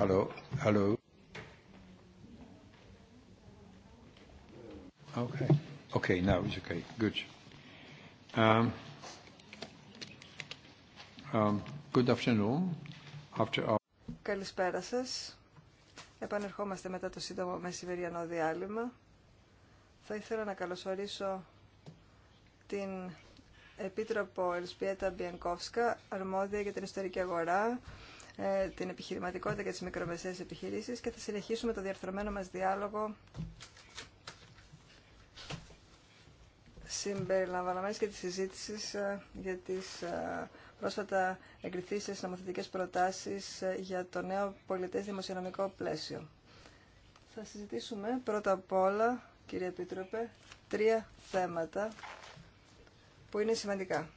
Hello. Hello. Okay. Okay, now it's okay. Good. Um, um, good afternoon. Καλησπέρα σας. Επανερχόμαστε μετά το σύντομο μεσημεριανό διάλειμμα. Θα ήθελα να καλωσορίσω την Επίτροπο Ελσπιέτα Μπιενκόφσκα, αρμόδια για την ιστορική αγορά, ε, την επιχειρηματικότητα και τις μικρομεσαίες επιχειρήσεις και θα συνεχίσουμε το διαρθρωμένο μας διάλογο συμπεριλαμβανομένης και τη συζήτηση ε, για τις ε, πρόσφατα εγκριθήσεις νομοθετικές προτάσεις για το νέο πολιτές δημοσιονομικό πλαίσιο. Θα συζητήσουμε πρώτα απ' όλα, κύριε Επίτροπε, τρία θέματα που είναι σημαντικά.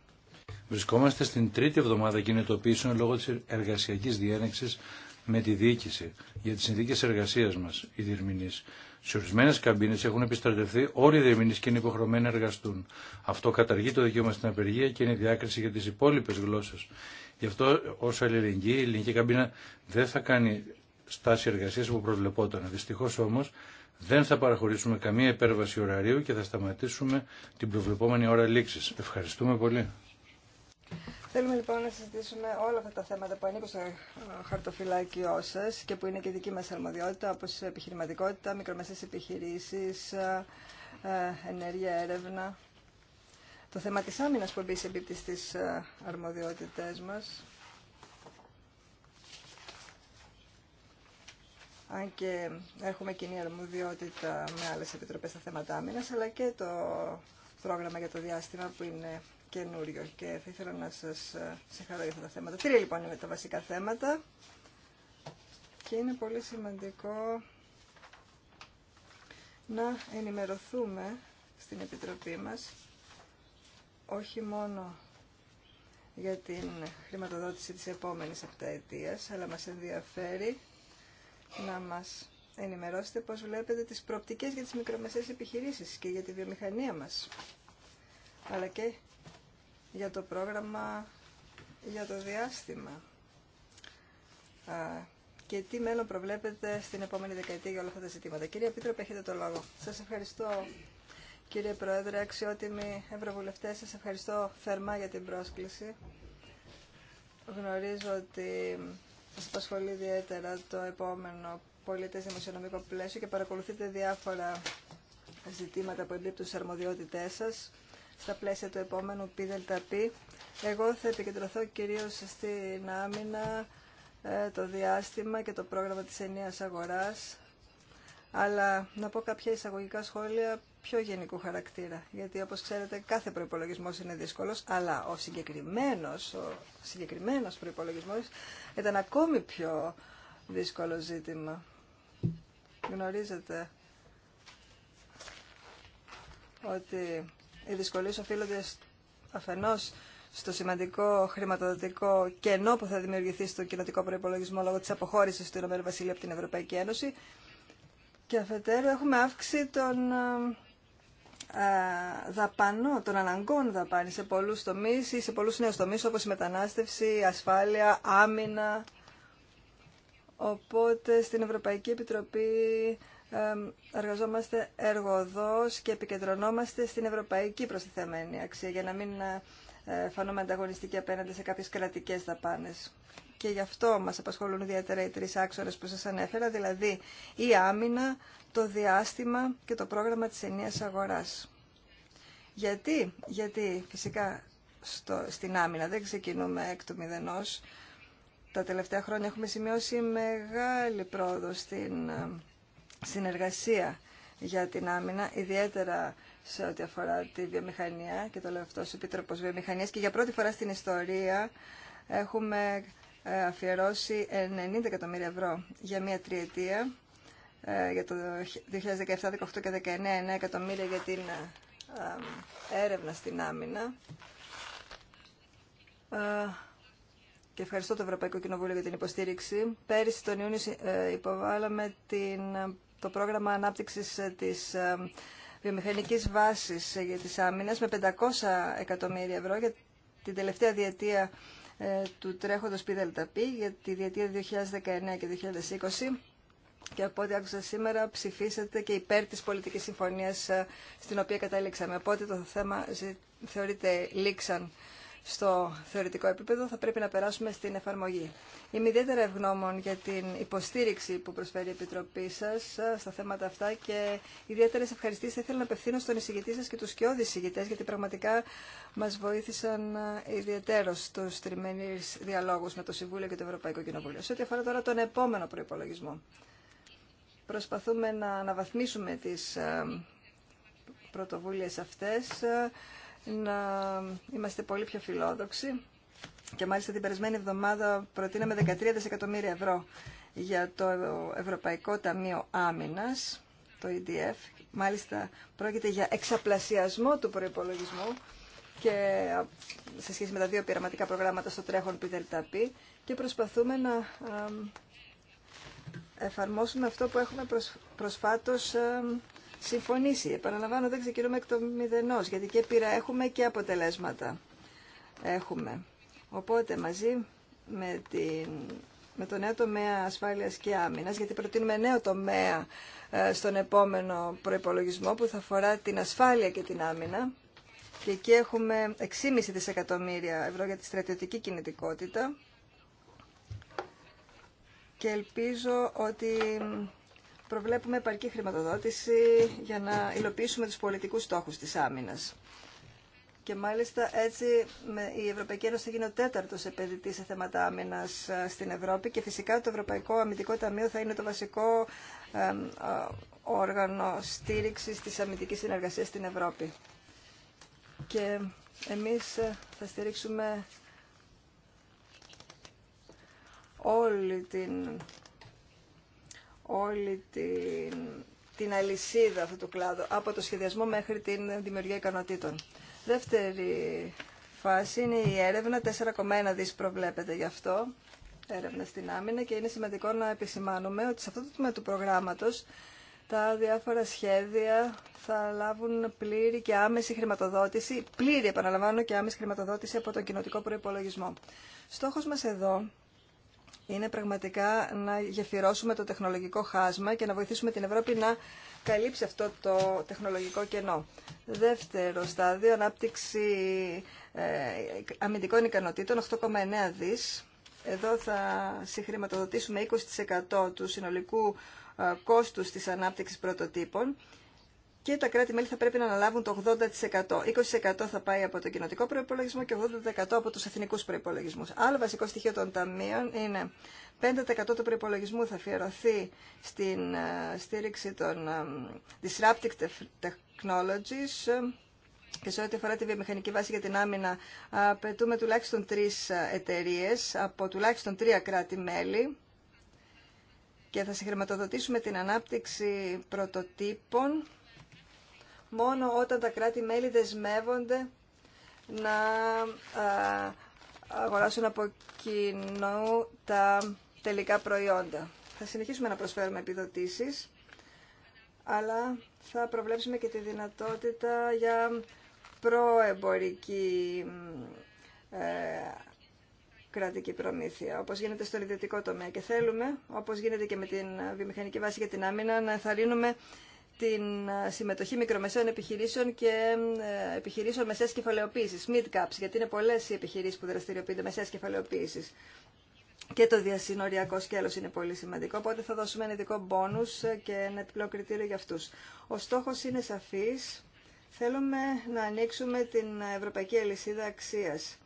Βρισκόμαστε στην τρίτη εβδομάδα κινητοποίησεων λόγω της εργασιακής διένεξης με τη διοίκηση για τις συνθήκες εργασίας μας, οι διερμηνείς. Σε ορισμένε καμπίνε έχουν επιστρατευθεί όλοι οι διερμηνεί και είναι υποχρεωμένοι να εργαστούν. Αυτό καταργεί το δικαίωμα στην απεργία και είναι διάκριση για τι υπόλοιπε γλώσσε. Γι' αυτό, όσο αλληλεγγύη, η ελληνική καμπίνα δεν θα κάνει στάση εργασία που προβλεπόταν. Δυστυχώ όμω, δεν θα παραχωρήσουμε καμία υπέρβαση ωραρίου και θα σταματήσουμε την προβλεπόμενη ώρα λήξης. Ευχαριστούμε πολύ. Θέλουμε λοιπόν να συζητήσουμε όλα αυτά τα θέματα που ανήκουν στο χαρτοφυλάκιό σα και που είναι και δική μα αρμοδιότητα, όπω επιχειρηματικότητα, μικρομεσαίε επιχειρήσει, ε, ενέργεια, έρευνα. Το θέμα τη άμυνα που σε εμπίπτει στι ε, αρμοδιότητέ μα. Αν και έχουμε κοινή αρμοδιότητα με άλλες επιτροπές στα θέματα άμυνας, αλλά και το πρόγραμμα για το διάστημα που είναι καινούριο και θα ήθελα να σας ε, συγχαρώ για αυτά τα θέματα. Τρία λοιπόν είναι τα βασικά θέματα και είναι πολύ σημαντικό να ενημερωθούμε στην Επιτροπή μας όχι μόνο για την χρηματοδότηση της επόμενης επταετίας, αλλά μας ενδιαφέρει να μας ενημερώσετε πώς βλέπετε τις προοπτικές για τις μικρομεσαίες επιχειρήσεις και για τη βιομηχανία μας, αλλά και για το πρόγραμμα για το διάστημα και τι μέλλον προβλέπετε στην επόμενη δεκαετία για όλα αυτά τα ζητήματα. Κύριε Επίτροπε, έχετε το λόγο. Σας ευχαριστώ κύριε Πρόεδρε, αξιότιμοι ευρωβουλευτές, σας ευχαριστώ θερμά για την πρόσκληση. Γνωρίζω ότι σας απασχολεί ιδιαίτερα το επόμενο πολίτες δημοσιονομικό πλαίσιο και παρακολουθείτε διάφορα ζητήματα που εμπίπτουν στις αρμοδιότητές σας στα πλαίσια του επόμενου ΠΔΠ. Εγώ θα επικεντρωθώ κυρίως στην άμυνα, ε, το διάστημα και το πρόγραμμα της ενία αγοράς, αλλά να πω κάποια εισαγωγικά σχόλια πιο γενικού χαρακτήρα, γιατί όπως ξέρετε κάθε προϋπολογισμός είναι δύσκολος, αλλά ο συγκεκριμένος, ο συγκεκριμένος προϋπολογισμός ήταν ακόμη πιο δύσκολο ζήτημα. Γνωρίζετε ότι οι δυσκολίε οφείλονται αφενός στο σημαντικό χρηματοδοτικό κενό που θα δημιουργηθεί στο κοινοτικό προπολογισμό λόγω της αποχώρησης του Ηνωμένου Βασιλείου από την Ευρωπαϊκή Ένωση και αφετέρου έχουμε αύξηση των ε, ε, δαπανών, των αναγκών δαπάνη σε πολλού τομεί, η σε πολλού νέου τομεί, οπως άμυνα. Οπότε στην Ευρωπαϊκή Επιτροπή εργαζόμαστε εργοδός και επικεντρωνόμαστε στην ευρωπαϊκή προστιθέμενη αξία για να μην ε, ε, φανούμε ανταγωνιστικοί απέναντι σε κάποιες κρατικές δαπάνες. Και γι' αυτό μας απασχολούν ιδιαίτερα οι τρεις άξονες που σας ανέφερα, δηλαδή η άμυνα, το διάστημα και το πρόγραμμα της ενίας αγοράς. Γιατί, γιατί φυσικά στο, στην άμυνα δεν ξεκινούμε εκ του μηδενός. Τα τελευταία χρόνια έχουμε σημειώσει μεγάλη πρόοδο στην ε, συνεργασία για την άμυνα, ιδιαίτερα σε ό,τι αφορά τη βιομηχανία και το λέω αυτό ως Επίτροπος Βιομηχανίας και για πρώτη φορά στην ιστορία έχουμε ε, αφιερώσει 90 εκατομμύρια ευρώ για μία τριετία ε, για το 2017, 2018 και 2019 9 εκατομμύρια για την ε, έρευνα στην άμυνα και ευχαριστώ το Ευρωπαϊκό Κοινοβούλιο για την υποστήριξη. Πέρυσι τον Ιούνιο υποβάλαμε την το πρόγραμμα ανάπτυξης ε, της ε, βιομηχανικής βάσης ε, για τις άμυνες με 500 εκατομμύρια ευρώ για την τελευταία διετία του τρέχοντος ΠΙΔΕΛΤΑΠΗ για τη διετία 2019 και 2020 και από ό,τι άκουσα σήμερα ψηφίσατε και υπέρ της πολιτικής συμφωνίας στην οποία κατάληξαμε. Οπότε το θέμα θεωρείται λήξαν στο θεωρητικό επίπεδο, θα πρέπει να περάσουμε στην εφαρμογή. Είμαι ιδιαίτερα ευγνώμων για την υποστήριξη που προσφέρει η Επιτροπή σα ε, στα θέματα αυτά και ιδιαίτερε ευχαριστήσει θα ήθελα να απευθύνω στον εισηγητή σα και του σκιώδη εισηγητέ, γιατί πραγματικά μα βοήθησαν ε, ιδιαίτερω στου τριμμένου διαλόγου με το Συμβούλιο και το Ευρωπαϊκό Κοινοβούλιο. Σε ό,τι αφορά τώρα τον επόμενο προπολογισμό. Προσπαθούμε να αναβαθμίσουμε τι ε, πρωτοβουλίε αυτέ να είμαστε πολύ πιο φιλόδοξοι και μάλιστα την περασμένη εβδομάδα προτείναμε 13 δισεκατομμύρια ευρώ για το Ευρωπαϊκό Ταμείο Άμυνας, το EDF. Μάλιστα πρόκειται για εξαπλασιασμό του προϋπολογισμού και σε σχέση με τα δύο πειραματικά προγράμματα στο τρέχον ΠΙΔΕΛΤΑΠΗ και προσπαθούμε να εφαρμόσουμε αυτό που έχουμε προσφάτως συμφωνήσει. Επαναλαμβάνω, δεν ξεκινούμε εκ των μηδενός, γιατί και πειρα έχουμε και αποτελέσματα έχουμε. Οπότε μαζί με, την, με το νέο τομέα ασφάλειας και άμυνας, γιατί προτείνουμε νέο τομέα ε, στον επόμενο προϋπολογισμό που θα αφορά την ασφάλεια και την άμυνα και εκεί έχουμε 6,5 δισεκατομμύρια ευρώ για τη στρατιωτική κινητικότητα και ελπίζω ότι προβλέπουμε επαρκή χρηματοδότηση για να υλοποιήσουμε τους πολιτικούς στόχους της άμυνας. Και μάλιστα έτσι η Ευρωπαϊκή Ένωση θα γίνει ο τέταρτο επενδυτή σε θέματα άμυνα ε, στην Ευρώπη και φυσικά το Ευρωπαϊκό Αμυντικό Ταμείο θα είναι το βασικό όργανο στήριξη τη αμυντική συνεργασία στην Ευρώπη. Και εμεί ε, θα στηρίξουμε όλη την, όλη την, την αλυσίδα αυτού του κλάδου, από το σχεδιασμό μέχρι την δημιουργία ικανοτήτων. Δεύτερη φάση είναι η έρευνα. 4,1 δις προβλέπεται γι' αυτό, έρευνα στην άμυνα και είναι σημαντικό να επισημάνουμε ότι σε αυτό το τμήμα του προγράμματος τα διάφορα σχέδια θα λάβουν πλήρη και άμεση χρηματοδότηση, πλήρη επαναλαμβάνω και άμεση χρηματοδότηση από τον κοινοτικό προϋπολογισμό. Στόχος μας εδώ είναι πραγματικά να γεφυρώσουμε το τεχνολογικό χάσμα και να βοηθήσουμε την Ευρώπη να καλύψει αυτό το τεχνολογικό κενό. Δεύτερο στάδιο, ανάπτυξη ε, αμυντικών ικανοτήτων, 8,9 δις. Εδώ θα συγχρηματοδοτήσουμε 20% του συνολικού ε, κόστους της ανάπτυξης πρωτοτύπων και τα κράτη-μέλη θα πρέπει να αναλάβουν το 80%. 20% θα πάει από το κοινοτικό προπολογισμό και 80% από του εθνικού προπολογισμού. Άλλο βασικό στοιχείο των ταμείων είναι 5% του προπολογισμού θα αφιερωθεί στην ε, στήριξη των ε, disruptive technologies ε, και σε ό,τι αφορά τη βιομηχανική βάση για την άμυνα, απαιτούμε τουλάχιστον τρει εταιρείε από τουλάχιστον τρία κράτη-μέλη και θα συγχρηματοδοτήσουμε την ανάπτυξη πρωτοτύπων μόνο όταν τα κράτη-μέλη δεσμεύονται να αγοράσουν από κοινού τα τελικά προϊόντα. Θα συνεχίσουμε να προσφέρουμε επιδοτήσεις, αλλά θα προβλέψουμε και τη δυνατότητα για προεμπορική ε, κρατική προμήθεια, όπως γίνεται στον ιδιωτικό τομέα. Και θέλουμε, όπως γίνεται και με την βιομηχανική βάση για την άμυνα, να εθαρρύνουμε την ε, συμμετοχή μικρομεσαίων επιχειρήσεων και ε, επιχειρήσεων μεσαίας κεφαλαιοποίησης, mid-caps, γιατί είναι πολλές οι επιχειρήσεις που δραστηριοποιούνται μεσαίας κεφαλαιοποίησης. Και το διασυνοριακό σκέλος είναι πολύ σημαντικό, οπότε θα δώσουμε ένα ειδικό μπόνους και ένα επιπλέον κριτήριο για αυτούς. Ο στόχος είναι σαφής. Θέλουμε να ανοίξουμε την Ευρωπαϊκή Αλυσίδα Αξίας.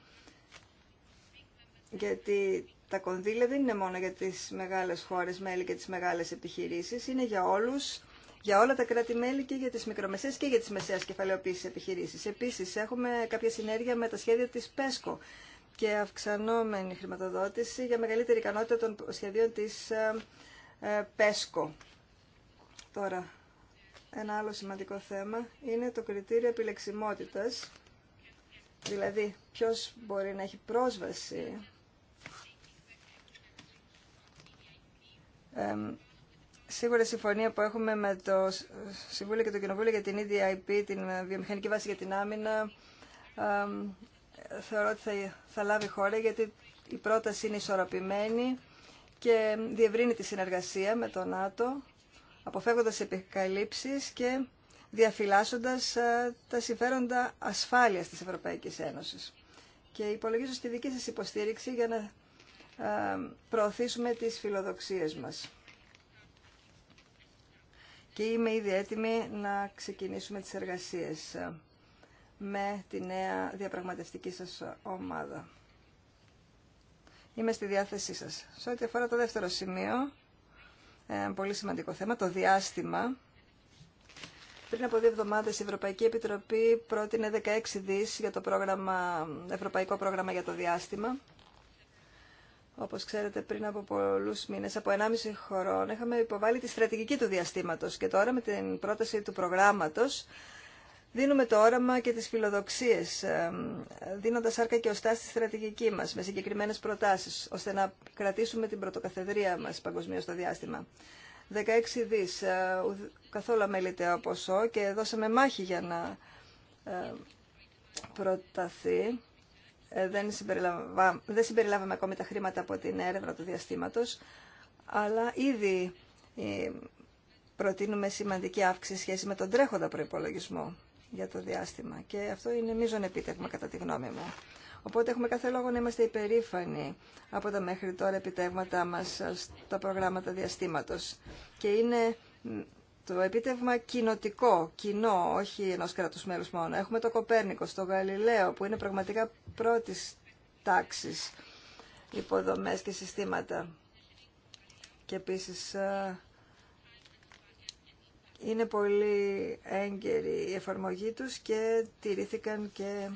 Γιατί τα κονδύλια δεν είναι μόνο για τις μεγάλες χώρες μέλη και τις μεγάλες επιχειρήσεις, είναι για όλους για όλα τα κράτη-μέλη και για τις μικρομεσαίες και για τις μεσαίες κεφαλαιοποίησεις επιχειρήσεις. Επίσης, έχουμε κάποια συνέργεια με τα σχέδια της ΠΕΣΚΟ και αυξανόμενη χρηματοδότηση για μεγαλύτερη ικανότητα των σχεδίων της ε, ε, ΠΕΣΚΟ. Τώρα, ένα άλλο σημαντικό θέμα είναι το κριτήριο επιλεξιμότητας, δηλαδή ποιο μπορεί να έχει πρόσβαση ε, σίγουρα η συμφωνία που έχουμε με το Συμβούλιο και το Κοινοβούλιο για την EDIP, την ε, βιομηχανική βάση για την άμυνα, θεωρώ ότι θα, θα λάβει χώρα γιατί η πρόταση είναι ισορροπημένη και διευρύνει τη συνεργασία με το ΝΑΤΟ, αποφεύγοντας επικαλύψεις και διαφυλάσσοντας ε, τα συμφέροντα ασφάλειας της Ευρωπαϊκής Ένωσης. Και υπολογίζω στη δική σας υποστήριξη για να ε, προωθήσουμε τις φιλοδοξίες μας και είμαι ήδη έτοιμη να ξεκινήσουμε τις εργασίες με τη νέα διαπραγματευτική σας ομάδα. Είμαι στη διάθεσή σας. Σε ό,τι αφορά το δεύτερο σημείο, ε, πολύ σημαντικό θέμα, το διάστημα. Πριν από δύο εβδομάδες η Ευρωπαϊκή Επιτροπή πρότεινε 16 δις για το πρόγραμμα, Ευρωπαϊκό Πρόγραμμα για το Διάστημα όπως ξέρετε πριν από πολλούς μήνες, από 1,5 χρόνο, είχαμε υποβάλει τη στρατηγική του διαστήματος και τώρα με την πρόταση του προγράμματος δίνουμε το όραμα και τις φιλοδοξίες, δίνοντας άρκα και οστά στη στρατηγική μας με συγκεκριμένες προτάσεις, ώστε να κρατήσουμε την πρωτοκαθεδρία μας παγκοσμίως στο διάστημα. 16 δις, ε, καθόλου αμεληταίο ποσό και δώσαμε μάχη για να ε, προταθεί ε, δεν, συμπεριλαμβα... δεν συμπεριλάβαμε ακόμη τα χρήματα από την έρευνα του διαστήματος, αλλά ήδη ε, προτείνουμε σημαντική αύξηση σχέση με τον τρέχοντα προϋπολογισμό για το διάστημα και αυτό είναι μείζον επίτευγμα κατά τη γνώμη μου. Οπότε έχουμε κάθε λόγο να είμαστε υπερήφανοι από τα μέχρι τώρα επιτεύγματά μας στα προγράμματα διαστήματος και είναι το επίτευγμα κοινοτικό, κοινό, όχι ενό κράτου μέλου μόνο. Έχουμε το Κοπέρνικο, το Γαλιλαίο, που είναι πραγματικά πρώτη τάξη υποδομέ και συστήματα. Και επίση ε, είναι πολύ έγκαιρη η εφαρμογή τους και τηρήθηκαν και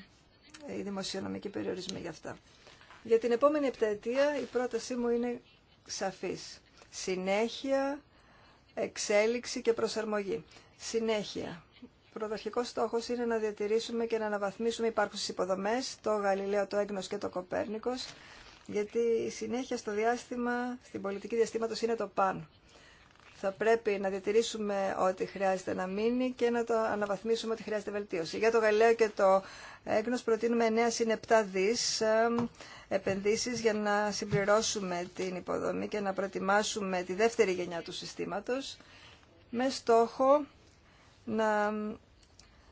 οι δημοσιονομικοί περιορισμοί για αυτά. Για την επόμενη επταετία η πρότασή μου είναι σαφής. Συνέχεια εξέλιξη και προσαρμογή. Συνέχεια. Πρωταρχικός στόχο είναι να διατηρήσουμε και να αναβαθμίσουμε υπάρχουσες υποδομέ. το Γαλιλαίο, το Έγνο και το Κοπέρνικος, γιατί η συνέχεια στο διάστημα, στην πολιτική διαστήματος είναι το παν θα πρέπει να διατηρήσουμε ό,τι χρειάζεται να μείνει και να το αναβαθμίσουμε ό,τι χρειάζεται βελτίωση. Για το Γαλλίο και το Έγνος προτείνουμε 9 συν 7 δις επενδύσεις για να συμπληρώσουμε την υποδομή και να προετοιμάσουμε τη δεύτερη γενιά του συστήματος με στόχο να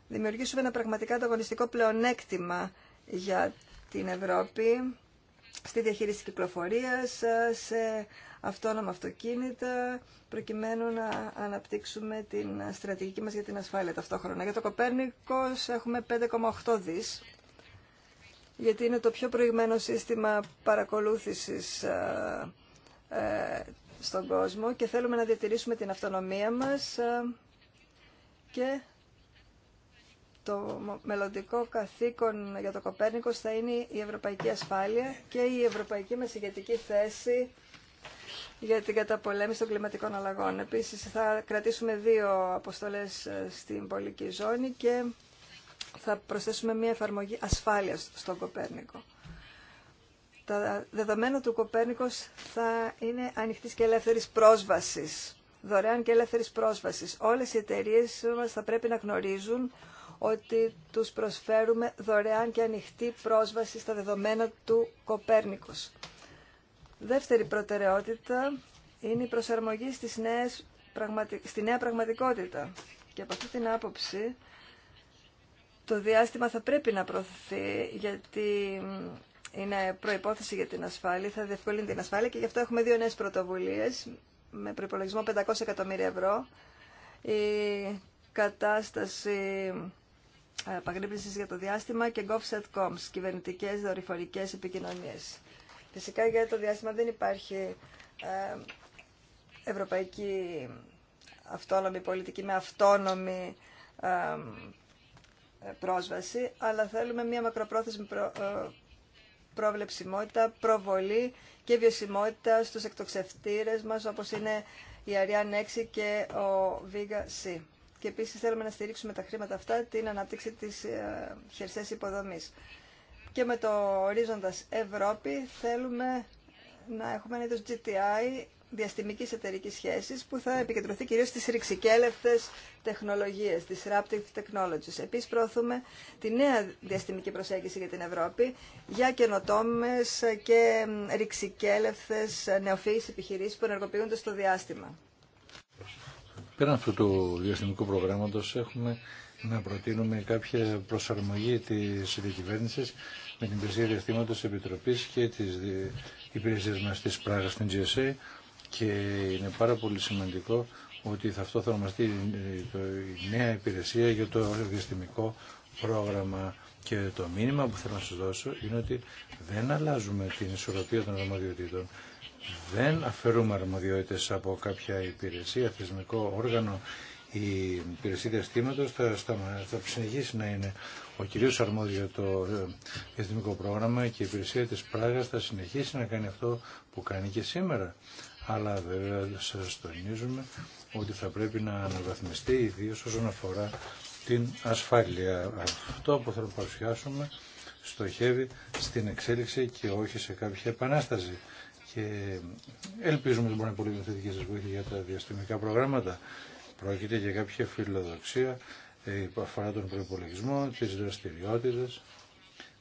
δημιουργήσουμε ένα πραγματικά ανταγωνιστικό πλεονέκτημα για την Ευρώπη στη διαχείριση κυκλοφορίας, σε αυτόνομα αυτοκίνητα, προκειμένου να αναπτύξουμε την στρατηγική μας για την ασφάλεια ταυτόχρονα. Για το Κοπέρνικος έχουμε 5,8 δις, γιατί είναι το πιο προηγμένο σύστημα παρακολούθησης ε, ε, στον κόσμο και θέλουμε να διατηρήσουμε την αυτονομία μας ε, και το μελλοντικό καθήκον για το Κοπέρνικος θα είναι η ευρωπαϊκή ασφάλεια και η ευρωπαϊκή ηγετική θέση για την καταπολέμηση των κλιματικών αλλαγών. Επίσης θα κρατήσουμε δύο αποστολές ε, στην πολική ζώνη και θα προσθέσουμε μια εφαρμογή ασφάλειας στον Κοπέρνικο. Τα δεδομένα του Κοπέρνικος θα είναι ανοιχτής και ελεύθερης πρόσβασης δωρεάν και ελεύθερης πρόσβασης. Όλε οι εταιρείε μας θα πρέπει να γνωρίζουν ότι τους προσφέρουμε δωρεάν και ανοιχτή πρόσβαση στα δεδομένα του Κοπέρνικους. Δεύτερη προτεραιότητα είναι η προσαρμογή στις νέες, στη νέα πραγματικότητα. Και από αυτή την άποψη το διάστημα θα πρέπει να προωθηθεί γιατί είναι προϋπόθεση για την ασφάλεια, θα διευκολύνει την ασφάλεια και γι' αυτό έχουμε δύο νέες πρωτοβουλίες με προϋπολογισμό 500 εκατομμύρια ευρώ. Η κατάσταση ε, επαγρύπνησης για το διάστημα και Gov.com, κυβερνητικές δορυφορικές επικοινωνίες. Φυσικά για το διάστημα δεν υπάρχει ε, ευρωπαϊκή αυτόνομη πολιτική με αυτόνομη ε, πρόσβαση, αλλά θέλουμε μια μακροπρόθεσμη προβλεψιμότητα, προβολή και βιωσιμότητα στους εκτοξευτήρες μας, όπως είναι η Αριάν 6 και ο Vega C. Και επίση θέλουμε να στηρίξουμε τα χρήματα αυτά την ανάπτυξη της ε, χερσαία υποδομή. Και με το ορίζοντα Ευρώπη θέλουμε να έχουμε ένα είδο GTI διαστημική εταιρική σχέση που θα επικεντρωθεί κυρίω στι ρηξικέλευτες τεχνολογίες, τι Raptive Technologies. Επίση προωθούμε τη νέα διαστημική προσέγγιση για την Ευρώπη για καινοτόμε και ρηξικέλευτες νεοφυεί επιχειρήσει που ενεργοποιούνται στο διάστημα. Πέραν αυτού του διαστημικού προγράμματος έχουμε να προτείνουμε κάποια προσαρμογή της διακυβέρνηση με την υπηρεσία διαστήματος επιτροπής και τις υπηρεσίες μας της Πράγας στην GSA και είναι πάρα πολύ σημαντικό ότι θα αυτό θα ονομαστεί η νέα υπηρεσία για το διαστημικό πρόγραμμα και το μήνυμα που θέλω να σας δώσω είναι ότι δεν αλλάζουμε την ισορροπία των αρμοδιοτήτων δεν αφαιρούμε αρμοδιότητες από κάποια υπηρεσία, θεσμικό όργανο. Η υπηρεσία διαστήματος θα, συνεχίσει να είναι ο κυρίως αρμόδιο το εθνικό πρόγραμμα και η υπηρεσία της Πράγας θα συνεχίσει να κάνει αυτό που κάνει και σήμερα. Αλλά βέβαια σας τονίζουμε ότι θα πρέπει να αναβαθμιστεί ιδίω όσον αφορά την ασφάλεια. Αυτό που θα παρουσιάσουμε στοχεύει στην εξέλιξη και όχι σε κάποια επανάσταση και ελπίζουμε ότι μπορεί να πολύ θετική σα βοήθεια για τα διαστημικά προγράμματα. Πρόκειται για κάποια φιλοδοξία ε, που αφορά τον προπολογισμό, τις δραστηριότητες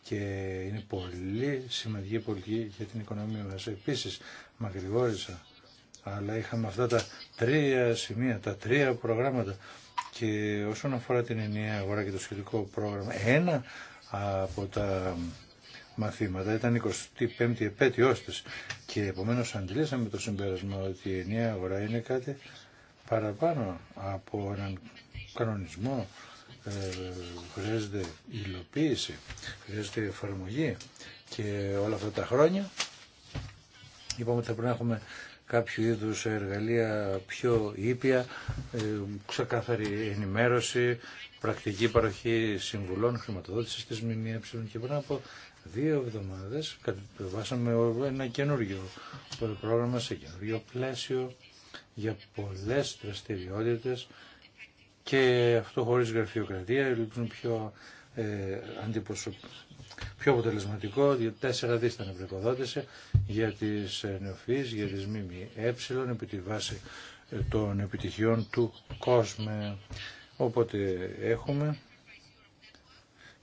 και είναι πολύ σημαντική πολιτική για την οικονομία μας. Επίσης, μακρηγόρησα, αλλά είχαμε αυτά τα τρία σημεία, τα τρία προγράμματα και όσον αφορά την ενιαία αγορά και το σχετικό πρόγραμμα, ένα από τα μαθήματα. Ήταν 25η επέτειό τη. και όλα αντλήσαμε το συμπέρασμα ότι η ενιαία αγορά είναι κάτι παραπάνω από έναν κανονισμό ε, χρειάζεται υλοποίηση, χρειάζεται εφαρμογή και όλα αυτά τα χρόνια είπαμε ότι θα πρέπει να έχουμε κάποιο είδους εργαλεία πιο ήπια, ε, ξεκάθαρη ενημέρωση, πρακτική παροχή συμβουλών, χρηματοδότησης της ΜΜΕ και να από δύο εβδομάδες κατεβάσαμε ένα καινούριο πρόγραμμα σε καινούριο πλαίσιο για πολλές δραστηριότητε και αυτό χωρίς γραφειοκρατία λοιπόν πιο, ε, πιο αποτελεσματικό διότι τέσσερα δίστανε τα για τις ε, νεοφυείς, για τις ΜΜΕ επί τη βάση ε, των επιτυχιών του κόσμου οπότε έχουμε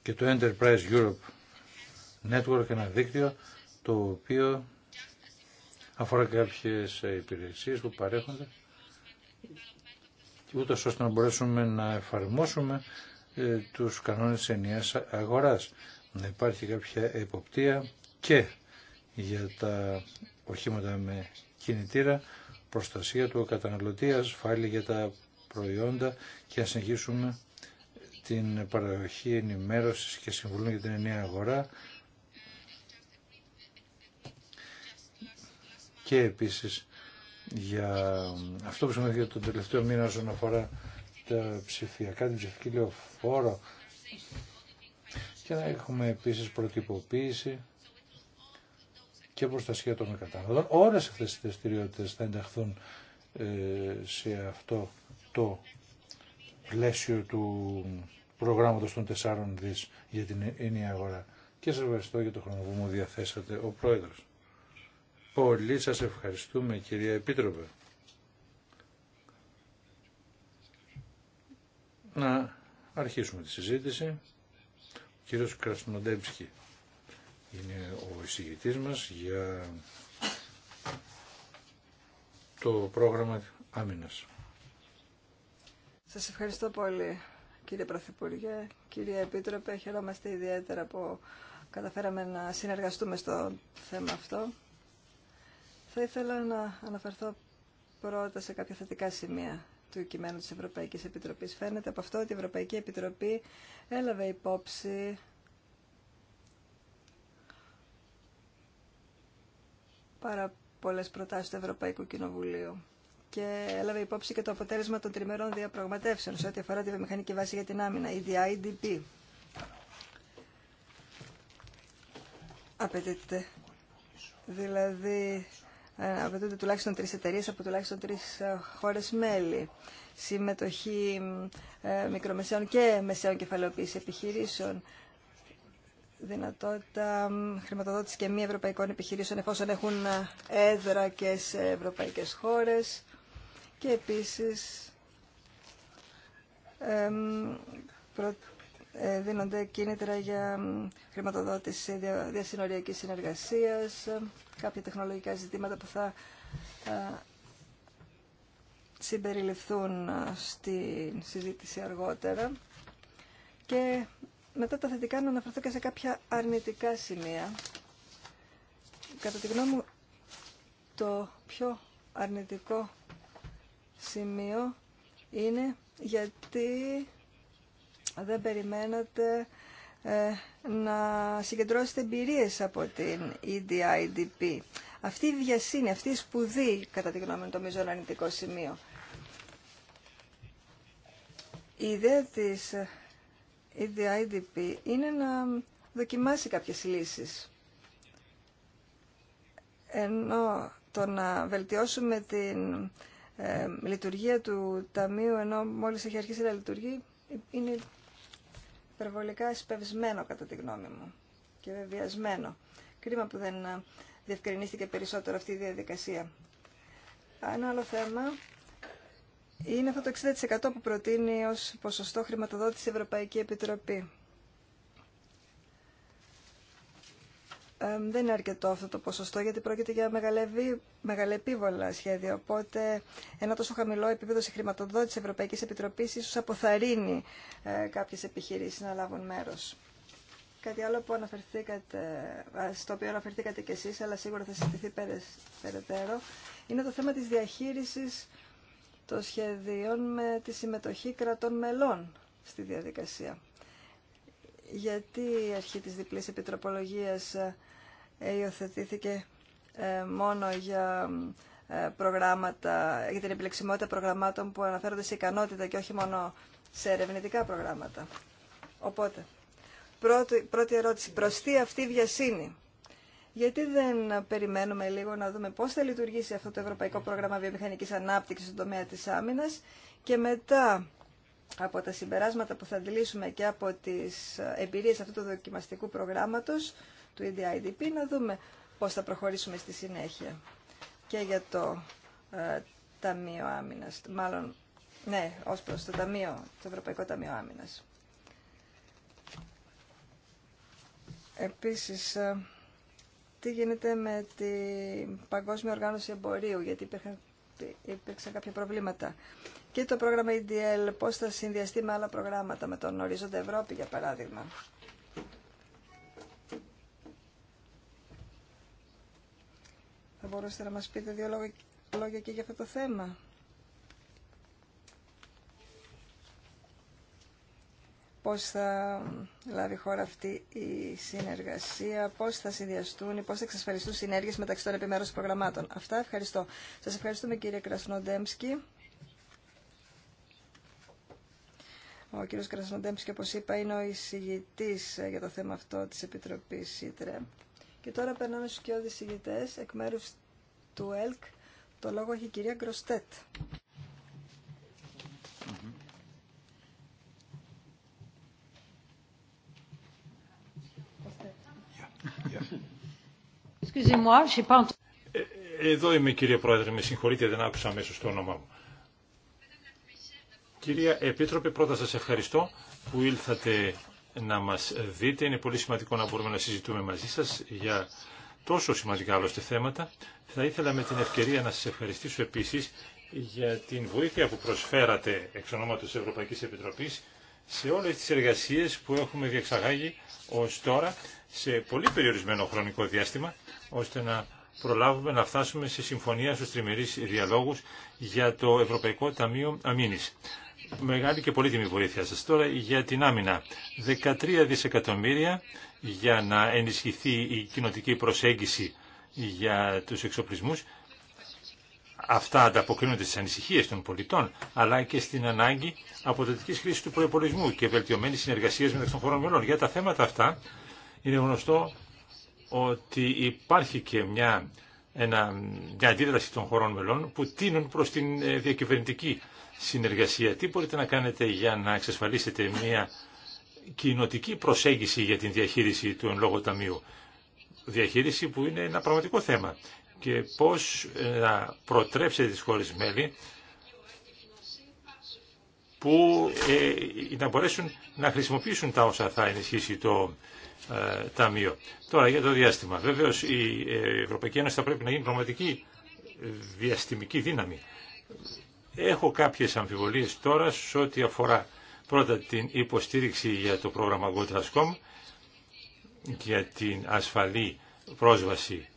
και το Enterprise Europe network, ένα δίκτυο το οποίο αφορά κάποιες υπηρεσίες που παρέχονται ούτως ώστε να μπορέσουμε να εφαρμόσουμε ε, τους κανόνες της ενιαίας αγοράς. Να υπάρχει κάποια εποπτεία και για τα οχήματα με κινητήρα, προστασία του καταναλωτή, ασφάλεια για τα προϊόντα και να συνεχίσουμε την παραδοχή ενημέρωσης και συμβουλών για την ενιαία αγορά και επίσης για αυτό που σημαίνει για τον τελευταίο μήνα όσον αφορά τα ψηφιακά, την ψηφική λεωφόρο και να έχουμε επίσης προτυποποίηση και προστασία των καταναλωτών. Όλες αυτές οι δραστηριότητε θα ενταχθούν ε, σε αυτό το πλαίσιο του προγράμματος των 4 δις για την ενιαία αγορά. Και σας ευχαριστώ για το χρόνο που μου διαθέσατε ο Πρόεδρος. Πολύ σας ευχαριστούμε κυρία Επίτροπε. Να αρχίσουμε τη συζήτηση. Ο κύριος Κρασνοντέμψκι είναι ο εισηγητής μας για το πρόγραμμα άμυνας. Σας ευχαριστώ πολύ κύριε Πρωθυπουργέ, κύριε Επίτροπε. Χαιρόμαστε ιδιαίτερα που καταφέραμε να συνεργαστούμε στο θέμα αυτό. Θα ήθελα να αναφερθώ πρώτα σε κάποια θετικά σημεία του κειμένου της Ευρωπαϊκής Επιτροπής. Φαίνεται από αυτό ότι η Ευρωπαϊκή Επιτροπή έλαβε υπόψη πάρα πολλές προτάσεις του Ευρωπαϊκού Κοινοβουλίου και έλαβε υπόψη και το αποτέλεσμα των τριμερών διαπραγματεύσεων σε ό,τι αφορά τη βιομηχανική βάση για την άμυνα, η DIDP. Απαιτείται δηλαδή ε, απαιτούνται τουλάχιστον τρεις εταιρείε από τουλάχιστον τρεις ε, χώρες μέλη. Συμμετοχή ε, μικρομεσαίων και μεσαίων κεφαλαιοποίηση επιχειρήσεων. Δυνατότητα χρηματοδότηση και μη ευρωπαϊκών επιχειρήσεων εφόσον έχουν έδρα και σε ευρωπαϊκές χώρες. Και επίσης ε, δίνονται κίνητρα για χρηματοδότηση διασυνοριακής συνεργασίας, ε, κάποια τεχνολογικά ζητήματα που θα ε, συμπεριληφθούν στη συζήτηση αργότερα. Και μετά τα θετικά να αναφερθώ και σε κάποια αρνητικά σημεία. Κατά τη γνώμη μου, το πιο αρνητικό σημείο είναι γιατί δεν περιμένατε ε, να συγκεντρώσετε εμπειρίες από την EDIDP. Αυτή η βιασύνη, αυτή η σπουδή, κατά τη γνώμη μου, το μείζον αρνητικό σημείο. Η ιδέα της ε, EDIDP είναι να δοκιμάσει κάποιες λύσεις. Ενώ το να βελτιώσουμε την ε, λειτουργία του Ταμείου, ενώ μόλις έχει αρχίσει να λειτουργεί, είναι υπερβολικά εσπευσμένο κατά τη γνώμη μου και βεβαιασμένο. Κρίμα που δεν ε, διευκρινίστηκε περισσότερο αυτή η διαδικασία. Ένα άλλο θέμα είναι αυτό το 60% που προτείνει ως ποσοστό χρηματοδότηση Ευρωπαϊκή Επιτροπή. δεν είναι αρκετό αυτό το ποσοστό γιατί πρόκειται για μεγαλεπίβολα σχέδια. Οπότε ένα τόσο χαμηλό επίπεδο σε χρηματοδότηση της Ευρωπαϊκής Επιτροπής ίσως αποθαρρύνει ε, κάποιες επιχειρήσεις να λάβουν μέρος. Κάτι άλλο που αναφερθήκατε, στο οποίο αναφερθήκατε κι εσείς, αλλά σίγουρα θα συζητηθεί περαιτέρω, είναι το θέμα της διαχείρισης των σχεδίων με τη συμμετοχή κρατών μελών στη διαδικασία. Γιατί η αρχή της διπλής επιτροπολογίας ε, ε, υιοθετήθηκε ε, μόνο για ε, προγράμματα, για την επιλεξιμότητα προγραμμάτων που αναφέρονται σε ικανότητα και όχι μόνο σε ερευνητικά προγράμματα. Οπότε, πρώτη, πρώτη ερώτηση, προς τι αυτή η βιασύνη. Γιατί δεν περιμένουμε λίγο να δούμε πώς θα λειτουργήσει αυτό το Ευρωπαϊκό Πρόγραμμα Βιομηχανικής Ανάπτυξης στον τομέα της άμυνας και μετά από τα συμπεράσματα που θα αντιλήσουμε και από τις εμπειρίες αυτού του δοκιμαστικού προγράμματος του EDIDP, να δούμε πώς θα προχωρήσουμε στη συνέχεια. Και για το ε, Ταμείο Άμυνας, μάλλον, ναι, ως προς το, ταμείο, το Ευρωπαϊκό Ταμείο Άμυνας. Επίσης, ε, τι γίνεται με την Παγκόσμια Οργάνωση Εμπορίου, γιατί υπήρχαν, υπήρξαν κάποια προβλήματα. Και το πρόγραμμα EDL, πώς θα συνδυαστεί με άλλα προγράμματα, με τον Ορίζοντα Ευρώπη, για παράδειγμα. Θα μπορούσατε να μας πείτε δύο λόγια, και για αυτό το θέμα. Πώς θα λάβει χώρα αυτή η συνεργασία, πώς θα συνδυαστούν ή πώς θα εξασφαλιστούν συνέργειες μεταξύ των επιμέρους προγραμμάτων. Αυτά ευχαριστώ. Σας ευχαριστούμε κύριε Κρασνοντέμσκι. Ο κύριος Κρασνοντέμψη, όπως είπα, είναι ο εισηγητής για το θέμα αυτό της Επιτροπής ΣΥΤΡΕ. Και τώρα περνάμε στους κοιόδης ηγητές εκ μέρους του ΕΛΚ. Το λόγο έχει η κυρία Γκροστέτ. Ε, εδώ είμαι κύριε Πρόεδρε, με συγχωρείτε δεν άκουσα αμέσω το όνομά μου. Κυρία Επίτροπε, πρώτα σας ευχαριστώ που ήλθατε να μας δείτε. Είναι πολύ σημαντικό να μπορούμε να συζητούμε μαζί σας για τόσο σημαντικά άλλωστε θέματα. Θα ήθελα με την ευκαιρία να σας ευχαριστήσω επίσης για την βοήθεια που προσφέρατε εξ ονόματος Ευρωπαϊκής Επιτροπής σε όλες τις εργασίες που έχουμε διεξαγάγει ως τώρα σε πολύ περιορισμένο χρονικό διάστημα ώστε να προλάβουμε να φτάσουμε σε συμφωνία στους τριμερείς διαλόγους για το Ευρωπαϊκό Ταμείο Αμήνης μεγάλη και πολύτιμη βοήθεια σας. Τώρα για την άμυνα. 13 δισεκατομμύρια για να ενισχυθεί η κοινοτική προσέγγιση για τους εξοπλισμούς. Αυτά ανταποκρίνονται στις ανησυχίες των πολιτών, αλλά και στην ανάγκη αποδοτικής χρήσης του προϋπολισμού και βελτιωμένης συνεργασίας μεταξύ των χωρών μελών. Για τα θέματα αυτά είναι γνωστό ότι υπάρχει και μια, ένα, μια αντίδραση των χωρών μελών που τίνουν προς την ε, διακυβερνητική συνεργασία. Τι μπορείτε να κάνετε για να εξασφαλίσετε μια κοινοτική προσέγγιση για την διαχείριση του εν λόγω ταμείου. Διαχείριση που είναι ένα πραγματικό θέμα. Και πώς ε, να προτρέψετε τις χώρες μέλη που ε, ε, να μπορέσουν να χρησιμοποιήσουν τα όσα θα ενισχύσει το ε, Ταμείο. Τώρα για το διάστημα. Βέβαιως η Ευρωπαϊκή Ένωση θα πρέπει να γίνει πραγματική διαστημική δύναμη. Έχω κάποιες αμφιβολίες τώρα σε ό,τι αφορά πρώτα την υποστήριξη για το πρόγραμμα Gotras.com για την ασφαλή πρόσβαση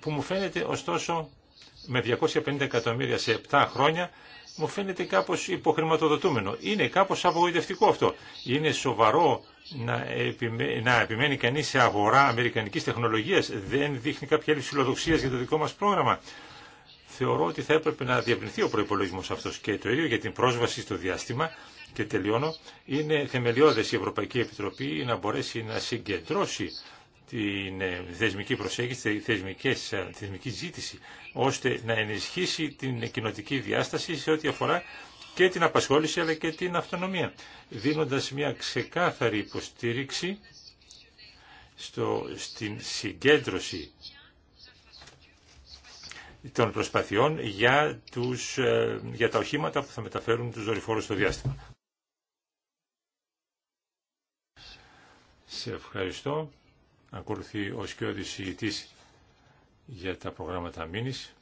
που μου φαίνεται ωστόσο με 250 εκατομμύρια σε 7 χρόνια μου φαίνεται κάπως υποχρηματοδοτούμενο. Είναι κάπως απογοητευτικό αυτό. Είναι σοβαρό να, επιμένει κανείς σε αγορά αμερικανικής τεχνολογίας. Δεν δείχνει κάποια έλλειψη για το δικό μας πρόγραμμα θεωρώ ότι θα έπρεπε να διευρυνθεί ο προπολογισμό αυτό και το ίδιο για την πρόσβαση στο διάστημα. Και τελειώνω, είναι θεμελιώδε η Ευρωπαϊκή Επιτροπή να μπορέσει να συγκεντρώσει την ε, θεσμική προσέγγιση, τη ε, θεσμική ζήτηση, ώστε να ενισχύσει την κοινοτική διάσταση σε ό,τι αφορά και την απασχόληση αλλά και την αυτονομία, δίνοντας μια ξεκάθαρη υποστήριξη στο, στην συγκέντρωση των προσπαθειών για, τους, ε, για τα οχήματα που θα μεταφέρουν τους δορυφόρους στο διάστημα. Σε ευχαριστώ. Ακολουθεί ο Σκιώδης συγητής για τα προγράμματα μήνης.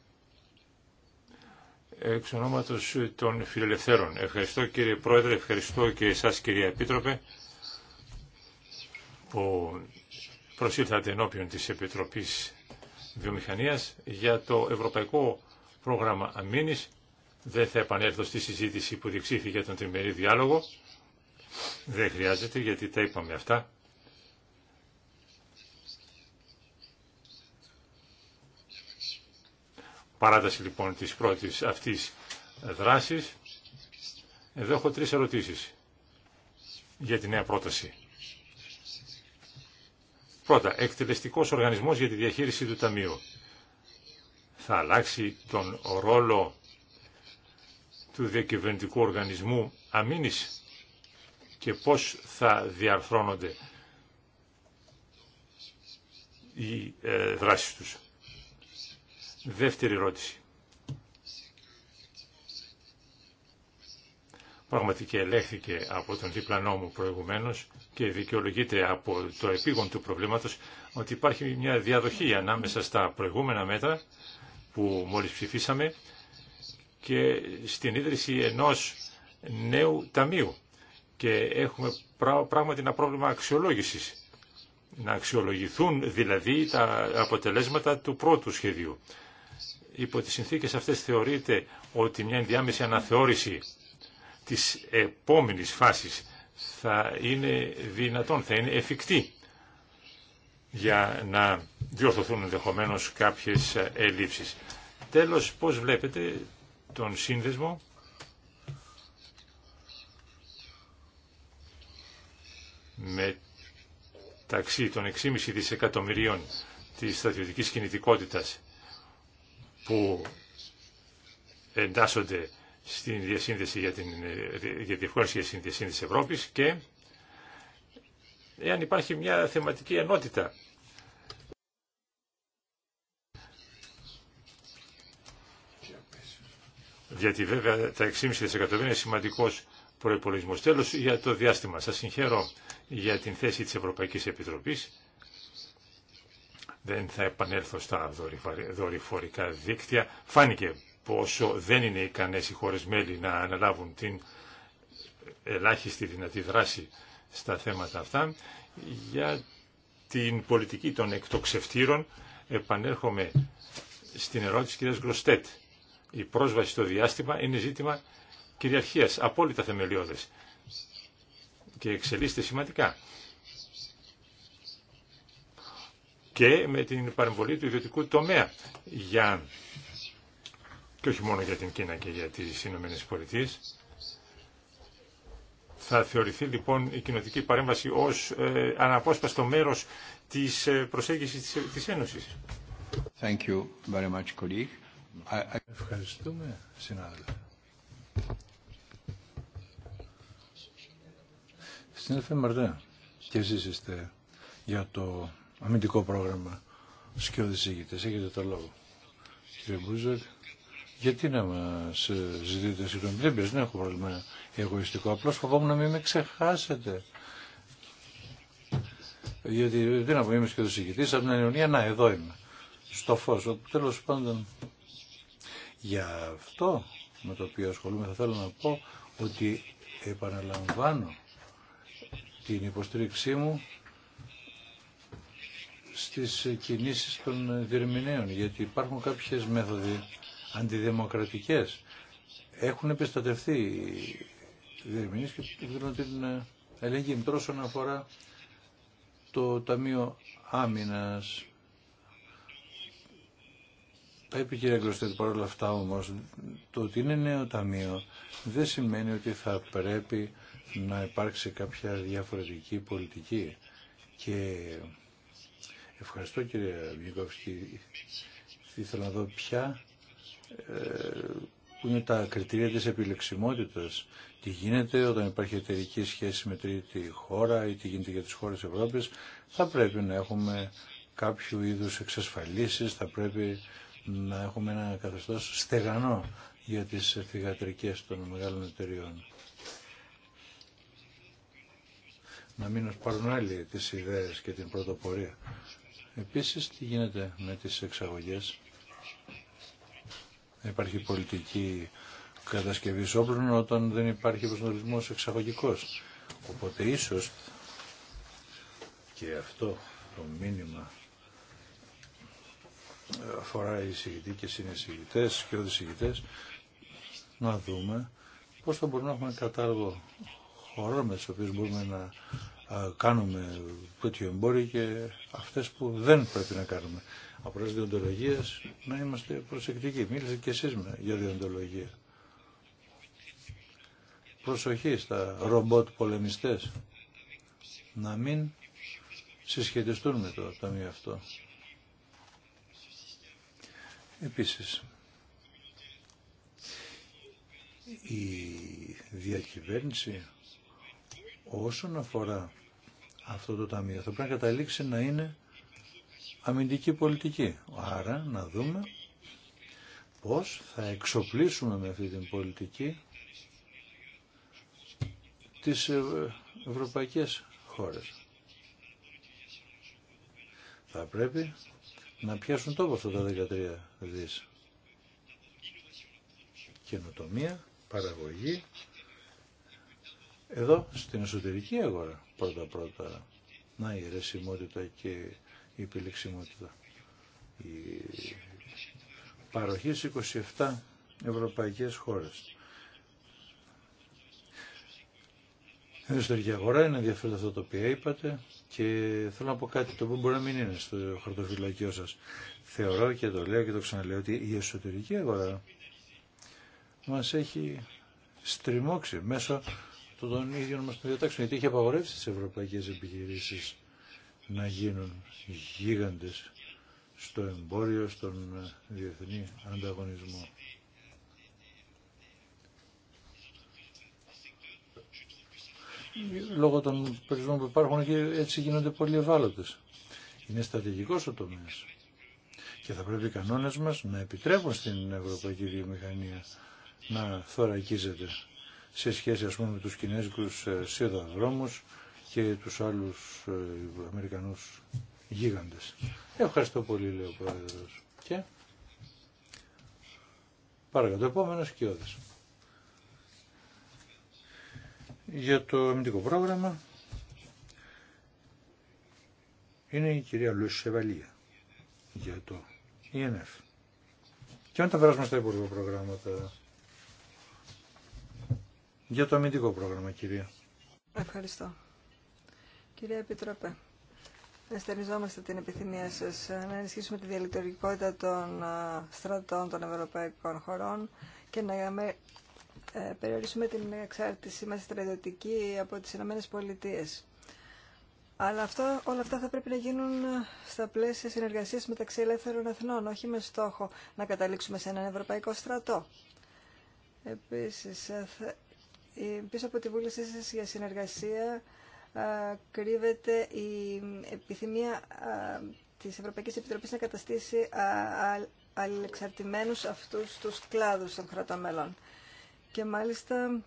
Εξ ονόματος των φιλελευθέρων. Ευχαριστώ κύριε Πρόεδρε, ευχαριστώ και εσάς κυρία Επίτροπε που προσήλθατε ενώπιον της Επιτροπής Βιομηχανίας για το Ευρωπαϊκό Πρόγραμμα Αμήνης. Δεν θα επανέλθω στη συζήτηση που διεξήθηκε για τον τριμερή διάλογο. Δεν χρειάζεται γιατί τα είπαμε αυτά. Παράταση λοιπόν της πρώτης αυτής δράσης. Εδώ έχω τρεις ερωτήσεις για τη νέα πρόταση. Πρώτα, εκτελεστικός οργανισμός για τη διαχείριση του Ταμείου. Θα αλλάξει τον ρόλο του διακυβερνητικού οργανισμού αμήνης και πώς θα διαρθρώνονται οι ε, δράσεις τους. Δεύτερη ερώτηση. πραγματικά ελέγχθηκε από τον διπλανό μου προηγουμένως και δικαιολογείται από το επίγον του προβλήματος ότι υπάρχει μια διαδοχή ανάμεσα στα προηγούμενα μέτρα που μόλις ψηφίσαμε και στην ίδρυση ενός νέου ταμείου. Και έχουμε πράγματι ένα πρόβλημα αξιολόγησης. Να αξιολογηθούν δηλαδή τα αποτελέσματα του πρώτου σχεδίου. Υπό τις συνθήκες αυτές θεωρείται ότι μια ενδιάμεση αναθεώρηση της επόμενης φάσης θα είναι δυνατόν, θα είναι εφικτή για να διορθωθούν ενδεχομένω κάποιες ελλείψεις. Τέλος, πώς βλέπετε τον σύνδεσμο μεταξύ των 6,5 δισεκατομμυρίων της στρατιωτικής κινητικότητας που εντάσσονται στην διασύνδεση για, την, για διευκόλυνση για τη διασύνδεση Ευρώπης και εάν υπάρχει μια θεματική ενότητα γιατί βέβαια τα 6,5 δισεκατομμύρια είναι σημαντικός προϋπολογισμός. Τέλος, για το διάστημα. Σας συγχαίρω για την θέση της Ευρωπαϊκής Επιτροπής. Δεν θα επανέλθω στα δορυφορικά δίκτυα. Φάνηκε πόσο δεν είναι ικανές οι χώρες μέλη να αναλάβουν την ελάχιστη δυνατή δράση στα θέματα αυτά. Για την πολιτική των εκτοξευτήρων επανέρχομαι στην ερώτηση κυρίας Γκροστέτ. Η πρόσβαση στο διάστημα είναι ζήτημα κυριαρχίας, απόλυτα θεμελιώδες και εξελίσσεται σημαντικά. Και με την παρεμβολή του ιδιωτικού τομέα για και όχι μόνο για την Κίνα και για τις Ηνωμένε Πολιτείε. Θα θεωρηθεί λοιπόν η κοινοτική παρέμβαση ως ε, αναπόσπαστο μέρος της ε, προσέγγισης της, της Ένωσης. Thank you very much, colleague. I... Ευχαριστούμε, συνάδελφε. Συνάδελφε Μαρδέ, και εσείς είστε για το αμυντικό πρόγραμμα σκιώδης ηγητές. Έχετε το λόγο. Κύριε Μπουζέρ γιατί να μα ε, ζητείτε συγγνώμη, δεν πειράζει, δεν έχω πρόβλημα εγωιστικό. Απλώ φοβόμουν να μην με ξεχάσετε. Γιατί δεν να πω, είμαι σχεδόν συγκητή από την Ιωνία, να εδώ είμαι. Στο φω. Τέλο πάντων, για αυτό με το οποίο ασχολούμαι θα θέλω να πω ότι επαναλαμβάνω την υποστήριξή μου στις κινήσεις των διερμηνέων, γιατί υπάρχουν κάποιες μέθοδοι αντιδημοκρατικές. Έχουν επιστατευτεί οι διερμηνείς και εκδηλώνουν την ε, ελεγγύη μητρό αφορά το Ταμείο Άμυνας. Τα είπε η κυρία Γκροστέτ παρόλα αυτά όμως, το ότι είναι νέο ταμείο δεν σημαίνει ότι θα πρέπει να υπάρξει κάποια διαφορετική πολιτική. Και ευχαριστώ κύριε Μιγκόφσκι, ήθελα να δω ποια ε, που είναι τα κριτήρια της επιλεξιμότητας. Τι γίνεται όταν υπάρχει εταιρική σχέση με τρίτη χώρα ή τι γίνεται για τις χώρες Ευρώπης. Θα πρέπει να έχουμε κάποιο είδους εξασφαλίσεις, θα πρέπει να έχουμε ένα καθεστώς στεγανό για τις θηγατρικές των μεγάλων εταιριών. Να μην ως πάρουν άλλοι τις ιδέες και την πρωτοπορία. Επίσης, τι γίνεται με τις εξαγωγές δεν υπάρχει πολιτική κατασκευή όπλων όταν δεν υπάρχει προσανατολισμό εξαγωγικό. Οπότε ίσω και αυτό το μήνυμα αφορά οι και συνεισηγητέ και όλοι οι να δούμε πώς θα μπορούμε να έχουμε κατάλογο χωρών με τι οποίε μπορούμε να κάνουμε τέτοιο εμπόριο και αυτές που δεν πρέπει να κάνουμε. Από τις να είμαστε προσεκτικοί. Μίλησε και εσείς για διοντολογία. Προσοχή στα ρομπότ πολεμιστές. Να μην συσχετιστούν με το ταμείο αυτό. Επίσης, η διακυβέρνηση όσον αφορά αυτό το ταμείο. Θα πρέπει να καταλήξει να είναι αμυντική πολιτική. Άρα να δούμε πώς θα εξοπλίσουμε με αυτή την πολιτική τις ευρωπαϊκές χώρες. Θα πρέπει να πιάσουν τόπο αυτά τα 13 δις. Καινοτομία, παραγωγή, εδώ στην εσωτερική αγορά πρώτα πρώτα. Να η αιρεσιμότητα και η επιλεξιμότητα. Η παροχή 27 ευρωπαϊκές χώρες. Η ιστορική αγορά, είναι ενδιαφέροντα αυτό το οποίο είπατε και θέλω να πω κάτι το οποίο μπορεί να μην είναι στο χαρτοφυλακείο σας. Θεωρώ και το λέω και το ξαναλέω ότι η εσωτερική αγορά μας έχει στριμώξει μέσω των ίδιων μας των διατάξουν, γιατί είχε απαγορεύσει τις ευρωπαϊκές επιχειρήσεις να γίνουν γίγαντες στο εμπόριο, στον ε, διεθνή ανταγωνισμό. Λόγω των περισσότερων που υπάρχουν και έτσι γίνονται πολύ ευάλωτες. Είναι στρατηγικός ο τομέας. Και θα πρέπει οι κανόνες μας να επιτρέπουν στην ευρωπαϊκή βιομηχανία να θωρακίζεται σε σχέση ας πούμε με τους κινέζικους ε, σιδαδρόμους και τους άλλους ε, Αμερικανούς γίγαντες. Ε, ευχαριστώ πολύ λέει ο Πρόεδρος. Και παρακαλώ, επόμενο σκιώδες. Για το αμυντικό πρόγραμμα είναι η κυρία Σεβαλία για το ΙΝΕΦ. Και όταν περάσουμε στα υπόλοιπα προγράμματα για το αμυντικό πρόγραμμα, κυρία. Ευχαριστώ. Κυρία Επιτροπέ, εστεριζόμαστε την επιθυμία σας να ενισχύσουμε τη διαλειτουργικότητα των στρατών των ευρωπαϊκών χωρών και να ε, περιορίσουμε την εξάρτησή μας στρατιωτική από τις ΗΠΑ. Πολιτείες. Αλλά αυτό, όλα αυτά θα πρέπει να γίνουν στα πλαίσια συνεργασίας μεταξύ ελεύθερων εθνών, όχι με στόχο να καταλήξουμε σε έναν ευρωπαϊκό στρατό. Επίσης, ε, ε, πίσω από τη βούλησή σας για συνεργασία κρύβεται η επιθυμία της Ευρωπαϊκής Επιτροπής να καταστήσει αλληλεξαρτημένους αυτούς τους κλάδους των κρατών μελών. Και μάλιστα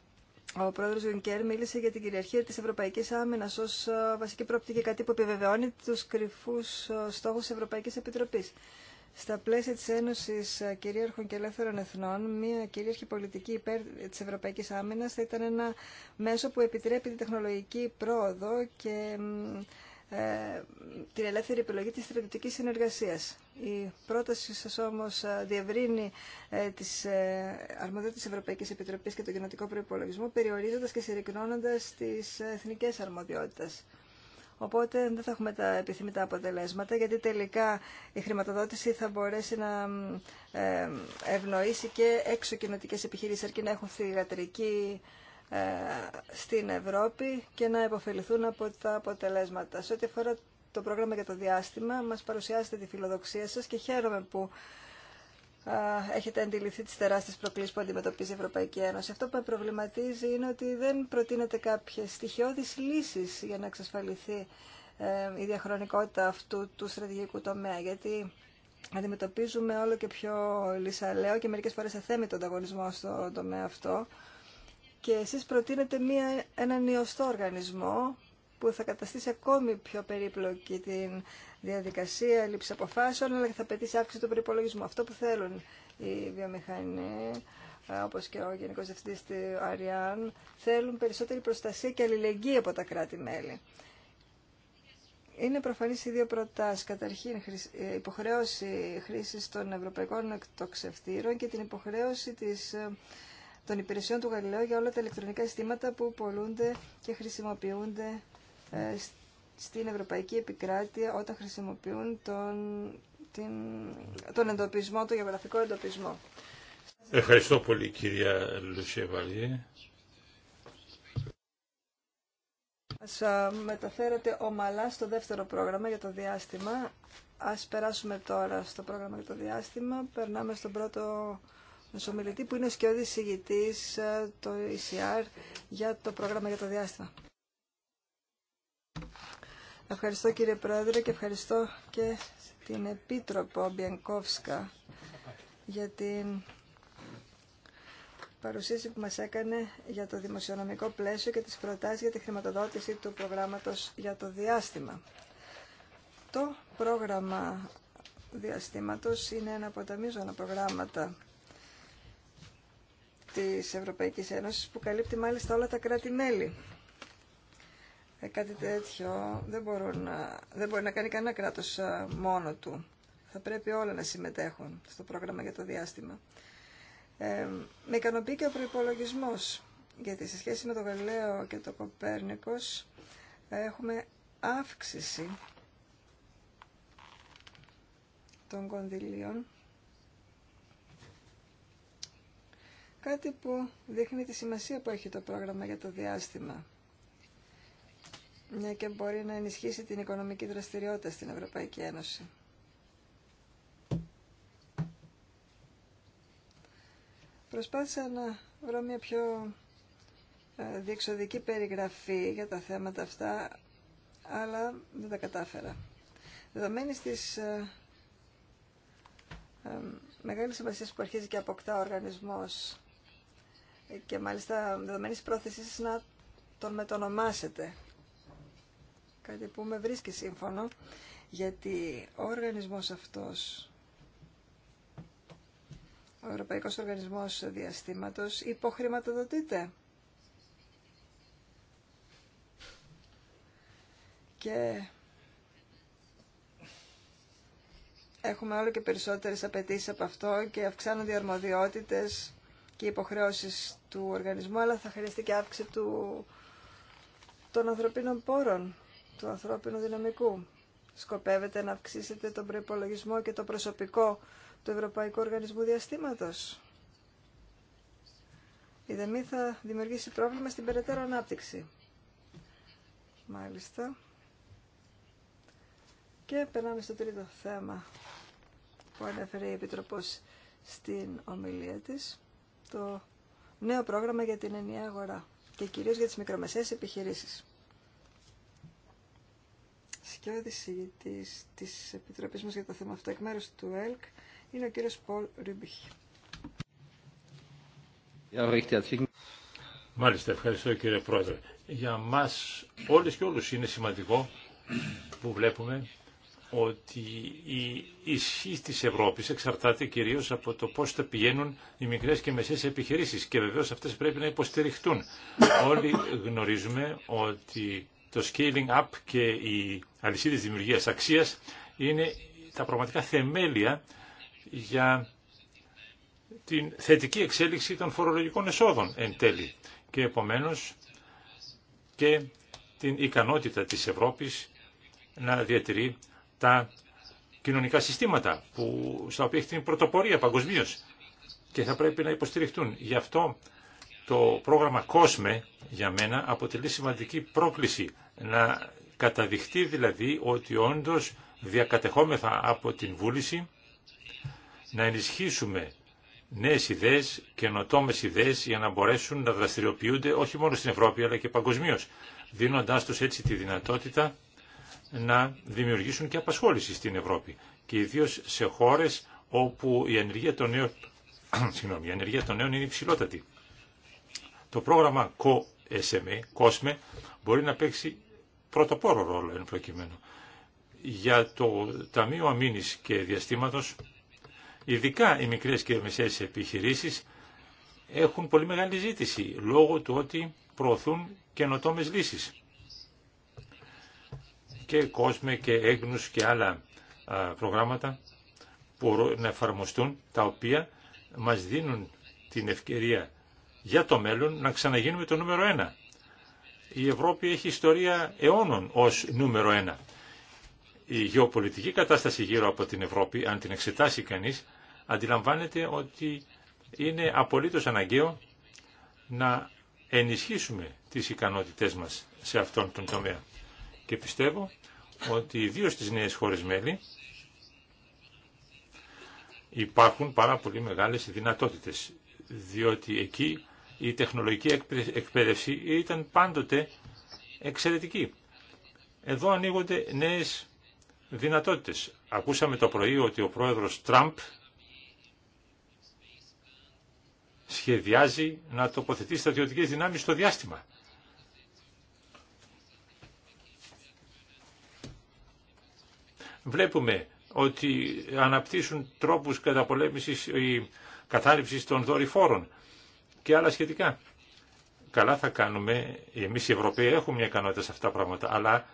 ο πρόεδρος Γιουνκέρ μίλησε για την κυριαρχία της Ευρωπαϊκής Άμυνας ως βασική πρόπτυγη, κάτι που επιβεβαιώνει τους κρυφούς στόχους της Ευρωπαϊκής Επιτροπής στα πλαίσια της Ένωσης ε, Κυρίαρχων και Ελεύθερων Εθνών, μια κυρίαρχη πολιτική υπέρ της Ευρωπαϊκής Άμυνας θα ήταν ένα μέσο που επιτρέπει την τεχνολογική πρόοδο και ε, την ελεύθερη επιλογή της στρατιωτικής συνεργασίας. Η πρόταση σας όμως ε, διευρύνει ε, τις ε, αρμοδιότητες Ευρωπαϊκής Επιτροπής και τον κοινοτικό προϋπολογισμό, περιορίζοντας και συρρυκνώνοντας τις εθνικές αρμοδιότητες. Οπότε δεν θα έχουμε τα επιθυμητά αποτελέσματα, γιατί τελικά η χρηματοδότηση θα μπορέσει να ε, ευνοήσει και έξω κοινοτικές επιχειρήσεις, αρκεί να έχουν θηγατρική ε, στην Ευρώπη και να υποφεληθούν από τα αποτελέσματα. Σε ό,τι αφορά το πρόγραμμα για το διάστημα, μας παρουσιάσετε τη φιλοδοξία σας και χαίρομαι που έχετε αντιληφθεί τις τεράστιες προκλήσεις που αντιμετωπίζει η Ευρωπαϊκή Ένωση. Αυτό που με προβληματίζει είναι ότι δεν προτείνεται κάποιες στοιχειώδεις λύσεις για να εξασφαλιθεί ε, η διαχρονικότητα αυτού του στρατηγικού τομέα. Γιατί αντιμετωπίζουμε όλο και πιο λυσαλαίο και μερικές φορές αθέμητο τον ανταγωνισμό στο τομέα αυτό. Και εσείς προτείνετε μία, έναν ιωστό οργανισμό που θα καταστήσει ακόμη πιο περίπλοκη την διαδικασία λήψη αποφάσεων, αλλά και θα πετύσει αύξηση του προπολογισμού. Αυτό που θέλουν οι βιομηχανοί, ε, όπω και ο Γενικό Διευθυντή του Αριάν, θέλουν περισσότερη προστασία και αλληλεγγύη από τα κράτη-μέλη. Είναι προφανής οι δύο προτάσεις. Καταρχήν, ε, υποχρέωση χρήσης των ευρωπαϊκών εκτοξευτήρων και την υποχρέωση της, ε, των υπηρεσιών του Γαλλιλαίου για όλα τα ηλεκτρονικά συστήματα που πολλούνται και χρησιμοποιούνται ε, στην Ευρωπαϊκή Επικράτεια όταν χρησιμοποιούν τον, την, τον εντοπισμό, τον γεωγραφικό εντοπισμό. Ευχαριστώ πολύ κυρία Λουσία Βαλιέ. Ας μεταφέρετε ομαλά στο δεύτερο πρόγραμμα για το διάστημα. Ας περάσουμε τώρα στο πρόγραμμα για το διάστημα. Περνάμε στον πρώτο νοσομιλητή που είναι ο σκιώδης ε, το ECR για το πρόγραμμα για το διάστημα. Ευχαριστώ κύριε Πρόεδρε και ευχαριστώ και την Επίτροπο Μπιενκόφσκα για την παρουσίαση που μας έκανε για το δημοσιονομικό πλαίσιο και τις προτάσεις για τη χρηματοδότηση του προγράμματος για το διάστημα. Το πρόγραμμα διαστήματος είναι ένα από τα μείζωνα προγράμματα της Ευρωπαϊκής Ένωσης που καλύπτει μάλιστα όλα τα κράτη-μέλη. Ε, κάτι τέτοιο δεν, να, δεν μπορεί να κάνει κανένα κράτος ε, μόνο του. Θα πρέπει όλα να συμμετέχουν στο πρόγραμμα για το διάστημα. Ε, με ικανοποιεί και ο προπολογισμό, γιατί σε σχέση με το Γαλλέο και το Κοπέρνικος έχουμε αύξηση των κονδυλίων. Κάτι που δείχνει τη σημασία που έχει το πρόγραμμα για το διάστημα μια ναι, και μπορεί να ενισχύσει την οικονομική δραστηριότητα στην Ευρωπαϊκή Ένωση. Προσπάθησα να βρω μια πιο ε, διεξοδική περιγραφή για τα θέματα αυτά, αλλά δεν τα κατάφερα. Δεδομένης της ε, ε, μεγάλης σημασίας που αρχίζει και αποκτά ο οργανισμός και μάλιστα δεδομένης πρόθεσης να τον μετονομάσετε κάτι που με βρίσκει σύμφωνο, γιατί ο οργανισμός αυτός, ο Ευρωπαϊκός Οργανισμός Διαστήματος, υποχρηματοδοτείται. Και έχουμε όλο και περισσότερες απαιτήσει από αυτό και αυξάνονται οι αρμοδιότητες και οι υποχρεώσεις του οργανισμού, αλλά θα χρειαστεί και αύξηση του, των ανθρωπίνων πόρων του ανθρώπινου δυναμικού. Σκοπεύετε να αυξήσετε τον προϋπολογισμό και το προσωπικό του Ευρωπαϊκού Οργανισμού Διαστήματος. Η δεμή θα δημιουργήσει πρόβλημα στην περαιτέρω ανάπτυξη. Μάλιστα. Και περνάμε στο τρίτο θέμα που ανέφερε η Επιτροπός στην ομιλία της, το νέο πρόγραμμα για την ενιαία αγορά και κυρίως για τις μικρομεσαίες επιχειρήσεις σκιώδης ηγητής της Επιτροπής μας για το θέμα αυτό εκ μέρους του ΕΛΚ είναι ο κύριος Πολ Ρουμπίχ. Μάλιστα, ευχαριστώ κύριε Πρόεδρε. Για μας όλες και όλους είναι σημαντικό που βλέπουμε ότι η ισχύ της Ευρώπης εξαρτάται κυρίως από το πώς θα πηγαίνουν οι μικρές και μεσαίες επιχειρήσεις και βεβαίως αυτές πρέπει να υποστηριχτούν. Όλοι γνωρίζουμε ότι το scaling up και η αλυσίδες δημιουργίας αξίας είναι τα πραγματικά θεμέλια για την θετική εξέλιξη των φορολογικών εσόδων εν τέλει και επομένως και την ικανότητα της Ευρώπης να διατηρεί τα κοινωνικά συστήματα που, στα οποία έχει την πρωτοπορία παγκοσμίω και θα πρέπει να υποστηριχτούν. Γι' αυτό το πρόγραμμα COSME για μένα αποτελεί σημαντική πρόκληση να καταδειχτεί δηλαδή ότι όντως διακατεχόμεθα από την βούληση να ενισχύσουμε νέες ιδέες, καινοτόμες ιδέες για να μπορέσουν να δραστηριοποιούνται όχι μόνο στην Ευρώπη αλλά και παγκοσμίως δίνοντάς τους έτσι τη δυνατότητα να δημιουργήσουν και απασχόληση στην Ευρώπη και ιδίως σε χώρες όπου η ενέργεια των νέων, η είναι υψηλότατη. Το πρόγραμμα COSME μπορεί να παίξει πρωτοπόρο ρόλο εν προκειμένου. Για το Ταμείο Αμήνης και Διαστήματος, ειδικά οι μικρές και μεσαίες επιχειρήσεις έχουν πολύ μεγάλη ζήτηση λόγω του ότι προωθούν καινοτόμε λύσεις. Και κόσμε και έγνους και άλλα προγράμματα μπορούν να εφαρμοστούν, τα οποία μας δίνουν την ευκαιρία για το μέλλον να ξαναγίνουμε το νούμερο ένα η Ευρώπη έχει ιστορία αιώνων ως νούμερο ένα. Η γεωπολιτική κατάσταση γύρω από την Ευρώπη, αν την εξετάσει κανείς, αντιλαμβάνεται ότι είναι απολύτως αναγκαίο να ενισχύσουμε τις ικανότητές μας σε αυτόν τον τομέα. Και πιστεύω ότι δύο στις νέες χώρες μέλη υπάρχουν πάρα πολύ μεγάλες δυνατότητες, διότι εκεί η τεχνολογική εκπαίδευση ήταν πάντοτε εξαιρετική. Εδώ ανοίγονται νέες δυνατότητες. Ακούσαμε το πρωί ότι ο πρόεδρος Τραμπ σχεδιάζει να τοποθετεί στρατιωτικές δυνάμεις στο διάστημα. Βλέπουμε ότι αναπτύσσουν τρόπους καταπολέμησης ή κατάληψης των δορυφόρων και άλλα σχετικά. Καλά θα κάνουμε, εμείς οι Ευρωπαίοι έχουμε μια ικανότητα σε αυτά τα πράγματα, αλλά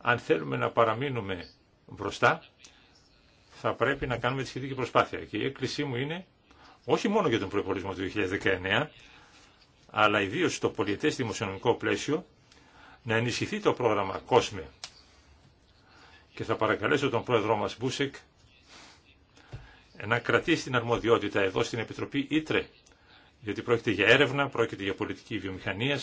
αν θέλουμε να παραμείνουμε μπροστά, θα πρέπει να κάνουμε τη σχετική προσπάθεια. Και η έκκλησή μου είναι, όχι μόνο για τον προπολογισμό του 2019, αλλά ιδίω στο πολιετές δημοσιονομικό πλαίσιο, να ενισχυθεί το πρόγραμμα COSME. Και θα παρακαλέσω τον πρόεδρό μας Μπούσεκ να κρατήσει την αρμοδιότητα εδώ στην Επιτροπή Ήτρε γιατί πρόκειται για έρευνα, πρόκειται για πολιτική βιομηχανία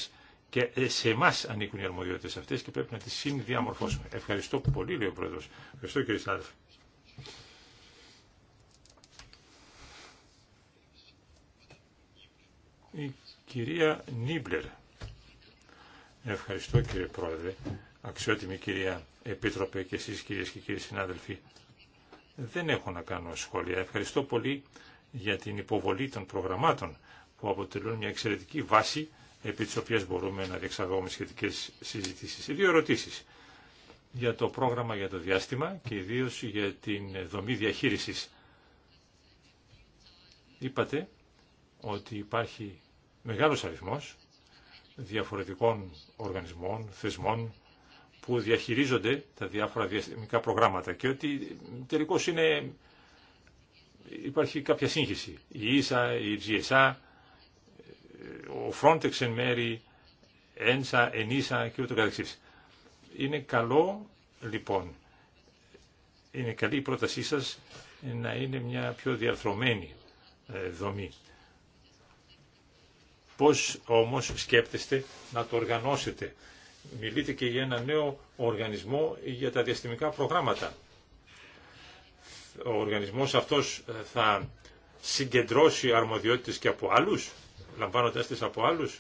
και ε, σε εμά ανήκουν οι αρμοδιότητε αυτέ και πρέπει να τι συνδιαμορφώσουμε. Ευχαριστώ πολύ, λέει ο Πρόεδρο. Ευχαριστώ, κύριε Σάρφ. Η κυρία Νίμπλερ. Ευχαριστώ, κύριε Πρόεδρε. Αξιότιμη κυρία Επίτροπε και εσείς κυρίες και κύριοι συνάδελφοι. Δεν έχω να κάνω σχόλια. Ευχαριστώ πολύ για την υποβολή των προγραμμάτων που αποτελούν μια εξαιρετική βάση επί της οποίας μπορούμε να διεξαγάγουμε σχετικές συζητήσεις. Οι δύο ερωτήσεις για το πρόγραμμα για το διάστημα και ιδίω για την δομή διαχείρισης. Είπατε ότι υπάρχει μεγάλος αριθμός διαφορετικών οργανισμών, θεσμών που διαχειρίζονται τα διάφορα διαστημικά προγράμματα και ότι τελικώς είναι, υπάρχει κάποια σύγχυση. Η ΙΣΑ, η GSA, ο Frontex εν μέρη, ένσα, ενίσα και ούτω καθεξής. Είναι καλό λοιπόν, είναι καλή η πρότασή σας να είναι μια πιο διαρθρωμένη ε, δομή. Πώς όμως σκέπτεστε να το οργανώσετε. Μιλείτε και για ένα νέο οργανισμό για τα διαστημικά προγράμματα. Ο οργανισμός αυτός ε, θα συγκεντρώσει αρμοδιότητες και από άλλους λαμβάνοντας τις από άλλους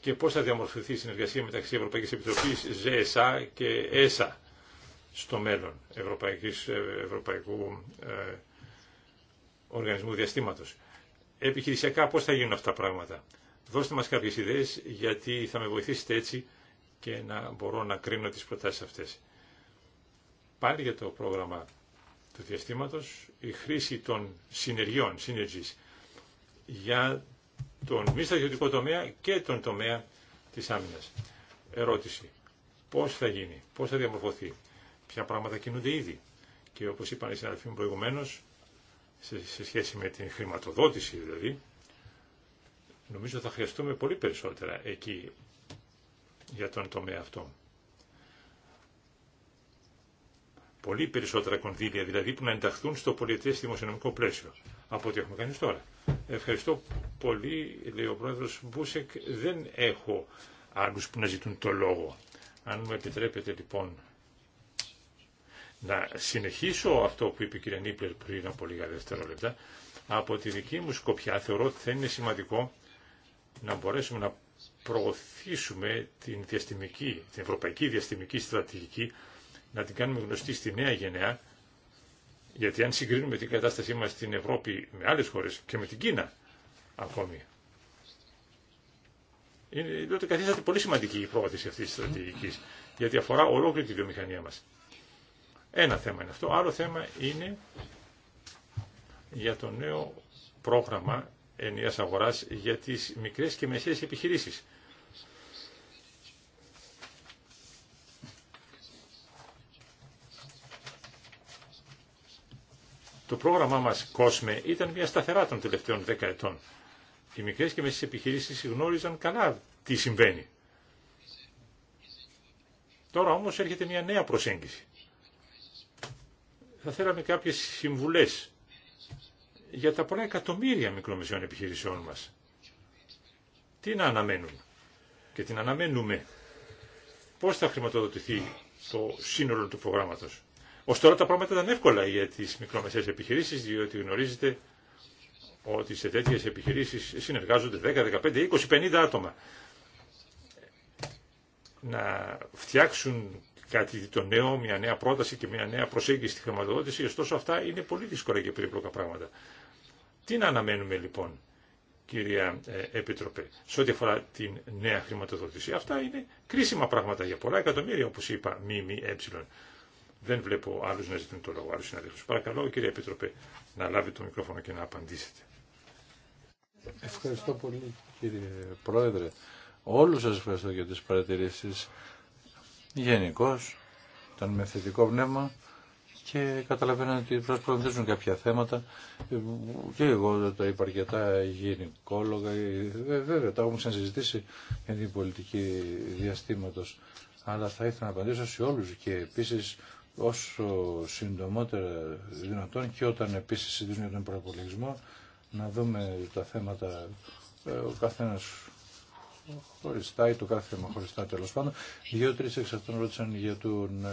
και πώς θα διαμορφωθεί η συνεργασία μεταξύ Ευρωπαϊκής Επιτροπής, ΖΕΣΑ και ΕΣΑ στο μέλλον Ευρωπαϊκής, ε, Ευρωπαϊκού ε, Οργανισμού Διαστήματος. Επιχειρησιακά πώς θα γίνουν αυτά τα πράγματα. Δώστε μας κάποιες ιδέες γιατί θα με βοηθήσετε έτσι και να μπορώ να κρίνω τις προτάσεις αυτές. Πάλι για το πρόγραμμα του διαστήματος, η χρήση των συνεργειών, synergies, για τον μη στρατιωτικό τομέα και τον τομέα της άμυνας. Ερώτηση. Πώς θα γίνει, πώς θα διαμορφωθεί, ποια πράγματα κινούνται ήδη. Και όπως είπαν οι συναδελφοί μου προηγουμένως, σε, σε σχέση με την χρηματοδότηση δηλαδή, νομίζω θα χρειαστούμε πολύ περισσότερα εκεί για τον τομέα αυτό. Πολύ περισσότερα κονδύλια δηλαδή που να ενταχθούν στο πολιτευστημο δημοσιονομικό πλαίσιο από ό,τι έχουμε κάνει τώρα. Ευχαριστώ πολύ, λέει ο πρόεδρο Μπούσεκ. Δεν έχω άλλου που να ζητούν το λόγο. Αν μου επιτρέπετε λοιπόν να συνεχίσω αυτό που είπε η κυρία Νίπλερ πριν από λίγα δευτερόλεπτα, από τη δική μου σκοπιά θεωρώ ότι θα είναι σημαντικό να μπορέσουμε να προωθήσουμε την, διαστημική, την ευρωπαϊκή διαστημική στρατηγική, να την κάνουμε γνωστή στη νέα γενεά, γιατί αν συγκρίνουμε την κατάστασή μας στην Ευρώπη με άλλες χώρες και με την Κίνα ακόμη, είναι, ότι καθίσταται πολύ σημαντική η πρόβαση αυτής της στρατηγικής, γιατί αφορά ολόκληρη τη βιομηχανία μας. Ένα θέμα είναι αυτό. Άλλο θέμα είναι για το νέο πρόγραμμα ενιαίας αγοράς για τις μικρές και μεσαίες επιχειρήσεις. Το πρόγραμμά μας COSME ήταν μια σταθερά των τελευταίων δέκα ετών. Οι μικρές και μεσές επιχειρήσεις γνώριζαν καλά τι συμβαίνει. Τώρα όμως έρχεται μια νέα προσέγγιση. Θα θέλαμε κάποιες συμβουλές για τα πολλά εκατομμύρια μικρομεσαίων επιχειρήσεών μας. Τι να αναμένουν και να αναμένουμε. Πώς θα χρηματοδοτηθεί το σύνολο του προγράμματος. Ως τώρα τα πράγματα ήταν εύκολα για τις μικρομεσαίες επιχειρήσεις, διότι γνωρίζετε ότι σε τέτοιες επιχειρήσεις συνεργάζονται 10, 15, 20, 50 άτομα. Να φτιάξουν κάτι το νέο, μια νέα πρόταση και μια νέα προσέγγιση στη χρηματοδότηση, ωστόσο αυτά είναι πολύ δύσκολα και περίπλοκα πράγματα. Τι να αναμένουμε λοιπόν, κυρία ε, Επίτροπε, σε ό,τι αφορά την νέα χρηματοδότηση. Αυτά είναι κρίσιμα πράγματα για πολλά εκατομμύρια, όπως είπα, Ε. Δεν βλέπω άλλου να ζητούν το λόγο, άλλου συναδέλφου. Παρακαλώ, κύριε Επίτροπε, να λάβει το μικρόφωνο και να απαντήσετε. Ευχαριστώ πολύ, κύριε Πρόεδρε. Όλου σα ευχαριστώ για τι παρατηρήσει Γενικώ, ήταν με θετικό πνεύμα και καταλαβαίνω ότι προσπαθούν κάποια θέματα και εγώ τα είπα αρκετά γενικόλογα ε, βέβαια τα έχουμε ξανασυζητήσει για την πολιτική διαστήματος αλλά θα ήθελα να απαντήσω σε όλους και επίση όσο συντομότερα δυνατόν και όταν επίσης συζητήσουμε τον προπολογισμό να δούμε τα θέματα ε, ο καθένας χωριστά ή το κάθε θέμα χωριστά τέλο πάντων. Δύο-τρει εξ αυτών ρώτησαν για τον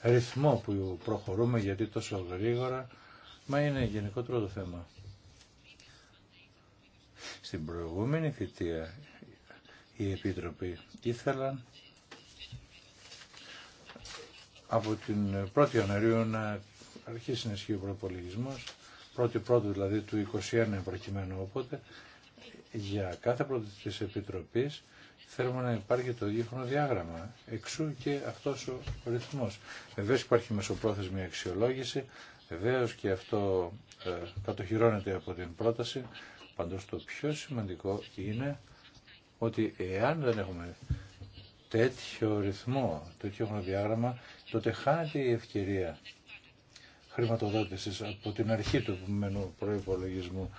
ε, ρυθμό που προχωρούμε, γιατί τόσο γρήγορα. Μα είναι γενικότερο το θέμα. Στην προηγούμενη θητεία η Επίτροποι ήθελαν από την 1η Ιανουαρίου να αρχίσει να ισχύει ο προπολογισμό, 1η πρώτου δηλαδή του 2021 προκειμένου. Οπότε για κάθε πρώτη τη Επιτροπή θέλουμε να υπάρχει το ίδιο διάγραμμα. Εξού και αυτό ο ρυθμό. Βεβαίω υπάρχει μεσοπρόθεσμη αξιολόγηση, βεβαίω και αυτό ε, κατοχυρώνεται από την πρόταση. Παντώ το πιο σημαντικό είναι ότι εάν δεν έχουμε τέτοιο ρυθμό, τέτοιο χρονοδιάγραμμα, τότε χάνεται η ευκαιρία χρηματοδότησης από την αρχή του επομένου προϋπολογισμού.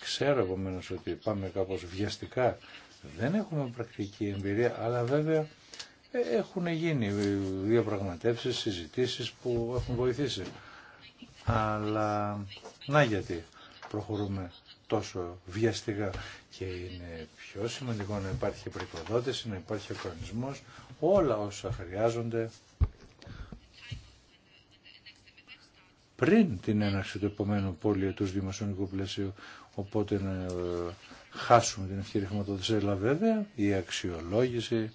Ξέρω επομένω ότι πάμε κάπως βιαστικά. Δεν έχουμε πρακτική εμπειρία, αλλά βέβαια ε, έχουν γίνει διαπραγματεύσεις, συζητήσεις που έχουν βοηθήσει. Αλλά να γιατί προχωρούμε τόσο βιαστικά και είναι πιο σημαντικό να υπάρχει προϋποδότηση, να υπάρχει οργανισμός, όλα όσα χρειάζονται πριν την έναρξη του επομένου του δημοσιονομικού πλαισίου, οπότε να ε, χάσουμε την ευκαιρία χρηματοδότηση. Αλλά βέβαια η αξιολόγηση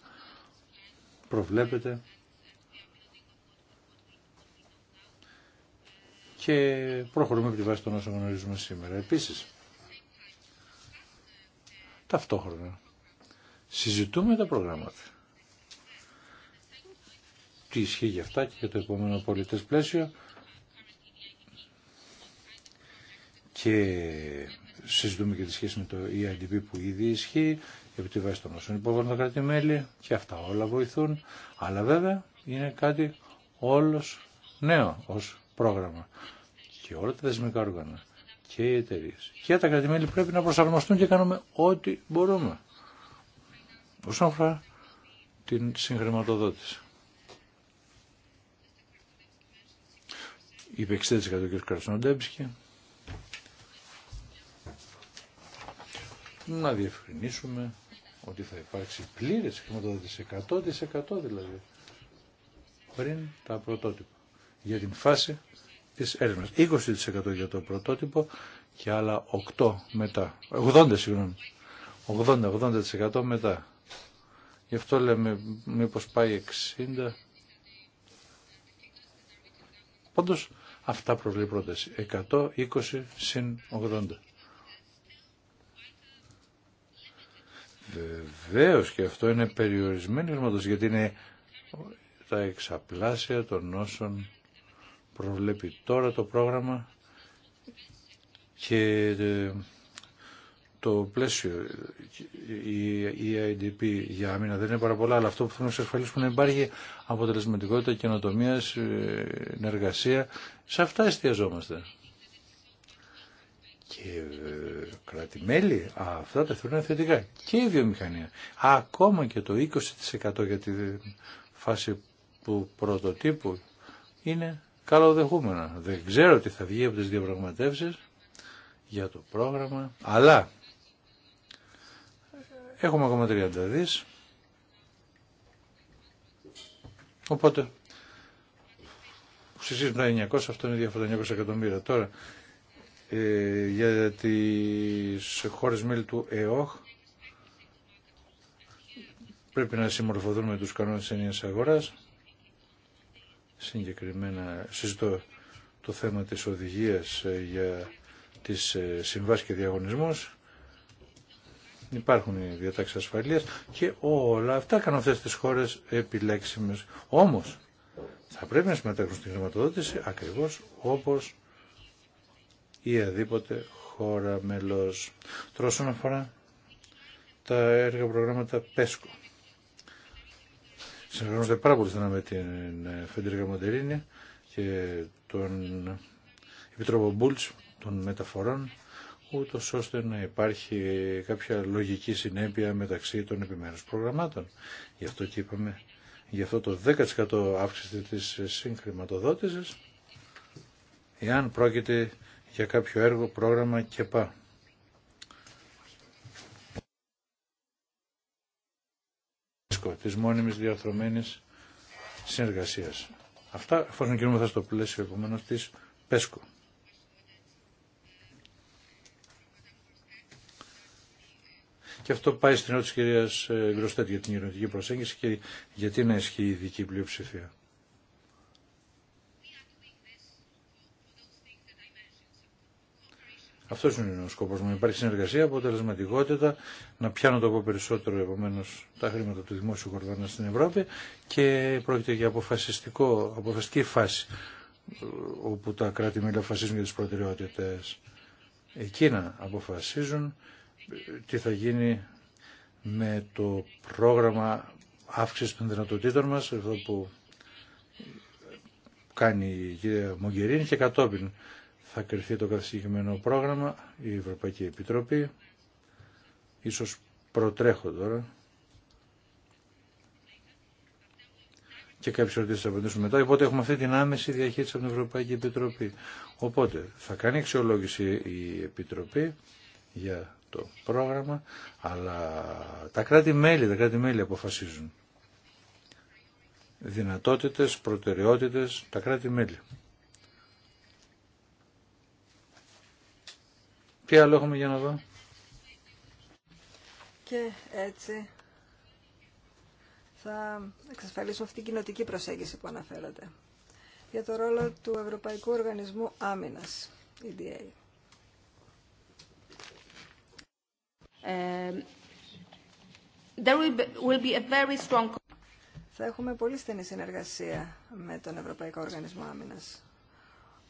προβλέπεται και προχωρούμε από τη βάση των όσων γνωρίζουμε σήμερα. Επίσης, ταυτόχρονα συζητούμε τα προγράμματα. Τι ισχύει για αυτά και για το επόμενο πολιτές πλαίσιο και συζητούμε και τη σχέση με το EIDP που ήδη ισχύει, επί τη βάση των όσων υπόγονων τα κρατη και αυτά όλα βοηθούν. Αλλά βέβαια είναι κάτι όλος νέο ως πρόγραμμα και όλα τα δεσμικά όργανα και οι εταιρείε. Και τα κρατημέλη πρέπει να προσαρμοστούν και κάνουμε ό,τι μπορούμε. Όσον αφορά την συγχρηματοδότηση. Είπε 60% ο κ. Κρασνοντέμψικη να διευκρινίσουμε ότι θα υπάρξει πλήρες χρηματοδότηση 100% δηλαδή πριν τα πρωτότυπα για την φάση της έρευνας. 20% για το πρωτότυπο και άλλα 8 μετά. 80 συγγνώμη. 80-80% μετά. Γι' αυτό λέμε μήπως πάει 60. Πάντως αυτά προβλέπει πρόταση. 120 συν 80. Βεβαίω και αυτό είναι περιορισμένο γιατί είναι τα εξαπλάσια των όσων προβλέπει τώρα το πρόγραμμα και ε, το πλαίσιο η IDP για άμυνα δεν είναι πάρα πολλά, αλλά αυτό που θέλουμε να εξασφαλίσουμε να υπάρχει αποτελεσματικότητα καινοτομία, ε, εργασία Σε αυτά εστιαζόμαστε και ε, κράτη-μέλη αυτά τα θεωρούν θετικά και η βιομηχανία. Ακόμα και το 20% για τη φάση του πρωτοτύπου είναι καλοδεχούμενα. Δεν ξέρω τι θα βγει από τις διαπραγματεύσεις για το πρόγραμμα, αλλά έχουμε ακόμα 30 δις, οπότε τα 900, αυτό είναι διαφορά 900 εκατομμύρια. Τώρα ε, για τις χώρες μέλη του ΕΟΧ πρέπει να συμμορφωθούν με τους κανόνες της ενίας αγοράς. Συγκεκριμένα συζητώ το θέμα της οδηγίας ε, για τις ε, συμβάσεις και διαγωνισμούς. Υπάρχουν οι διατάξεις ασφαλείας και όλα αυτά κάνουν αυτές τις χώρες επιλέξιμες. Όμως θα πρέπει να συμμετέχουν στην χρηματοδότηση ακριβώς όπως ή αδίποτε χώρα μελός. Τώρα όσον αφορά τα έργα προγράμματα ΠΕΣΚΟ. Συνεργαζόμαστε πάρα πολύ στενά με την ε, Φεντρίκα Μοντερίνη και τον Επιτρόπο Μπούλτς των μεταφορών ούτω ώστε να υπάρχει κάποια λογική συνέπεια μεταξύ των επιμέρους προγραμμάτων. Γι' αυτό και είπαμε, γι' αυτό το 10% αύξηση της ε, συγχρηματοδότησης, εάν πρόκειται για κάποιο έργο, πρόγραμμα και πά. της μόνιμης διαθρωμένης συνεργασίας. Αυτά εφόσον κινούμεθα στο πλαίσιο επομένως της ΠΕΣΚΟ. Και αυτό πάει στην ερώτηση τη κυρία ε, Γκροστέτ για την κοινωνική προσέγγιση και γιατί να ισχύει η ειδική πλειοψηφία. Αυτό είναι ο σκοπό μου. Υπάρχει συνεργασία, αποτελεσματικότητα, να πιάνω το από περισσότερο επομένω τα χρήματα του δημόσιου κορδόνα στην Ευρώπη και πρόκειται για αποφασιστικό, αποφασιστική φάση όπου τα κράτη-μέλη αποφασίζουν για τι προτεραιότητε. Εκείνα αποφασίζουν ε, τι θα γίνει με το πρόγραμμα αύξηση των δυνατοτήτων μα, εδώ που κάνει η κυρία Μογκερίνη και κατόπιν θα κρυθεί το καθηγημένο πρόγραμμα, η Ευρωπαϊκή Επιτροπή, ίσως προτρέχω τώρα, και κάποιε ερωτήσει θα απαντήσουμε μετά. Οπότε έχουμε αυτή την άμεση διαχείριση από την Ευρωπαϊκή Επιτροπή. Οπότε θα κάνει αξιολόγηση η Επιτροπή για το πρόγραμμα, αλλά τα κράτη-μέλη, τα κράτη-μέλη αποφασίζουν. Δυνατότητες, προτεραιότητες, τα κράτη-μέλη. Τι άλλο έχουμε για να δω. Και έτσι θα εξασφαλίσουμε αυτή την κοινοτική προσέγγιση που αναφέρατε για το ρόλο του Ευρωπαϊκού Οργανισμού Άμυνας, EDA. Ε, θα έχουμε πολύ στενή συνεργασία με τον Ευρωπαϊκό Οργανισμό Άμυνας.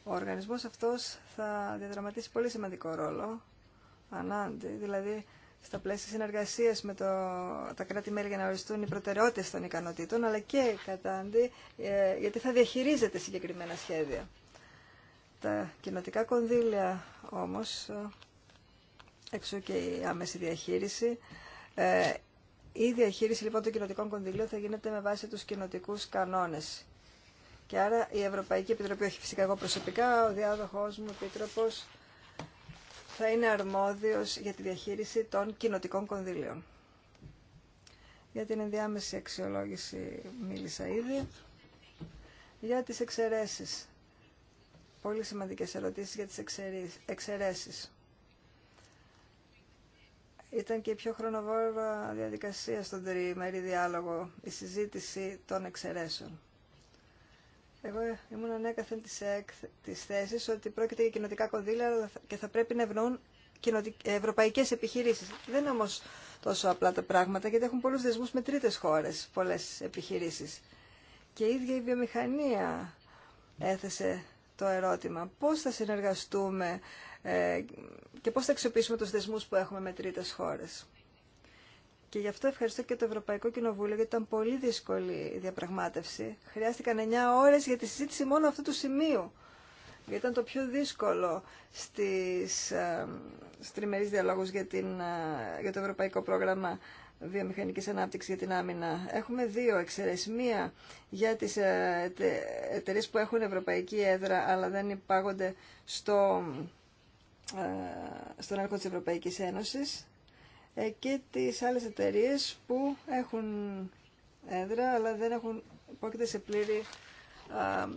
Ο οργανισμός αυτός θα διαδραματίσει πολύ σημαντικό ρόλο, ανάντι, δηλαδή στα πλαίσια συνεργασίας με το, τα κράτη-μέλη για να οριστούν οι προτεραιότητες των ικανοτήτων, αλλά και κατάντι, ε, γιατί θα διαχειρίζεται συγκεκριμένα σχέδια. Τα κοινοτικά κονδύλια όμως, εξού και η άμεση διαχείριση, ε, η διαχείριση λοιπόν των κοινοτικών κονδυλίων θα γίνεται με βάση τους κοινοτικούς κανόνες και άρα η Ευρωπαϊκή Επιτροπή, όχι φυσικά εγώ προσωπικά, ο διάδοχός μου, ο θα είναι αρμόδιος για τη διαχείριση των κοινοτικών κονδύλιων. Για την ενδιάμεση αξιολόγηση μίλησα ήδη. Για τις εξαιρέσεις. Πολύ σημαντικές ερωτήσεις για τις εξαιρέσεις. Ήταν και η πιο χρονοβόρα διαδικασία στον τριημερή διάλογο, η συζήτηση των εξαιρέσεων. Εγώ ήμουν ανέκαθεν της, της θέσης ότι πρόκειται για κοινοτικά κονδύλια και θα πρέπει να ευνοούν ευρωπαϊκές επιχειρήσεις. Δεν είναι όμως τόσο απλά τα πράγματα γιατί έχουν πολλούς δεσμούς με τρίτες χώρες, πολλές επιχειρήσεις. Και η ίδια η βιομηχανία έθεσε το ερώτημα πώς θα συνεργαστούμε ε, και πώς θα αξιοποιήσουμε τους δεσμούς που έχουμε με τρίτες χώρες. Και γι' αυτό ευχαριστώ και το Ευρωπαϊκό Κοινοβούλιο, γιατί ήταν πολύ δύσκολη η διαπραγμάτευση. Χρειάστηκαν 9 ώρες για τη συζήτηση μόνο αυτού του σημείου. Γιατί ήταν το πιο δύσκολο στις ε, τριμερείς διαλόγους ε, για, το Ευρωπαϊκό Πρόγραμμα Βιομηχανικής Ανάπτυξης για την Άμυνα. Έχουμε δύο εξαιρέσεις. για τι ε, εταιρείε που έχουν ευρωπαϊκή έδρα, αλλά δεν υπάγονται στον ε, έλεγχο της Ευρωπαϊκής Ένωσης ε, και τις άλλες εταιρείε που έχουν έδρα αλλά δεν έχουν υπόκειται σε πλήρη α,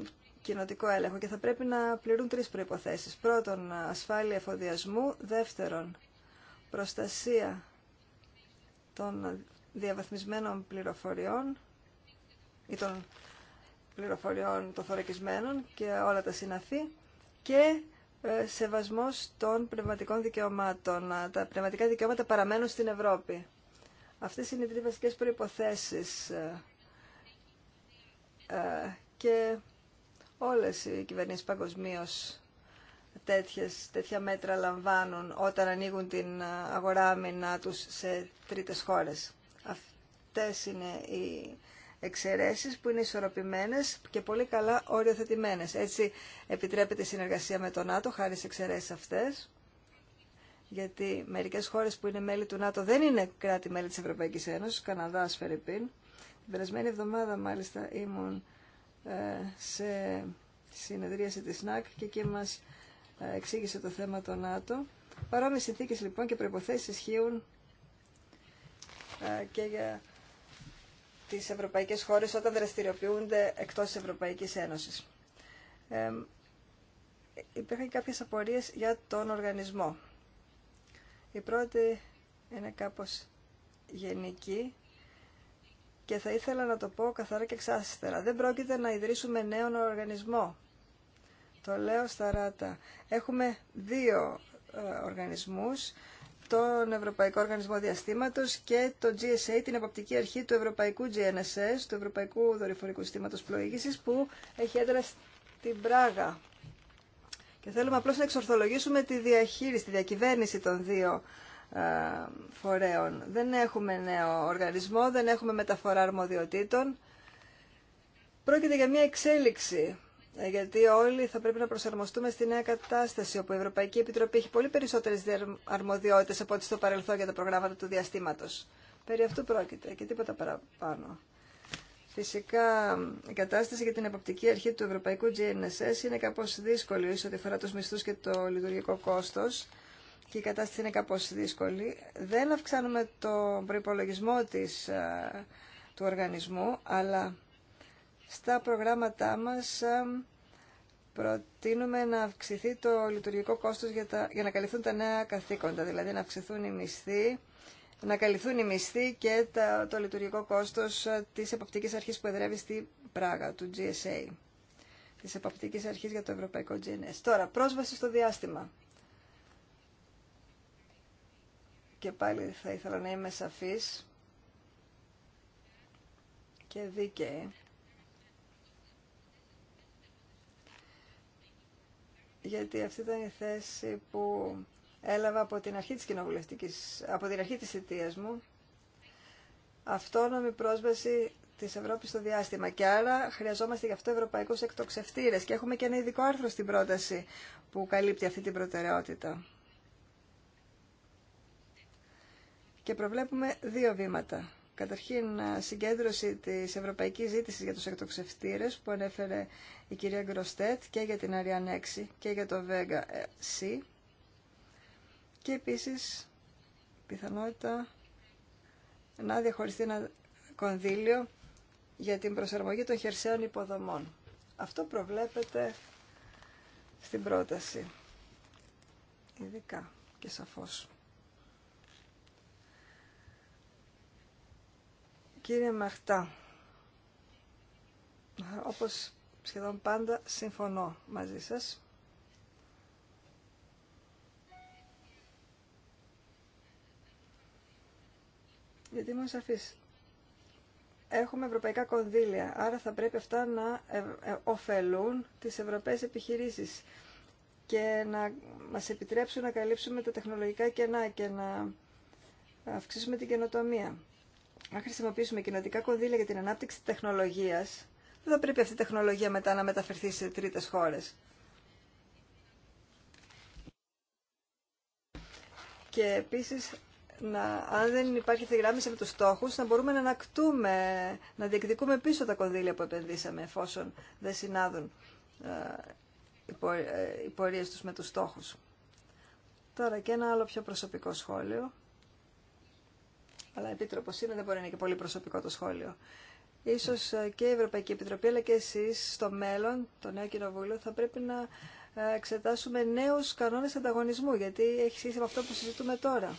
κοινοτικό έλεγχο και θα πρέπει να πληρούν τρεις προϋποθέσεις. Πρώτον, ασφάλεια εφοδιασμού. Δεύτερον, προστασία των διαβαθμισμένων πληροφοριών ή των πληροφοριών των θωρακισμένων και όλα τα συναφή και ε, σεβασμός των πνευματικών δικαιωμάτων. Τα πνευματικά δικαιώματα παραμένουν στην Ευρώπη. Αυτές είναι οι τρεις βασικές προϋποθέσεις ε, ε, και όλες οι κυβερνήσεις παγκοσμίω τέτοια μέτρα λαμβάνουν όταν ανοίγουν την αγορά άμυνα τους σε τρίτες χώρες. Αυτές είναι οι εξαιρέσεις που είναι ισορροπημένες και πολύ καλά οριοθετημένες. Έτσι επιτρέπεται η συνεργασία με τον ΝΑΤΟ χάρη σε εξαιρέσεις αυτές, γιατί μερικές χώρες που είναι μέλη του ΝΑΤΟ δεν είναι κράτη-μέλη της Ευρωπαϊκής Ένωσης, Καναδάς, Φερρυπίν. Την περασμένη εβδομάδα μάλιστα ήμουν ε, σε συνεδρίαση της ΝΑΚ και εκεί μας ε, εξήγησε το θέμα το ΝΑΤΟ. Παρόμοιες συνθήκε λοιπόν και προϋποθέσεις ισχύουν ε, και για τις ευρωπαϊκές χώρες όταν δραστηριοποιούνται εκτός της Ευρωπαϊκής Ένωσης. Ε, υπήρχαν κάποιες απορίες για τον οργανισμό. Η πρώτη είναι κάπως γενική και θα ήθελα να το πω καθαρά και εξάστερα. Δεν πρόκειται να ιδρύσουμε νέον οργανισμό. Το λέω στα ράτα. Έχουμε δύο ε, οργανισμούς τον Ευρωπαϊκό Οργανισμό Διαστήματος και το GSA, την Εποπτική αρχή του Ευρωπαϊκού GNSS, του Ευρωπαϊκού Δορυφορικού Συστήματος Πλοήγησης, που έχει έδρα στην Πράγα. Και θέλουμε απλώς να εξορθολογήσουμε τη διαχείριση, τη διακυβέρνηση των δύο ε, φορέων. Δεν έχουμε νέο οργανισμό, δεν έχουμε μεταφορά αρμοδιοτήτων. Πρόκειται για μια εξέλιξη γιατί όλοι θα πρέπει να προσαρμοστούμε στη νέα κατάσταση, όπου η Ευρωπαϊκή Επιτροπή έχει πολύ περισσότερε αρμοδιότητε από ό,τι στο παρελθόν για τα προγράμματα του διαστήματο. Περί αυτού πρόκειται και τίποτα παραπάνω. Φυσικά, η κατάσταση για την εποπτική αρχή του Ευρωπαϊκού GNSS είναι κάπω δύσκολη, ίσως ό,τι αφορά του μισθού και το λειτουργικό κόστο και η κατάσταση είναι κάπω δύσκολη. Δεν αυξάνουμε τον προπολογισμό ε, του οργανισμού, αλλά στα προγράμματά μας προτείνουμε να αυξηθεί το λειτουργικό κόστος για, τα, για να καλυφθούν τα νέα καθήκοντα, δηλαδή να αυξηθούν οι μισθοί, να καλυφθούν οι μισθοί και τα, το λειτουργικό κόστος ε, της εποπτικής αρχής που εδρεύει στη Πράγα, του GSA, της εποπτικής αρχής για το Ευρωπαϊκό GNS. Τώρα, πρόσβαση στο διάστημα. Και πάλι θα ήθελα να είμαι σαφής και δίκαιη γιατί αυτή ήταν η θέση που έλαβα από την αρχή της κοινοβουλευτικής, από την αρχή της θητείας μου, αυτόνομη πρόσβαση της Ευρώπης στο διάστημα. Και άρα χρειαζόμαστε γι' αυτό ευρωπαϊκούς εκτοξευτήρες και έχουμε και ένα ειδικό άρθρο στην πρόταση που καλύπτει αυτή την προτεραιότητα. Και προβλέπουμε δύο βήματα. Καταρχήν, συγκέντρωση της ευρωπαϊκής ζήτηση για τους εκτοξευτήρες που ανέφερε η κυρία Γκροστέτ και για την Αριανέξη και για το Vega C ε, και επίσης πιθανότητα να διαχωριστεί ένα κονδύλιο για την προσαρμογή των χερσαίων υποδομών. Αυτό προβλέπεται στην πρόταση, ειδικά και σαφώς. Κύριε Μαχτά, όπως σχεδόν πάντα συμφωνώ μαζί σας. Γιατί είμαι σαφής. Έχουμε ευρωπαϊκά κονδύλια, άρα θα πρέπει αυτά να ε, ωφελούν τις ευρωπαίες επιχειρήσεις και να μας επιτρέψουν να καλύψουμε τα τεχνολογικά κενά και να αυξήσουμε την καινοτομία αν χρησιμοποιήσουμε κοινοτικά κονδύλια για την ανάπτυξη τεχνολογίας, δεν θα πρέπει αυτή η τεχνολογία μετά να μεταφερθεί σε τρίτες χώρες. Και επίσης, αν δεν υπάρχει θεγράμμιση με του στόχου, να μπορούμε να ανακτούμε, να διεκδικούμε πίσω τα κονδύλια που επενδύσαμε, εφόσον δεν συνάδουν ε, ε, οι πορείε του με τους στόχου. Τώρα και ένα άλλο πιο προσωπικό σχόλιο. Αλλά επίτροπος είναι, δεν μπορεί να είναι και πολύ προσωπικό το σχόλιο. Ίσως ε, και η Ευρωπαϊκή Επιτροπή, αλλά και εσεί, στο μέλλον, το νέο κοινοβούλιο, θα πρέπει να ε, εξετάσουμε νέου κανόνε ανταγωνισμού, γιατί έχει σχέση με αυτό που συζητούμε τώρα.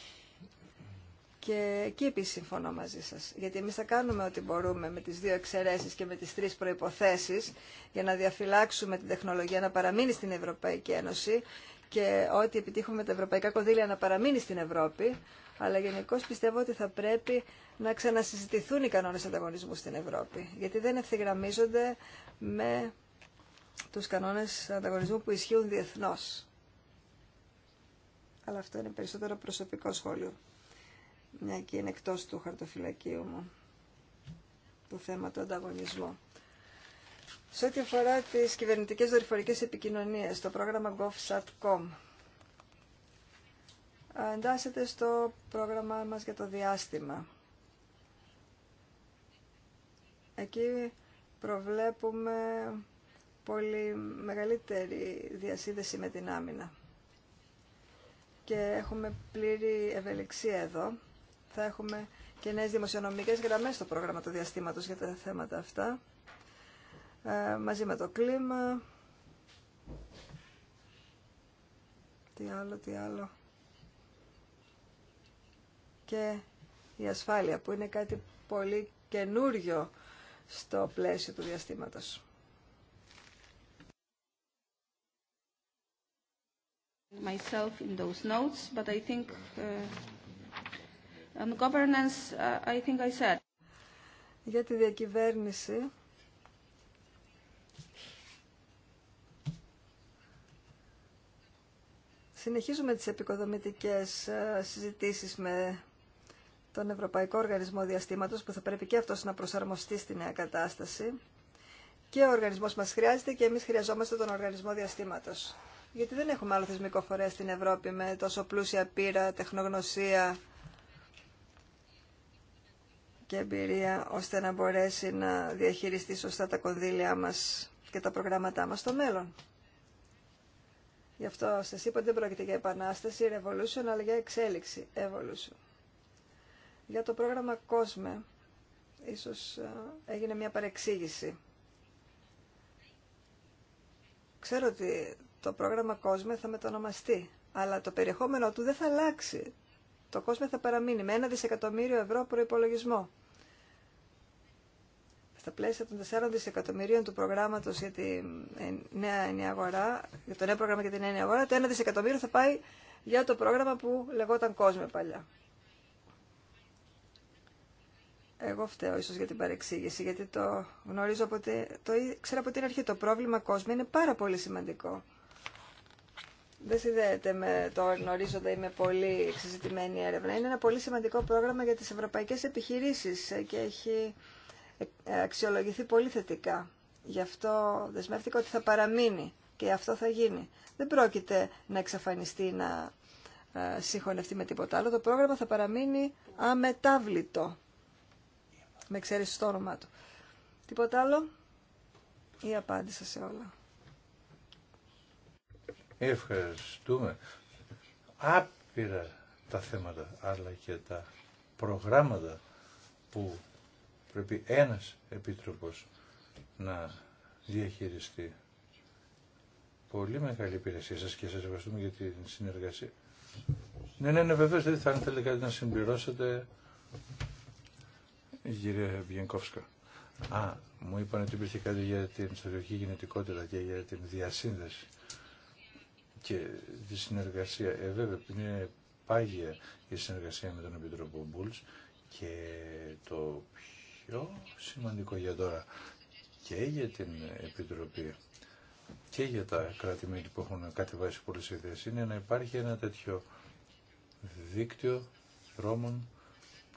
Και εκεί επίση συμφωνώ μαζί σα. Γιατί εμεί θα κάνουμε ό,τι μπορούμε με τι δύο εξαιρέσει και με τι τρει προποθέσει για να διαφυλάξουμε την τεχνολογία να παραμείνει στην Ευρωπαϊκή Ένωση και ό,τι επιτύχουμε με τα ευρωπαϊκά κονδύλια να παραμείνει στην Ευρώπη αλλά γενικώ πιστεύω ότι θα πρέπει να ξανασυζητηθούν οι κανόνες ανταγωνισμού στην Ευρώπη, γιατί δεν ευθυγραμμίζονται με τους κανόνες ανταγωνισμού που ισχύουν διεθνώ. Αλλά αυτό είναι περισσότερο προσωπικό σχόλιο, μια και είναι εκτός του χαρτοφυλακίου μου το θέμα του ανταγωνισμού. Σε ό,τι αφορά τις κυβερνητικέ δορυφορικέ επικοινωνίε, το πρόγραμμα GovSatcom εντάσσεται στο πρόγραμμά μας για το διάστημα. Εκεί προβλέπουμε πολύ μεγαλύτερη διασύνδεση με την άμυνα. Και έχουμε πλήρη ευελιξία εδώ. Θα έχουμε και νέες δημοσιονομικές γραμμές στο πρόγραμμα του διαστήματος για τα θέματα αυτά. Ε, μαζί με το κλίμα. Τι άλλο, τι άλλο και η ασφάλεια που είναι κάτι πολύ καινούριο στο πλαίσιο του διαστήματος. myself in those notes, but I think uh, governance, uh, I think I said. Για τη διακυβέρνηση. Συνεχίζουμε τις επικοδομητικές ε, συζητήσεις με τον Ευρωπαϊκό Οργανισμό Διαστήματος που θα πρέπει και αυτός να προσαρμοστεί στη νέα κατάσταση και ο οργανισμός μας χρειάζεται και εμείς χρειαζόμαστε τον Οργανισμό Διαστήματος. Γιατί δεν έχουμε άλλο θεσμικό φορέα στην Ευρώπη με τόσο πλούσια πείρα, τεχνογνωσία και εμπειρία ώστε να μπορέσει να διαχειριστεί σωστά τα κονδύλια μας και τα προγράμματά μας στο μέλλον. Γι' αυτό σας είπα ότι δεν πρόκειται για επανάσταση, revolution, αλλά για εξέλιξη, evolution. Για το πρόγραμμα COSME, ίσως ε, έγινε μια παρεξήγηση. Ξέρω ότι το πρόγραμμα COSME θα μετανομαστεί, αλλά το περιεχόμενό του δεν θα αλλάξει. Το COSME θα παραμείνει με ένα δισεκατομμύριο ευρώ προϋπολογισμό. Στα πλαίσια των 4 δισεκατομμυρίων του προγράμματος για, ε, νέα αγορά, για το νέο πρόγραμμα για την νέα αγορά, το 1 δισεκατομμύριο θα πάει για το πρόγραμμα που λεγόταν COSME παλιά. Εγώ φταίω ίσως για την παρεξήγηση, γιατί το γνωρίζω από, το, ξέρω από την αρχή. Το πρόβλημα κόσμου είναι πάρα πολύ σημαντικό. Δεν συνδέεται με το γνωρίζοντα ή με πολύ συζητημένη έρευνα. Είναι ένα πολύ σημαντικό πρόγραμμα για τις ευρωπαϊκές επιχειρήσεις και έχει ε, αξιολογηθεί πολύ θετικά. Γι' αυτό δεσμεύτηκα ότι θα παραμείνει και αυτό θα γίνει. Δεν πρόκειται να εξαφανιστεί ή να ε, συγχωνευτεί με τίποτα άλλο. Το πρόγραμμα θα παραμείνει αμετάβλητο με εξαίρεση στο όνομά του. Τίποτα άλλο ή απάντησα σε όλα. Ευχαριστούμε. Άπειρα τα θέματα, αλλά και τα προγράμματα που πρέπει ένας επίτροπος να διαχειριστεί. Πολύ μεγάλη υπηρεσία σας και σας ευχαριστούμε για την συνεργασία. Ναι, ναι, ναι, βεβαίως, δεν θα αν θέλετε κάτι να συμπληρώσετε η κυρία Βιενκόφσκα. Α, μου είπαν ότι υπήρχε κάτι για την ιστορική γενετικότητα και για την διασύνδεση και τη συνεργασία. Ε, βέβαια, είναι πάγια η συνεργασία με τον Επιτρόπο και το πιο σημαντικό για τώρα και για την Επιτροπή και για τα κράτη-μέλη που έχουν κατεβάσει πολλές ιδέες είναι να υπάρχει ένα τέτοιο δίκτυο δρόμων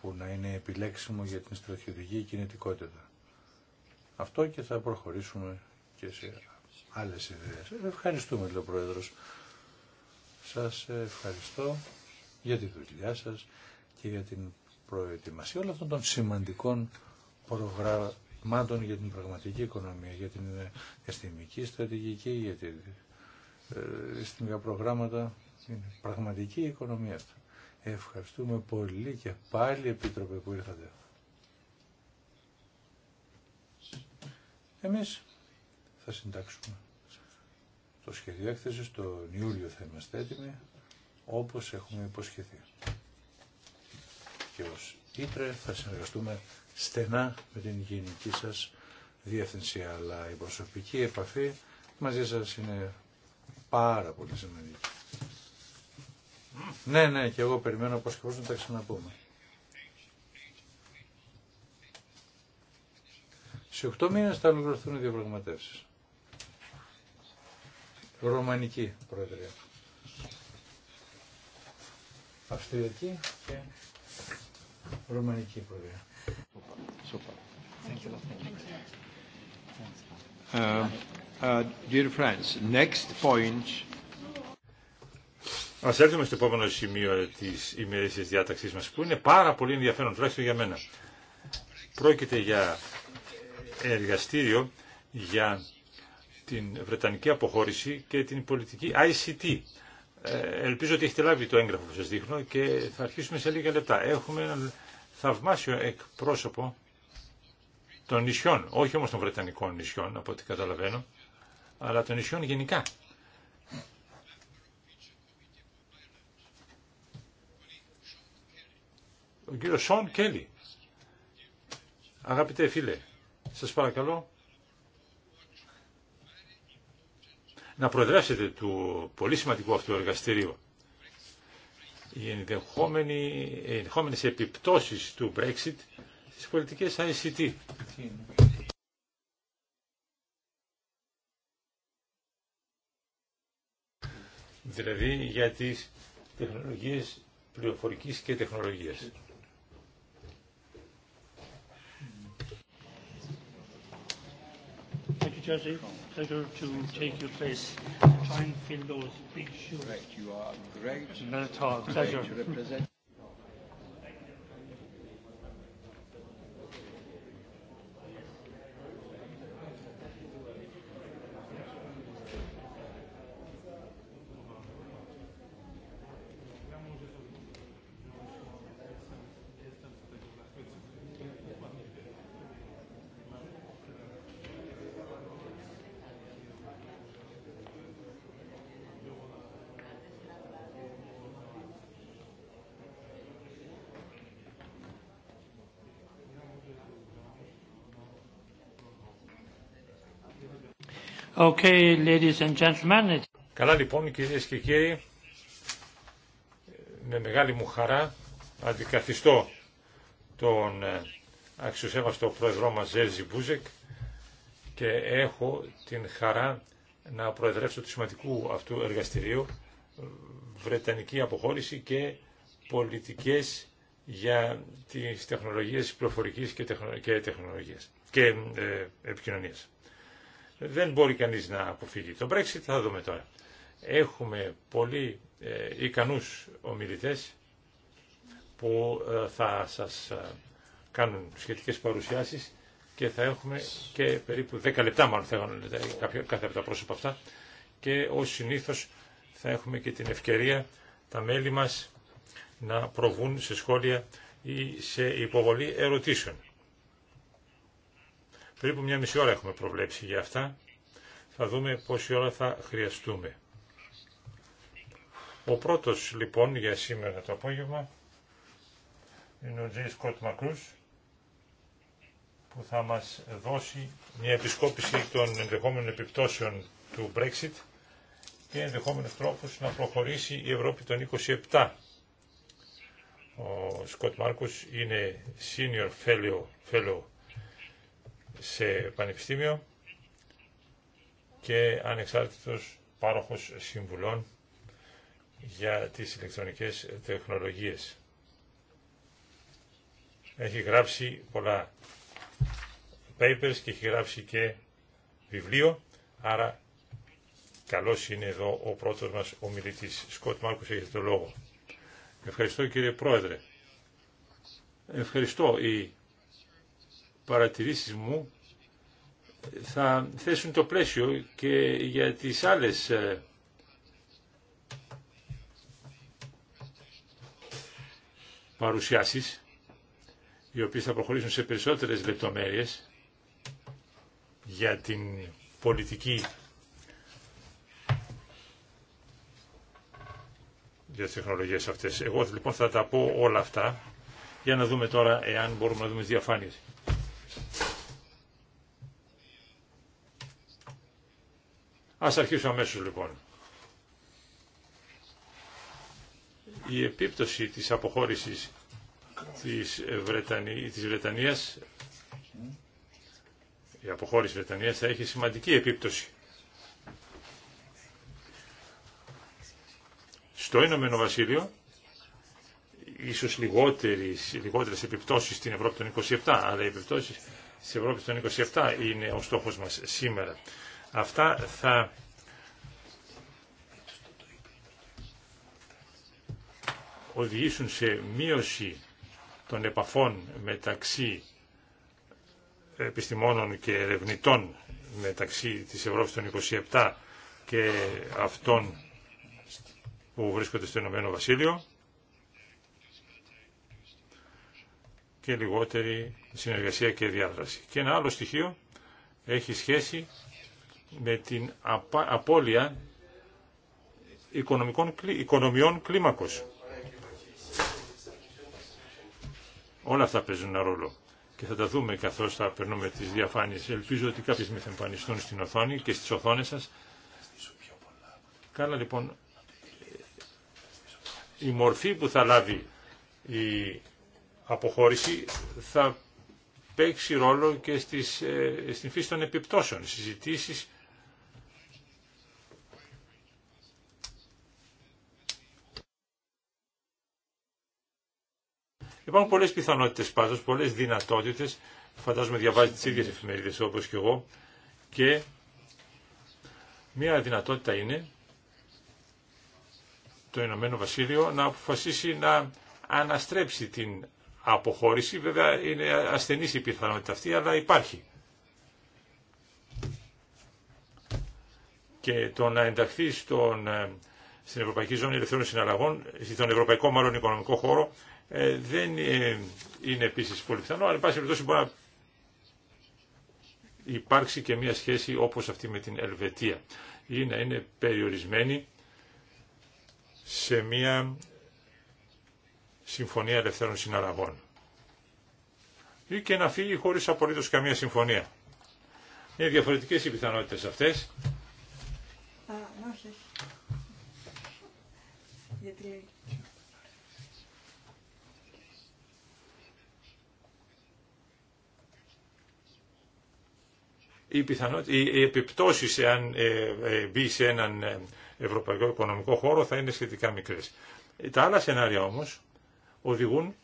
που να είναι επιλέξιμο για την στρατιωτική κινητικότητα. Αυτό και θα προχωρήσουμε και σε άλλες ιδέες. Ευχαριστούμε, λέει ο Πρόεδρος. Σας ευχαριστώ για τη δουλειά σας και για την προετοιμασία όλων αυτών των σημαντικών προγραμμάτων για την πραγματική οικονομία, για την αισθημική στρατηγική, για τη αισθημικά ε, προγράμματα. Είναι πραγματική οικονομία Ευχαριστούμε πολύ και πάλι Επίτροπε που ήρθατε. Εμείς θα συντάξουμε το σχέδιο έκθεση, στον Ιούλιο θα είμαστε έτοιμοι, όπως έχουμε υποσχεθεί. Και ως Ήτρε θα συνεργαστούμε στενά με την γενική σας διεύθυνση, αλλά η προσωπική επαφή μαζί σας είναι πάρα πολύ σημαντική. Ναι, ναι, και εγώ περιμένω πώς και πώς να τα ξαναπούμε. Σε 8 μήνες θα ολοκληρωθούν οι διαπραγματεύσεις. Ρωμανική Προεδρία. Αυστριακή και Ρωμανική Προεδρία. Uh, uh, dear friends, next point Α έρθουμε στο επόμενο σημείο της ημερήσιας διάταξής μας που είναι πάρα πολύ ενδιαφέρον, τουλάχιστον για μένα. Πρόκειται για εργαστήριο για την Βρετανική αποχώρηση και την πολιτική ICT. Ε, ελπίζω ότι έχετε λάβει το έγγραφο που σας δείχνω και θα αρχίσουμε σε λίγα λεπτά. Έχουμε έναν θαυμάσιο εκπρόσωπο των νησιών, όχι όμως των Βρετανικών νησιών από ό,τι καταλαβαίνω, αλλά των νησιών γενικά. ο κύριος Σον Κέλλη. Αγαπητέ φίλε, σας παρακαλώ να προεδρεύσετε του πολύ σημαντικό αυτού εργαστηρίου. Οι ενδεχόμενες επιπτώσεις του Brexit στις πολιτικές ICT. Δηλαδή για τις τεχνολογίες πληροφορικής και τεχνολογίας. Jersey. Pleasure to take your place. Try and fill those big shoes. Correct. You are great. Not at all. Pleasure. Καλά λοιπόν κυρίες και κύριοι, με μεγάλη μου χαρά αντικαθιστώ τον ε, αξιοσέβαστο πρόεδρό μας Ζέρζι Μπούζεκ και έχω την χαρά να προεδρεύσω του σημαντικού αυτού εργαστηρίου Βρετανική αποχώρηση και πολιτικές για τις τεχνολογίες πληροφορικής και, τεχνο... και και ε, επικοινωνίας δεν μπορεί κανείς να αποφύγει. Το Brexit θα δούμε τώρα. Έχουμε πολύ ε, ικανούς ομιλητές που ε, θα σας ε, κάνουν σχετικές παρουσιάσεις και θα έχουμε και περίπου 10 λεπτά μάλλον θα από τα πρόσωπα αυτά και ως συνήθως θα έχουμε και την ευκαιρία τα μέλη μας να προβούν σε σχόλια ή σε υποβολή ερωτήσεων. Περίπου μια μισή ώρα έχουμε προβλέψει για αυτά. Θα δούμε πόση ώρα θα χρειαστούμε. Ο πρώτος λοιπόν για σήμερα το απόγευμα είναι ο Τζέι Σκοτ Μακρούς που θα μας δώσει μια επισκόπηση των ενδεχόμενων επιπτώσεων του Brexit και ενδεχόμενου τρόπου να προχωρήσει η Ευρώπη των 27. Ο Σκοτ Μάρκους είναι Senior Fellow, fellow σε πανεπιστήμιο και ανεξάρτητος πάροχος συμβουλών για τις ηλεκτρονικές τεχνολογίες. Έχει γράψει πολλά papers και έχει γράψει και βιβλίο, άρα καλός είναι εδώ ο πρώτος μας ομιλητής. Σκοτ Μάρκος, έχει το λόγο. Ευχαριστώ κύριε Πρόεδρε. Ευχαριστώ. Η παρατηρήσεις μου θα θέσουν το πλαίσιο και για τις άλλες ε, παρουσιάσεις οι οποίες θα προχωρήσουν σε περισσότερες λεπτομέρειες για την πολιτική για τις τεχνολογίες αυτές. Εγώ λοιπόν θα τα πω όλα αυτά για να δούμε τώρα εάν μπορούμε να δούμε τις διαφάνειες. Ας αρχίσουμε αμέσως λοιπόν. Η επίπτωση της αποχώρησης της, Βρετανίας, της Βρετανίας η αποχώρηση της Βρετανίας θα έχει σημαντική επίπτωση στο Ηνωμένο Βασίλειο ίσως λιγότερε επιπτώσει στην Ευρώπη των 27, αλλά οι επιπτώσει στην Ευρώπη των 27 είναι ο στόχο μας σήμερα. Αυτά θα οδηγήσουν σε μείωση των επαφών μεταξύ επιστημόνων και ερευνητών μεταξύ της Ευρώπης των 27 και αυτών που βρίσκονται στο Ηνωμένο Βασίλειο και λιγότερη συνεργασία και διάδραση. Και ένα άλλο στοιχείο έχει σχέση με την απώλεια οικονομικών, οικονομιών κλίμακος. Όλα αυτά παίζουν ένα ρόλο και θα τα δούμε καθώς θα περνούμε τις διαφάνειες. Ελπίζω ότι κάποιες με θα εμφανιστούν στην οθόνη και στις οθόνες σας. Καλά λοιπόν, η μορφή που θα λάβει η αποχώρηση θα παίξει ρόλο και στις, ε, στην φύση των επιπτώσεων, συζητήσεις Υπάρχουν πολλές πιθανότητες πάντως, πολλές δυνατότητες. Φαντάζομαι διαβάζει τις ίδιες εφημερίδες όπως και εγώ. Και μία δυνατότητα είναι το Ηνωμένο Βασίλειο να αποφασίσει να αναστρέψει την αποχώρηση. Βέβαια είναι ασθενής η πιθανότητα αυτή, αλλά υπάρχει. Και το να ενταχθεί στον, ε, στην Ευρωπαϊκή Ζώνη Ελευθερών Συναλλαγών, στον Ευρωπαϊκό μάλλον Οικονομικό Χώρο, ε, δεν ε, είναι επίσης πολύ πιθανό, αλλά υπάρχει πάση περιπτώσει μπορεί να υπάρξει και μια σχέση όπως αυτή με την Ελβετία ή να είναι περιορισμένη σε μια Συμφωνία Ελευθέρων Συναραγών. Ή και να φύγει χωρίς απολύτως καμία συμφωνία. Είναι διαφορετικές οι πιθανότητες αυτές. Α, Γιατί Οι, οι επιπτώσεις εάν ε, ε, μπει σε έναν ε, ευρωπαϊκό οικονομικό χώρο θα είναι σχετικά μικρές. Τα άλλα σενάρια όμως οδηγούν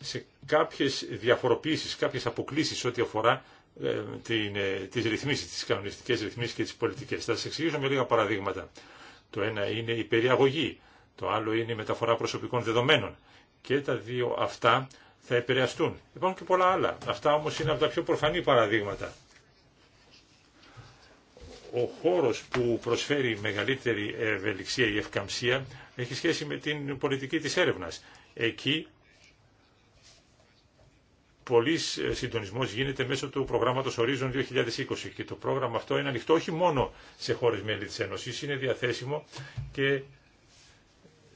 σε κάποιες διαφοροποίησεις, κάποιες αποκλήσεις ό,τι αφορά ε, την, ε, τις ρυθμίσεις, τις κανονιστικές ρυθμίσεις και τις πολιτικές. Θα σας εξηγήσω με λίγα παραδείγματα. Το ένα είναι η περιαγωγή, το άλλο είναι η μεταφορά προσωπικών δεδομένων και τα δύο αυτά θα επηρεαστούν. Υπάρχουν και πολλά άλλα. Αυτά όμως είναι από τα πιο προφανή παραδείγματα. Ο χώρος που προσφέρει μεγαλύτερη ευελιξία ή ευκαμψία έχει σχέση με την πολιτική της έρευνα Εκεί πολλή ε, συντονισμό γίνεται μέσω του προγράμματο Horizon 2020. Και το πρόγραμμα αυτό είναι ανοιχτό όχι μόνο σε χώρε μέλη τη Ένωση, είναι διαθέσιμο και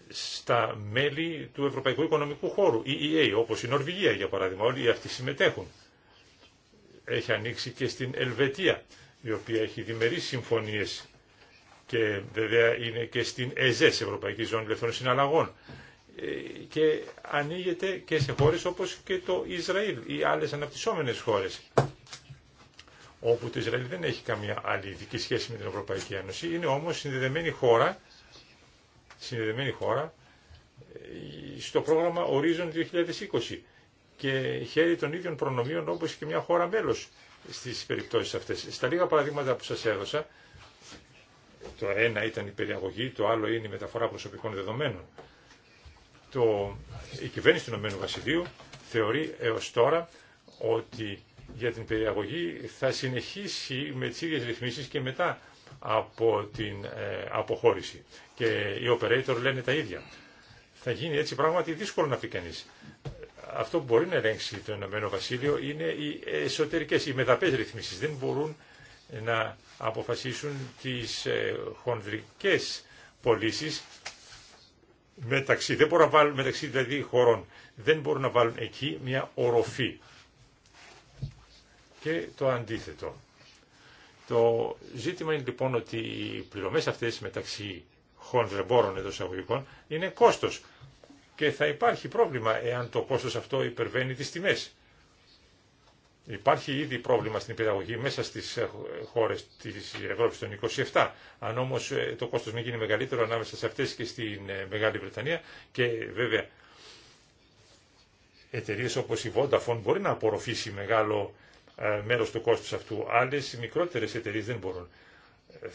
στα μέλη του Ευρωπαϊκού Οικονομικού Χώρου, EEA, όπω η Νορβηγία για παράδειγμα. Όλοι αυτοί συμμετέχουν. Έχει ανοίξει και στην Ελβετία, η οποία έχει διμερεί συμφωνίε και βέβαια είναι και στην ΕΖΕΣ, Ευρωπαϊκή Ζώνη Ελευθερών Συναλλαγών και ανοίγεται και σε χώρες όπως και το Ισραήλ ή άλλες αναπτυσσόμενες χώρες όπου το Ισραήλ δεν έχει καμία άλλη ειδική σχέση με την Ευρωπαϊκή Ένωση, είναι όμως συνδεδεμένη χώρα, συνδεδεμένη χώρα ε, στο πρόγραμμα Horizon 2020 και χέρι των ίδιων προνομίων όπως και μια χώρα μέλος στις περιπτώσεις αυτές. Στα λίγα παραδείγματα που σας έδωσα, το ένα ήταν η περιαγωγή, το άλλο είναι η μεταφορά προσωπικών δεδομένων το, η κυβέρνηση του Ηνωμένου Βασιλείου θεωρεί έως τώρα ότι για την περιαγωγή θα συνεχίσει με τις ίδιες ρυθμίσεις και μετά από την ε, αποχώρηση. Και οι operator λένε τα ίδια. Θα γίνει έτσι πράγματι δύσκολο να πει κανεί. Αυτό που μπορεί να ελέγξει το Ηνωμένο Βασίλειο είναι οι εσωτερικές, οι μεδαπές ρυθμίσεις. Δεν μπορούν να αποφασίσουν τις ε, χονδρικές πωλήσει μεταξύ, δεν μπορούν να βάλουν, μεταξύ δηλαδή χωρών, δεν μπορούν να βάλουν εκεί μια οροφή. Και το αντίθετο. Το ζήτημα είναι λοιπόν ότι οι πληρωμές αυτές μεταξύ χονδρεμπόρων εντό εισαγωγικών είναι κόστος. Και θα υπάρχει πρόβλημα εάν το κόστος αυτό υπερβαίνει τις τιμές. Υπάρχει ήδη πρόβλημα στην παιδαγωγή μέσα στις ε, χώρες της Ευρώπη των 27. Αν όμω ε, το κόστος μην γίνει μεγαλύτερο ανάμεσα σε αυτές και στην ε, Μεγάλη Βρετανία και βέβαια εταιρείε όπως η Vodafone μπορεί να απορροφήσει μεγάλο μέρος του κόστους αυτού. άλλε μικρότερες εταιρείε δεν μπορούν.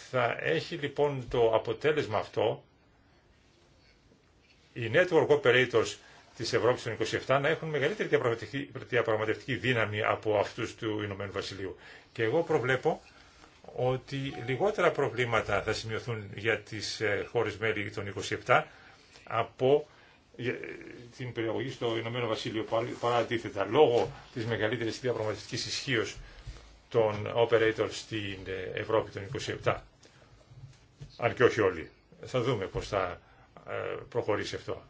Θα έχει λοιπόν το αποτέλεσμα αυτό οι network operators της Ευρώπης των 27 να έχουν μεγαλύτερη διαπραγματευτική, δύναμη από αυτούς του Ηνωμένου Βασιλείου. Και εγώ προβλέπω ότι λιγότερα προβλήματα θα σημειωθούν για τις ε, χώρες μέλη των 27 από ε, την περιοχή στο Ηνωμένο Βασίλειο παρά αντίθετα λόγω της μεγαλύτερης διαπραγματευτική ισχύω των operators στην ε, Ευρώπη των 27. Αν και όχι όλοι. Θα δούμε πώς θα προχωρήσει αυτό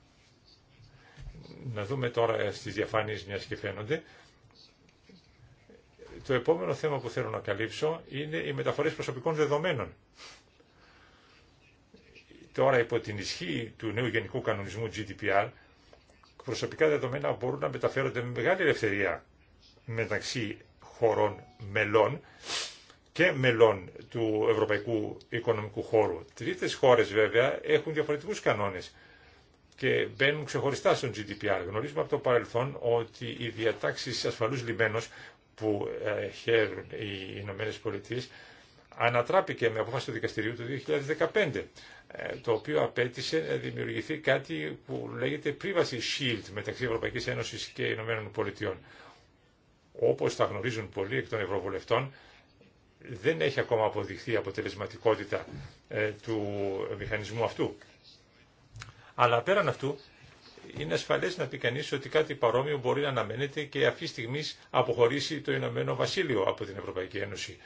να δούμε τώρα στις διαφάνειες μιας και φαίνονται. Το επόμενο θέμα που θέλω να καλύψω είναι οι μεταφορές προσωπικών δεδομένων. Τώρα υπό την ισχύ του νέου γενικού κανονισμού GDPR, προσωπικά δεδομένα μπορούν να μεταφέρονται με μεγάλη ελευθερία μεταξύ χωρών μελών και μελών του Ευρωπαϊκού Οικονομικού Χώρου. Τρίτες χώρες βέβαια έχουν διαφορετικούς κανόνες και μπαίνουν ξεχωριστά στον GDPR. Γνωρίζουμε από το παρελθόν ότι οι διατάξεις ασφαλούς λιμένος που ε, χαίρουν οι Ηνωμένες Πολιτείες ανατράπηκε με απόφαση του δικαστηρίου του 2015, ε, το οποίο απέτησε να δημιουργηθεί κάτι που λέγεται privacy shield μεταξύ Ευρωπαϊκής Ένωσης και Ηνωμένων Πολιτειών. Όπως τα γνωρίζουν πολλοί εκ των Ευρωβουλευτών, δεν έχει ακόμα αποδειχθεί αποτελεσματικότητα ε, του μηχανισμού αυτού. Αλλά πέραν αυτού, είναι ασφαλέ να πει κανεί ότι κάτι παρόμοιο μπορεί να αναμένεται και αυτή τη στιγμή αποχωρήσει το Ηνωμένο Βασίλειο από την Ευρωπαϊκή Ένωση.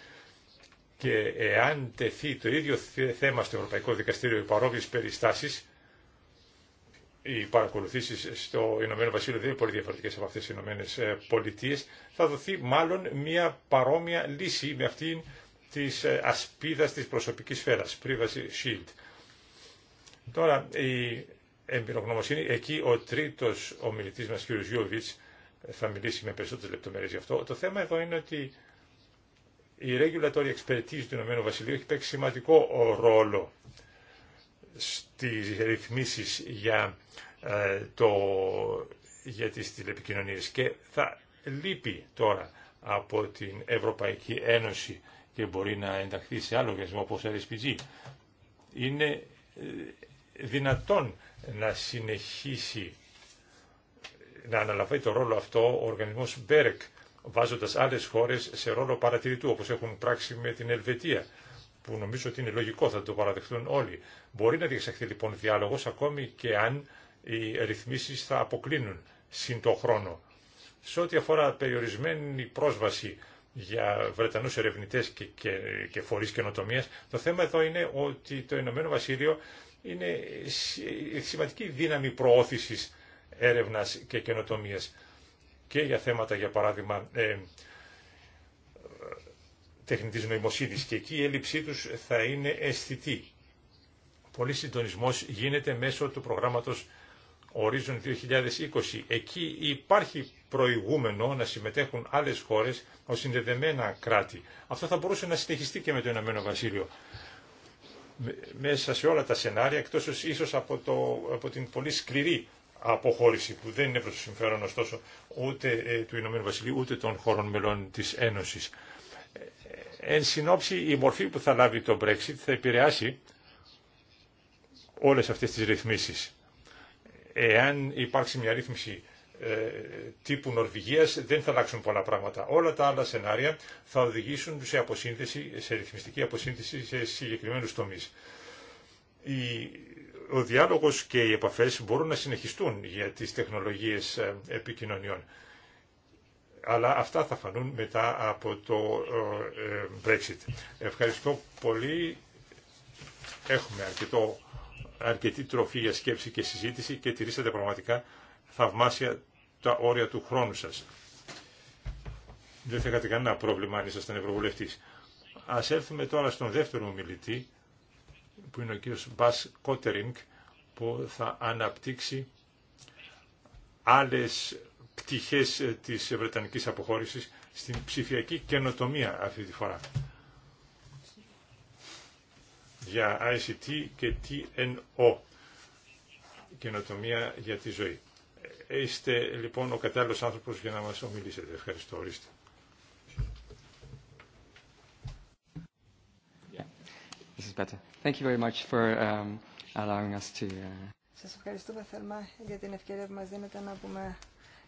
Και εάν τεθεί το ίδιο θέμα στο Ευρωπαϊκό Δικαστήριο, οι παρόμοιε περιστάσει, οι παρακολουθήσει στο Ηνωμένο Βασίλειο δεν είναι πολύ διαφορετικέ από αυτέ τι Ηνωμένε Πολιτείε, θα δοθεί μάλλον μια παρόμοια λύση με αυτήν τη ε, ασπίδα τη προσωπική σφαίρα, privacy shield. Τώρα, η εμπειρογνωμοσύνη. Εκεί ο τρίτος ομιλητής μα, κ. Γιώβιτς, θα μιλήσει με περισσότερε λεπτομέρειε γι' αυτό. Το θέμα εδώ είναι ότι η regulatory expertise του Ηνωμένου Βασιλείου έχει παίξει σημαντικό ρόλο στι ρυθμίσει για, ε, το, για τις τηλεπικοινωνίες και θα λείπει τώρα από την Ευρωπαϊκή Ένωση και μπορεί να ενταχθεί σε άλλο βιασμό όπως RSPG. Είναι ε, δυνατόν να συνεχίσει να αναλαμβάνει το ρόλο αυτό ο οργανισμός Μπέρκ βάζοντας άλλες χώρες σε ρόλο παρατηρητού, όπως έχουν πράξει με την Ελβετία, που νομίζω ότι είναι λογικό, θα το παραδεχτούν όλοι. Μπορεί να διεξαχθεί λοιπόν διάλογος, ακόμη και αν οι ρυθμίσεις θα αποκλίνουν συν το χρόνο. Σε ό,τι αφορά περιορισμένη πρόσβαση για Βρετανούς ερευνητές και, και, και φορείς καινοτομίας, το θέμα εδώ είναι ότι το Ηνωμένο Βασίλειο είναι σημαντική δύναμη προώθησης έρευνας και καινοτομίας και για θέματα, για παράδειγμα, ε, τεχνητής νοημοσύνης και εκεί η έλλειψή τους θα είναι αισθητή. Πολύ συντονισμός γίνεται μέσω του προγράμματος Horizon 2020. Εκεί υπάρχει προηγούμενο να συμμετέχουν άλλες χώρες ως συνδεδεμένα κράτη. Αυτό θα μπορούσε να συνεχιστεί και με το Ηνωμένο Βασίλειο μέσα σε όλα τα σενάρια, εκτός ίσως από, το, από την πολύ σκληρή αποχώρηση που δεν είναι προς το συμφέρον ωστόσο ούτε ε, του Ηνωμένου Βασιλείου ούτε των χωρών μελών της Ένωσης. Ε, εν συνόψη η μορφή που θα λάβει το Brexit θα επηρεάσει όλες αυτές τις ρυθμίσεις. Εάν υπάρξει μια ρύθμιση ε, τύπου Νορβηγία δεν θα αλλάξουν πολλά πράγματα. Όλα τα άλλα σενάρια θα οδηγήσουν σε, αποσύνθεση, σε ρυθμιστική αποσύνθεση σε συγκεκριμένου τομεί. ο διάλογος και οι επαφέ μπορούν να συνεχιστούν για τις τεχνολογίες ε, επικοινωνιών. Αλλά αυτά θα φανούν μετά από το ε, Brexit. Ευχαριστώ πολύ. Έχουμε αρκετό, αρκετή τροφή για σκέψη και συζήτηση και τηρήσατε πραγματικά θαυμάσια τα όρια του χρόνου σας. Δεν θα είχατε κανένα πρόβλημα αν ήσασταν ευρωβουλευτής. Ας έρθουμε τώρα στον δεύτερο μιλητή, που είναι ο κύριος Μπάς Κότερινγκ, που θα αναπτύξει άλλες πτυχές της Βρετανικής αποχώρησης στην ψηφιακή καινοτομία αυτή τη φορά για ICT και TNO καινοτομία για τη ζωή. Είστε λοιπόν ο κατάλληλος άνθρωπος για να μας ομιλήσετε. Ευχαριστώ. Ορίστε. Σας ευχαριστούμε θερμά για την ευκαιρία που μας δίνετε να πούμε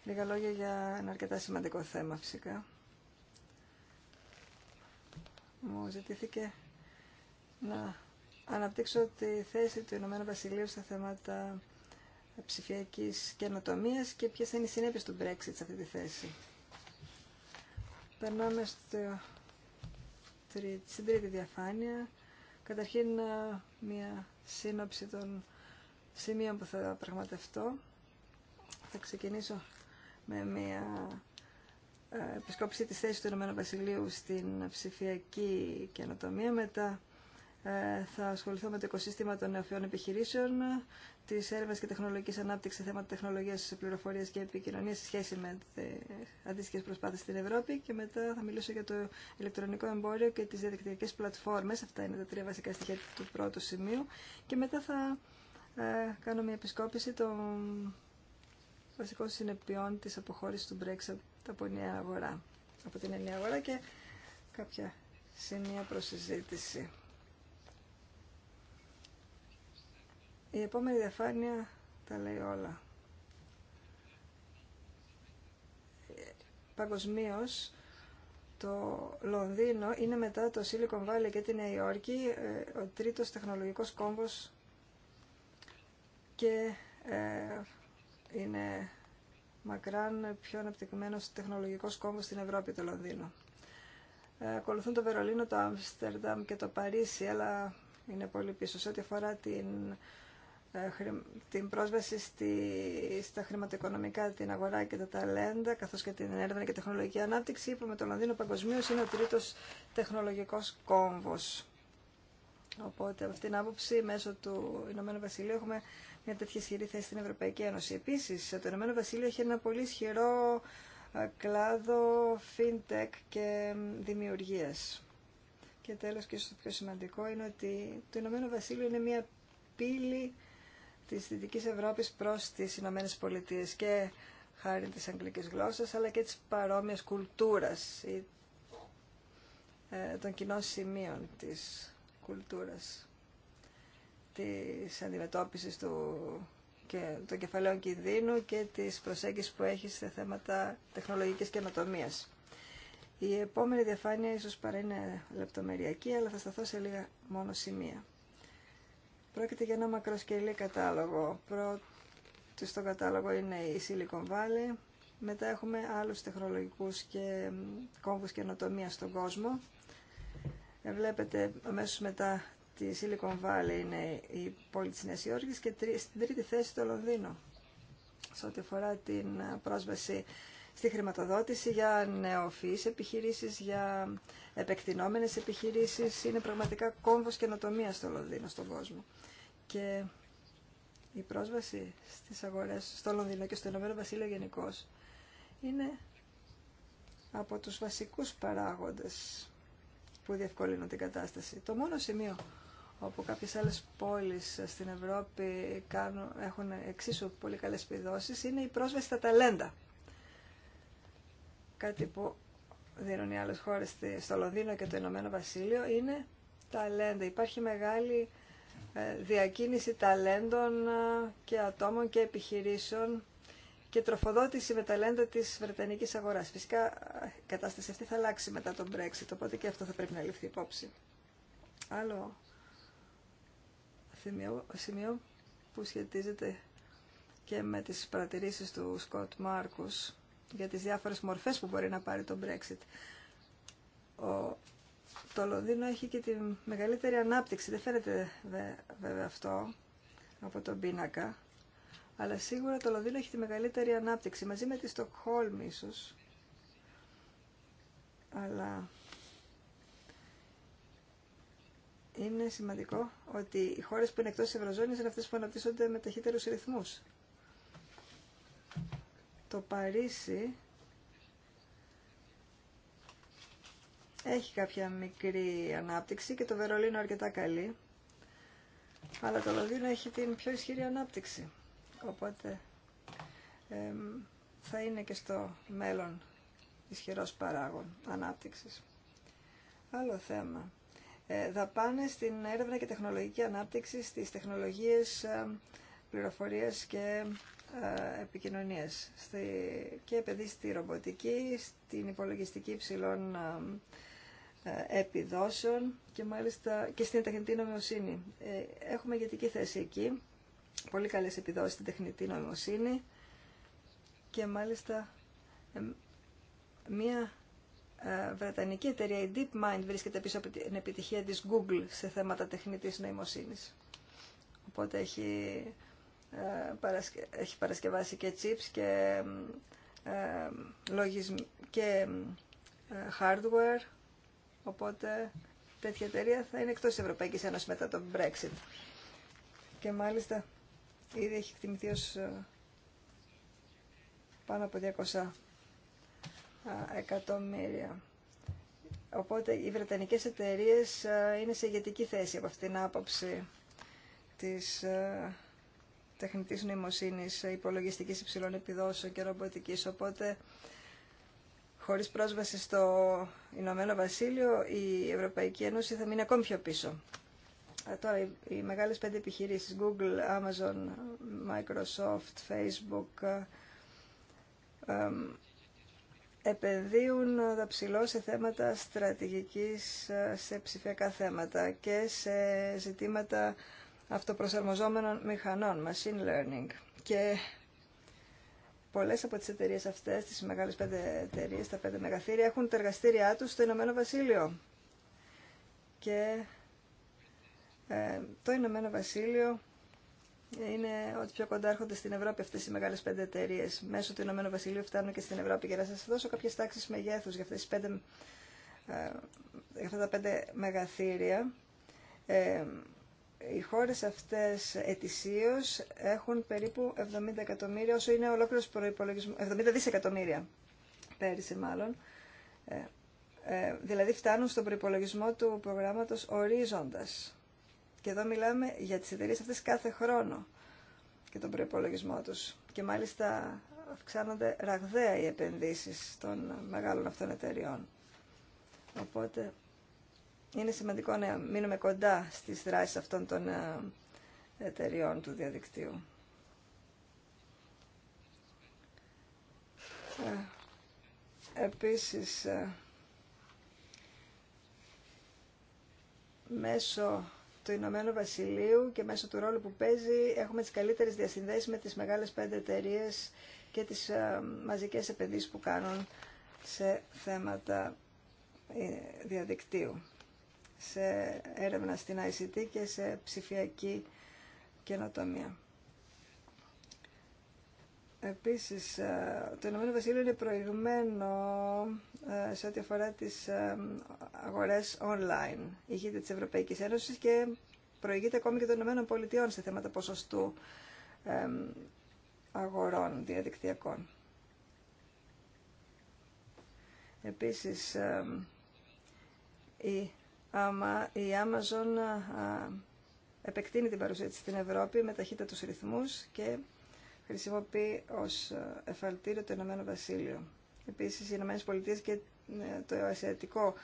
λίγα λόγια για ένα αρκετά σημαντικό θέμα φυσικά. Μου ζητήθηκε να αναπτύξω τη θέση του Ηνωμένου Βασιλείου στα θέματα ψηφιακή καινοτομία και ποιε θα είναι οι συνέπειε του Brexit σε αυτή τη θέση. Περνάμε στην τρίτη διαφάνεια. Καταρχήν μια σύνοψη των σημείων που θα πραγματευτώ. Θα ξεκινήσω με μια επισκόπηση της θέσης του Ηνωμένου Βασιλείου στην ψηφιακή καινοτομία. Μετά ε, θα ασχοληθώ με το οικοσύστημα των νεοφυών επιχειρήσεων, τη έρευνα και τεχνολογική ανάπτυξη σε θέματα τεχνολογία, πληροφορία και επικοινωνία σε σχέση με αντίστοιχε προσπάθειε στην Ευρώπη. Και μετά θα μιλήσω για το ηλεκτρονικό εμπόριο και τι διαδικτυακέ πλατφόρμε. Αυτά είναι τα τρία βασικά στοιχεία του πρώτου σημείου. Και μετά θα ε, κάνω μια επισκόπηση των βασικών συνεπειών τη αποχώρηση του Brexit από, αγορά, από την ενιαία αγορά και κάποια σημεία συζήτηση. Η επόμενη διαφάνεια τα λέει όλα. Παγκοσμίω το Λονδίνο είναι μετά το Silicon Valley και τη Νέα Υόρκη ε, ο τρίτος τεχνολογικός κόμβος και ε, είναι μακράν πιο αναπτυγμένος τεχνολογικός κόμβος στην Ευρώπη το Λονδίνο. Ε, ακολουθούν το Βερολίνο, το Άμστερνταμ και το Παρίσι, αλλά είναι πολύ πίσω. Σε ό,τι αφορά την ε, την πρόσβαση στη, στα χρηματοοικονομικά, την αγορά και τα ταλέντα, καθώς και την έρευνα και τεχνολογική ανάπτυξη, που με το Λονδίνο παγκοσμίω είναι ο τρίτος τεχνολογικός κόμβος. Οπότε, από αυτήν την άποψη, μέσω του Ηνωμένου Βασιλείου έχουμε μια τέτοια ισχυρή θέση στην Ευρωπαϊκή Ένωση. Επίση, το Ηνωμένο Βασίλειο έχει ένα πολύ ισχυρό ε, κλάδο fintech και δημιουργία. Και τέλο, και ίσω το πιο σημαντικό, είναι ότι το Ηνωμένο Βασίλειο είναι μια πύλη της Δυτικής Ευρώπης προς τις Ηνωμένες Πολιτείες και χάρη της αγγλικής γλώσσας, αλλά και της παρόμοιας κουλτούρας ε, των κοινών σημείων της κουλτούρας, της αντιμετώπισης του και των κεφαλαίων κινδύνου και της προσέγγισης που έχει σε θέματα τεχνολογικής καινοτομία. Η επόμενη διαφάνεια ίσως παρά είναι λεπτομεριακή, αλλά θα σταθώ σε λίγα μόνο σημεία. Πρόκειται για ένα μακροσκελή κατάλογο. Πρώτη στο κατάλογο είναι η Silicon Valley. Μετά έχουμε άλλους τεχνολογικούς και κόμβους καινοτομία στον κόσμο. Ε, βλέπετε αμέσω μετά τη Silicon Valley είναι η πόλη της Νέας και στην τρίτη θέση το Λονδίνο. Σε ό,τι αφορά την ε, πρόσβαση στη χρηματοδότηση για νεοφυείς επιχειρήσεις, για επεκτηνόμενες επιχειρήσεις. Είναι πραγματικά κόμβος καινοτομία στο Λονδίνο, στον κόσμο. Και η πρόσβαση στις αγορές στο Λονδίνο και στο Ηνωμένο Βασίλειο γενικώ είναι από τους βασικούς παράγοντες που διευκολύνουν την κατάσταση. Το μόνο σημείο όπου κάποιες άλλες πόλεις στην Ευρώπη κάνουν, έχουν εξίσου πολύ καλές επιδόσεις είναι η πρόσβαση στα ταλέντα. Κάτι που δίνουν οι άλλε χώρε στο Λονδίνο και το Ηνωμένο Βασίλειο είναι ταλέντα. Υπάρχει μεγάλη ε, διακίνηση ταλέντων ε, και ατόμων και επιχειρήσεων και τροφοδότηση με ταλέντα της βρετανική αγορά. Φυσικά ε, η κατάσταση αυτή θα αλλάξει μετά τον Brexit, οπότε και αυτό θα πρέπει να ληφθεί υπόψη. Άλλο σημείο που σχετίζεται και με τις παρατηρήσεις του Σκοτ Μάρκους για τις διάφορες μορφές που μπορεί να πάρει το Brexit. Ο, το Λονδίνο έχει και τη μεγαλύτερη ανάπτυξη. Δεν φαίνεται βέβαια αυτό από τον πίνακα. Αλλά σίγουρα το Λονδίνο έχει τη μεγαλύτερη ανάπτυξη, μαζί με τη Στοκχόλμη ίσως. Αλλά είναι σημαντικό ότι οι χώρες που είναι εκτός της Ευρωζώνης είναι αυτές που αναπτύσσονται με ταχύτερους ρυθμούς το Παρίσι έχει κάποια μικρή ανάπτυξη και το Βερολίνο αρκετά καλή. Αλλά το Λονδίνο έχει την πιο ισχυρή ανάπτυξη. Οπότε θα είναι και στο μέλλον ισχυρός παράγων ανάπτυξης. Άλλο θέμα. Ε, πάνε στην έρευνα και τεχνολογική ανάπτυξη στις τεχνολογίες ε, και ε, στη και επειδή στη ρομποτική, στην υπολογιστική υψηλών ε, ε, επιδόσεων και μάλιστα και στην τεχνητή νοημοσύνη Έχουμε ηγετική θέση εκεί, πολύ καλές επιδόσεις στην τεχνητή νοημοσύνη και μάλιστα μία βρετανική εταιρεία, η DeepMind, βρίσκεται πίσω από την επιτυχία της Google σε θέματα τεχνητής νοημοσύνης. Οπότε έχει ε, έχει παρασκευάσει και chips και, ε, και ε, hardware, οπότε τέτοια εταιρεία θα είναι εκτός της Ευρωπαϊκής Ένωσης μετά το Brexit. Και μάλιστα ήδη έχει εκτιμηθεί ως πάνω από 200 εκατομμύρια. Οπότε οι Βρετανικές εταιρείες είναι σε ηγετική θέση από αυτήν την άποψη της τεχνητή νοημοσύνης, υπολογιστική υψηλών επιδόσεων και ρομποτική. Οπότε, χωρί πρόσβαση στο Ηνωμένο Βασίλειο, η Ευρωπαϊκή Ένωση θα μείνει ακόμη πιο πίσω. Τώρα, οι μεγάλες πέντε επιχειρήσεις, Google, Amazon, Microsoft, Facebook, ε, επενδύουν δαψιλό σε θέματα στρατηγικής, ε, σε ψηφιακά θέματα και σε ζητήματα αυτοπροσαρμοζόμενων μηχανών, machine learning. Και πολλές από τις εταιρείε αυτές, τις μεγάλες πέντε εταιρείε, τα πέντε μεγαθύρια, έχουν τα εργαστήριά τους στο Ηνωμένο Βασίλειο. Και ε, το Ηνωμένο Βασίλειο είναι ότι πιο κοντά έρχονται στην Ευρώπη αυτές οι μεγάλες πέντε εταιρείε. Μέσω του Ηνωμένου Βασιλείου φτάνουν και στην Ευρώπη. και να σα δώσω κάποιε τάξει μεγέθου για, αυτές τις ε, για αυτά τα πέντε μεγαθύρια, ε, οι χώρες αυτές ετησίως έχουν περίπου 70 εκατομμύρια, όσο είναι ολόκληρος προϋπολογισμός, 70 δισεκατομμύρια πέρυσι μάλλον. Ε, ε, δηλαδή φτάνουν στον προϋπολογισμό του προγράμματος ορίζοντας. Και εδώ μιλάμε για τις εταιρείε αυτές κάθε χρόνο και τον προϋπολογισμό τους. Και μάλιστα αυξάνονται ραγδαία οι επενδύσεις των μεγάλων αυτών εταιριών. Οπότε είναι σημαντικό να μείνουμε κοντά στις δράσεις αυτών των ε, εταιριών του διαδικτύου. Ε, επίσης, ε, μέσω του Ηνωμένου Βασιλείου και μέσω του ρόλου που παίζει έχουμε τις καλύτερες διασυνδέσεις με τις μεγάλες πέντε εταιρείε και τις μαζικές επενδύσεις που κάνουν σε θέματα διαδικτύου σε έρευνα στην ICT και σε ψηφιακή καινοτομία. Επίσης, ε, το Ηνωμένο Βασίλειο είναι προηγμένο ε, σε ό,τι αφορά τις ε, αγορές online. Ηγείται της Ευρωπαϊκής Ένωσης και προηγείται ακόμη και των Ηνωμένων Πολιτειών σε θέματα ποσοστού αγορών διαδικτυακών. Επίσης, η Άμα η Amazon επεκτείνει την παρουσία της στην Ευρώπη με ταχύτατους ρυθμούς και χρησιμοποιεί ως εφαλτήριο το Ηνωμένο Βασίλειο. Επίσης, οι Ηνωμένες Πολιτείες και ε, το ασιατικό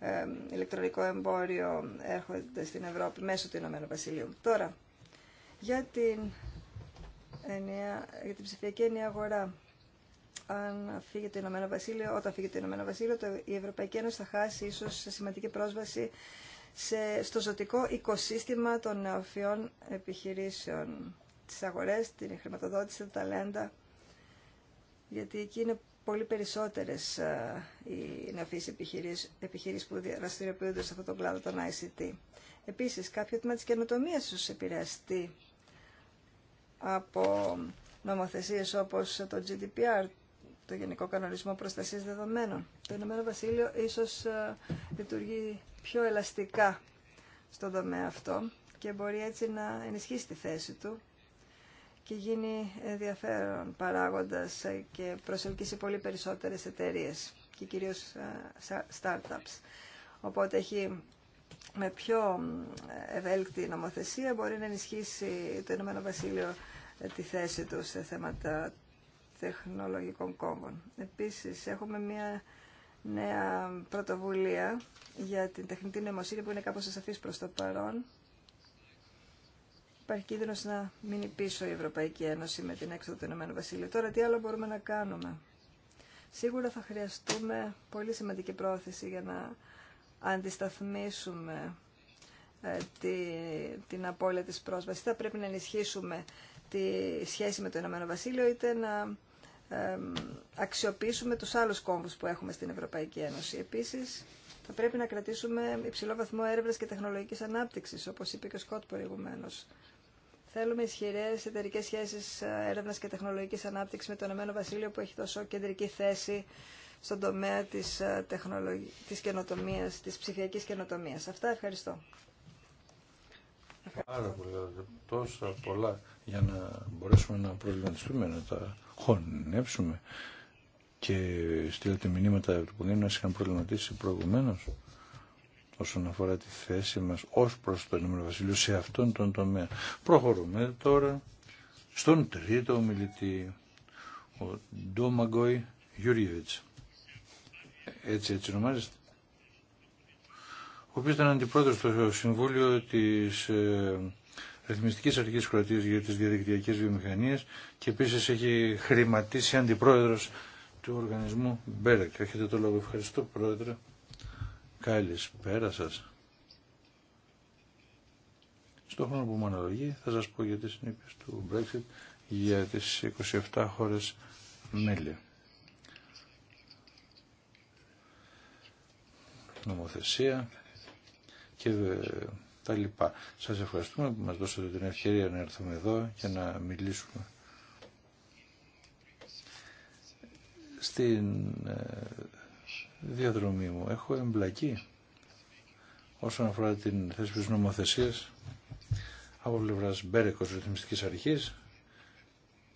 ε, ηλεκτρονικό εμπόριο έρχονται στην Ευρώπη μέσω του Ηνωμένου Βασιλείου. Τώρα, για την, ενια... για την ψηφιακή ενιαία αν φύγει το Ηνωμένο Βασίλειο, όταν φύγει το Ηνωμένο Βασίλειο, η Ευρωπαϊκή Ένωση θα χάσει ίσω σημαντική πρόσβαση σε, στο ζωτικό οικοσύστημα των νεοφιών επιχειρήσεων, τις αγορές, την χρηματοδότηση, τα ταλέντα, γιατί εκεί είναι πολύ περισσότερες ε, οι νεοφυείς επιχειρήσεις, που δραστηριοποιούνται σε αυτό το κλάδο των ICT. Επίσης, κάποιο τμήμα της καινοτομίας τους επηρεαστεί από νομοθεσίες όπως το GDPR, το Γενικό Κανονισμό Προστασίας Δεδομένων. Το Ηνωμένο Βασίλειο ίσως ε, λειτουργεί πιο ελαστικά στον τομέα αυτό και μπορεί έτσι να ενισχύσει τη θέση του και γίνει ενδιαφέρον παράγοντας ε, και προσελκύσει πολύ περισσότερες εταιρείες και κυρίως ε, startups. Οπότε έχει με πιο ευέλικτη νομοθεσία μπορεί να ενισχύσει το Ηνωμένο Βασίλειο τη θέση του σε θέματα τεχνολογικών κόμβων. Επίσης, έχουμε μια νέα πρωτοβουλία για την τεχνητή νοημοσύνη που είναι κάπως ασαφής προς το παρόν. Υπάρχει κίνδυνο να μείνει πίσω η Ευρωπαϊκή Ένωση με την έξοδο του Ηνωμένου Βασιλείου. Τώρα τι άλλο μπορούμε να κάνουμε. Σίγουρα θα χρειαστούμε πολύ σημαντική πρόθεση για να αντισταθμίσουμε ε, την απώλεια της πρόσβασης. Θα πρέπει να ενισχύσουμε τη σχέση με το Ηνωμένο Βασίλειο, είτε να αξιοποιήσουμε τους άλλους κόμβους που έχουμε στην Ευρωπαϊκή Ένωση. Επίσης, θα πρέπει να κρατήσουμε υψηλό βαθμό έρευνα και τεχνολογική ανάπτυξη, όπως είπε και ο Σκότ προηγουμένω. Θέλουμε ισχυρέ εταιρικέ σχέσει ε, έρευνα και τεχνολογική ανάπτυξη με το Ηνωμένο Βασίλειο, που έχει τόσο κεντρική θέση στον τομέα τη της καινοτομία, τη ψηφιακή καινοτομία. Αυτά ευχαριστώ. Πάρα πολύ. Τόσα πολλά για να μπορέσουμε να προβληματιστούμε, να τα χωνέψουμε και στείλετε μηνύματα που δεν μας είχαν προβληματίσει προηγουμένω όσον αφορά τη θέση μας ως προς το νούμερο βασιλείο σε αυτόν τον τομέα. Προχωρούμε τώρα στον τρίτο ομιλητή, ο Ντόμαγκόι Γιούριεβιτς. Έτσι, έτσι ονομάζεστε, Ο οποίος ήταν αντιπρόεδρος στο Συμβούλιο της ε, Ρυθμιστική Αρχή Κροατία για τι διαδικτυακέ βιομηχανίε και επίση έχει χρηματίσει αντιπρόεδρο του οργανισμού Μπέρεκ. Έχετε το λόγο. Ευχαριστώ, Πρόεδρε. Καλησπέρα σα. Στο χρόνο που μου αναλογεί θα σα πω για τι συνέπειε του Brexit για τις 27 χώρες μέλη. Νομοθεσία και ε, Σα Σας ευχαριστούμε που μας δώσατε την ευκαιρία να έρθουμε εδώ και να μιλήσουμε. Στην ε, διαδρομή μου έχω εμπλακεί όσον αφορά την θέση της νομοθεσίας από πλευράς Μπέρεκος Ρυθμιστικής Αρχής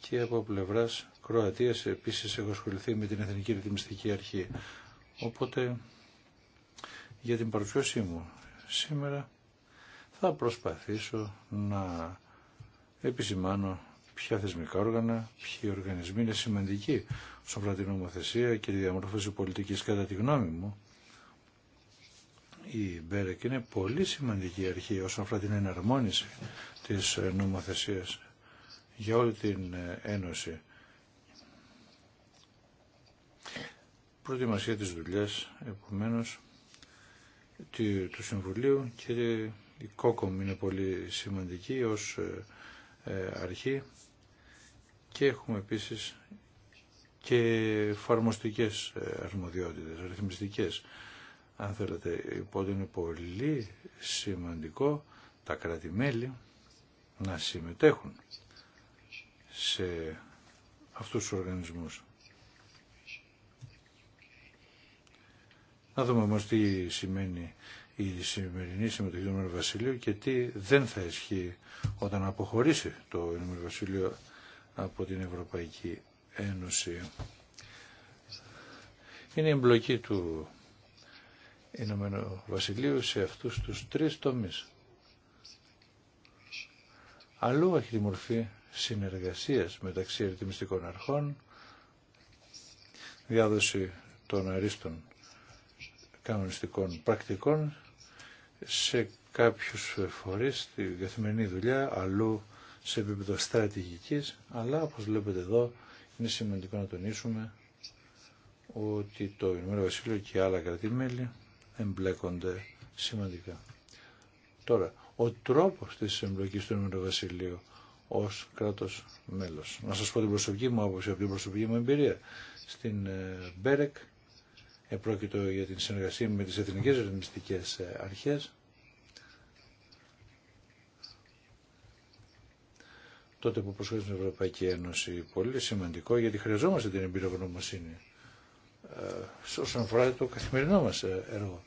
και από πλευράς Κροατίας επίσης έχω ασχοληθεί με την Εθνική Ρυθμιστική Αρχή. Οπότε για την παρουσίασή μου σήμερα θα προσπαθήσω να επισημάνω ποια θεσμικά όργανα, ποιοι οργανισμοί είναι σημαντικοί στον πράγμα την νομοθεσία και τη διαμόρφωση πολιτικής κατά τη γνώμη μου. Η Μπέρεκ είναι πολύ σημαντική αρχή όσον αφορά την εναρμόνιση της νομοθεσίας για όλη την Ένωση. Προετοιμασία της δουλειάς, επομένως, του Συμβουλίου και η κόκομ είναι πολύ σημαντική ως ε, ε, αρχή και έχουμε επίσης και φαρμοστικές ε, αρμοδιότητες, αριθμιστικές αν θέλετε. Οπότε λοιπόν, είναι πολύ σημαντικό τα κράτη-μέλη να συμμετέχουν σε αυτούς τους οργανισμούς. Να δούμε όμως τι σημαίνει η σημερινή συμμετοχή του Ηνωμένου Βασιλείου και τι δεν θα ισχύει όταν αποχωρήσει το Ηνωμένο Βασιλείο από την Ευρωπαϊκή Ένωση. Είναι η εμπλοκή του Ηνωμένου Βασιλείου σε αυτούς τους τρεις τομείς. Αλλού έχει τη μορφή συνεργασίας μεταξύ ερτιμιστικών αρχών, διάδοση των αρίστων κανονιστικών πρακτικών σε κάποιους φορείς στη καθημερινή δουλειά, αλλού σε επίπεδο στρατηγικής, αλλά όπως βλέπετε εδώ είναι σημαντικό να τονίσουμε ότι το Ινωμένο Βασίλειο και άλλα κρατημέλη εμπλέκονται σημαντικά. Τώρα, ο τρόπος της εμπλοκής του Ινωμένου Βασιλείου ως κράτος μέλος. Να σας πω την προσωπική μου άποψη από την προσωπική μου εμπειρία. Στην ε, Μπέρεκ Επρόκειτο για την συνεργασία με τις εθνικές ρυθμιστικές αρχές. Τότε που προσχωρήσαμε στην Ευρωπαϊκή Ένωση, πολύ σημαντικό γιατί χρειαζόμαστε την εμπειρογνωμοσύνη ε, όσον αφορά το καθημερινό μας ε, έργο.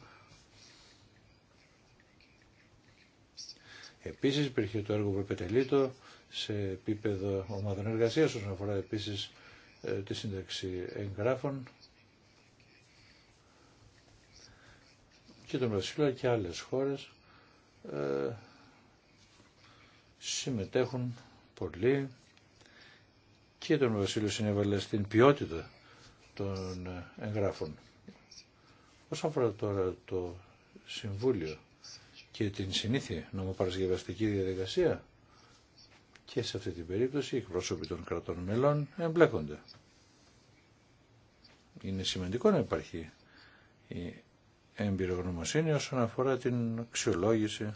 Επίσης υπήρχε το έργο που επιτελεί το σε επίπεδο ομάδων εργασίας όσον αφορά επίσης ε, τη σύνταξη εγγράφων και τον Βασιλό και άλλες χώρες ε, συμμετέχουν πολύ και τον Βασίλειο συνέβαλε στην ποιότητα των εγγράφων. Όσον αφορά τώρα το Συμβούλιο και την συνήθεια νομοπαρασκευαστική διαδικασία και σε αυτή την περίπτωση οι εκπρόσωποι των κρατών μελών εμπλέκονται. Είναι σημαντικό να υπάρχει εμπειρογνωμοσύνη όσον αφορά την αξιολόγηση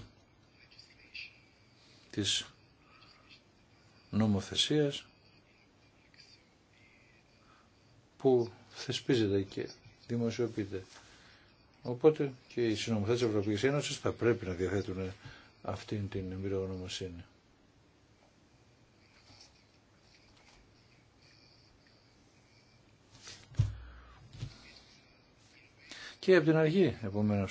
της νομοθεσίας που θεσπίζεται και δημοσιοποιείται. Οπότε και οι συνομοθέτες της Ευρωπαϊκής Ένωσης θα πρέπει να διαθέτουν αυτήν την εμπειρογνωμοσύνη. Και από την αρχή, επομένω,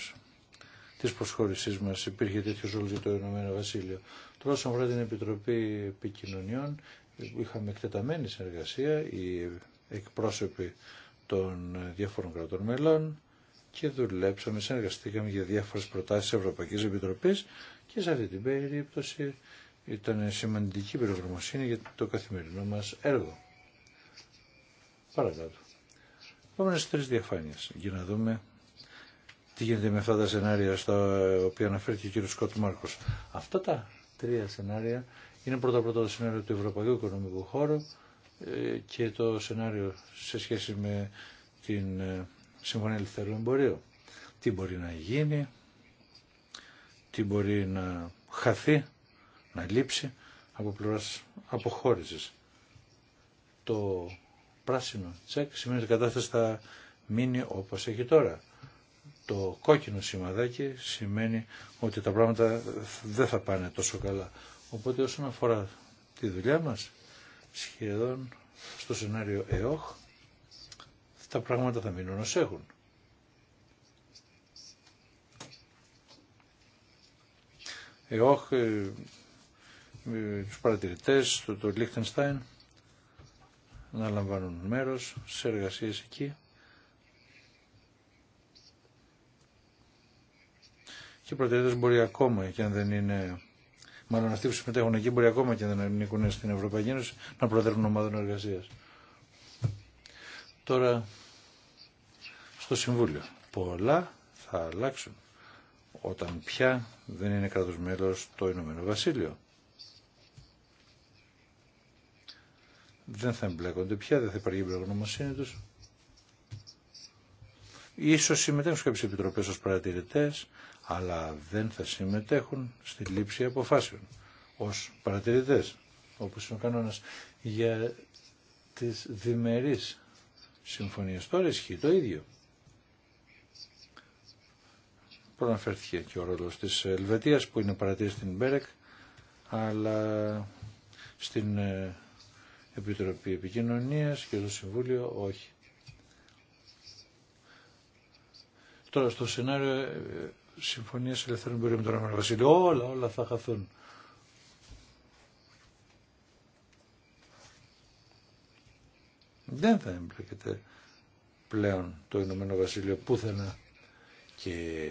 τη προσχώρησή μα υπήρχε τέτοιο ρόλο για το Ηνωμένο Βασίλειο. Τώρα, όσον αφορά την Επιτροπή Επικοινωνιών, είχαμε εκτεταμένη συνεργασία, οι εκπρόσωποι των διάφορων κρατών μελών και δουλέψαμε, συνεργαστήκαμε για διάφορε προτάσει Ευρωπαϊκή Επιτροπή και σε αυτή την περίπτωση ήταν σημαντική πυρογνωμοσύνη για το καθημερινό μα έργο. Παρακάτω. Πάμε στι τρει διαφάνειε για να δούμε τι γίνεται με αυτά τα σενάρια στα ε, οποία αναφέρθηκε ο κύριος Σκότ Μάρκος. Αυτά τα τρία σενάρια είναι πρώτα πρώτα το σενάριο του Ευρωπαϊκού Οικονομικού Χώρου ε, και το σενάριο σε σχέση με την ε, Συμφωνία Ελευθερού Εμπορίου. Τι μπορεί να γίνει, τι μπορεί να χαθεί, να λείψει από πλευράς αποχώρησης. Το πράσινο τσεκ σημαίνει ότι η κατάσταση θα μείνει όπως έχει τώρα το κόκκινο σημαδάκι σημαίνει ότι τα πράγματα δεν θα πάνε τόσο καλά. Οπότε όσον αφορά τη δουλειά μας, σχεδόν στο σενάριο ΕΟΧ, τα πράγματα θα μείνουν ως έχουν. ΕΟΧ, ε, ε, τους παρατηρητές, το, το Λίχτενστάιν, να λαμβάνουν μέρος σε εργασίες εκεί. και οι προτεραιότητε μπορεί ακόμα και αν δεν είναι. Μάλλον αυτοί που συμμετέχουν εκεί μπορεί ακόμα και αν δεν ανήκουν στην Ευρωπαϊκή Ένωση να προτεραιούν ομάδων εργασία. Τώρα στο Συμβούλιο. Πολλά θα αλλάξουν όταν πια δεν είναι κράτο μέλο το Ηνωμένο Βασίλειο. Δεν θα εμπλέκονται πια, δεν θα υπάρχει εμπλεγνωμοσύνη του. Ίσως συμμετέχουν σε κάποιες επιτροπές ως παρατηρητές, αλλά δεν θα συμμετέχουν στη λήψη αποφάσεων ως παρατηρητές, όπως είναι ο κανόνας, για τις διμερείς συμφωνίες. Τώρα ισχύει το ίδιο. Προναφέρθηκε και ο ρόλος της Ελβετίας που είναι παρατηρή στην Μπέρεκ, αλλά στην ε, Επιτροπή Επικοινωνίας και στο Συμβούλιο όχι. Τώρα στο σενάριο ε, Συμφωνίες ελευθερών μπορεί με τον Ρωμανό Βασίλειο. Όλα, όλα θα χαθούν. Δεν θα εμπλέκεται πλέον το Ηνωμένο Βασίλειο πουθενά και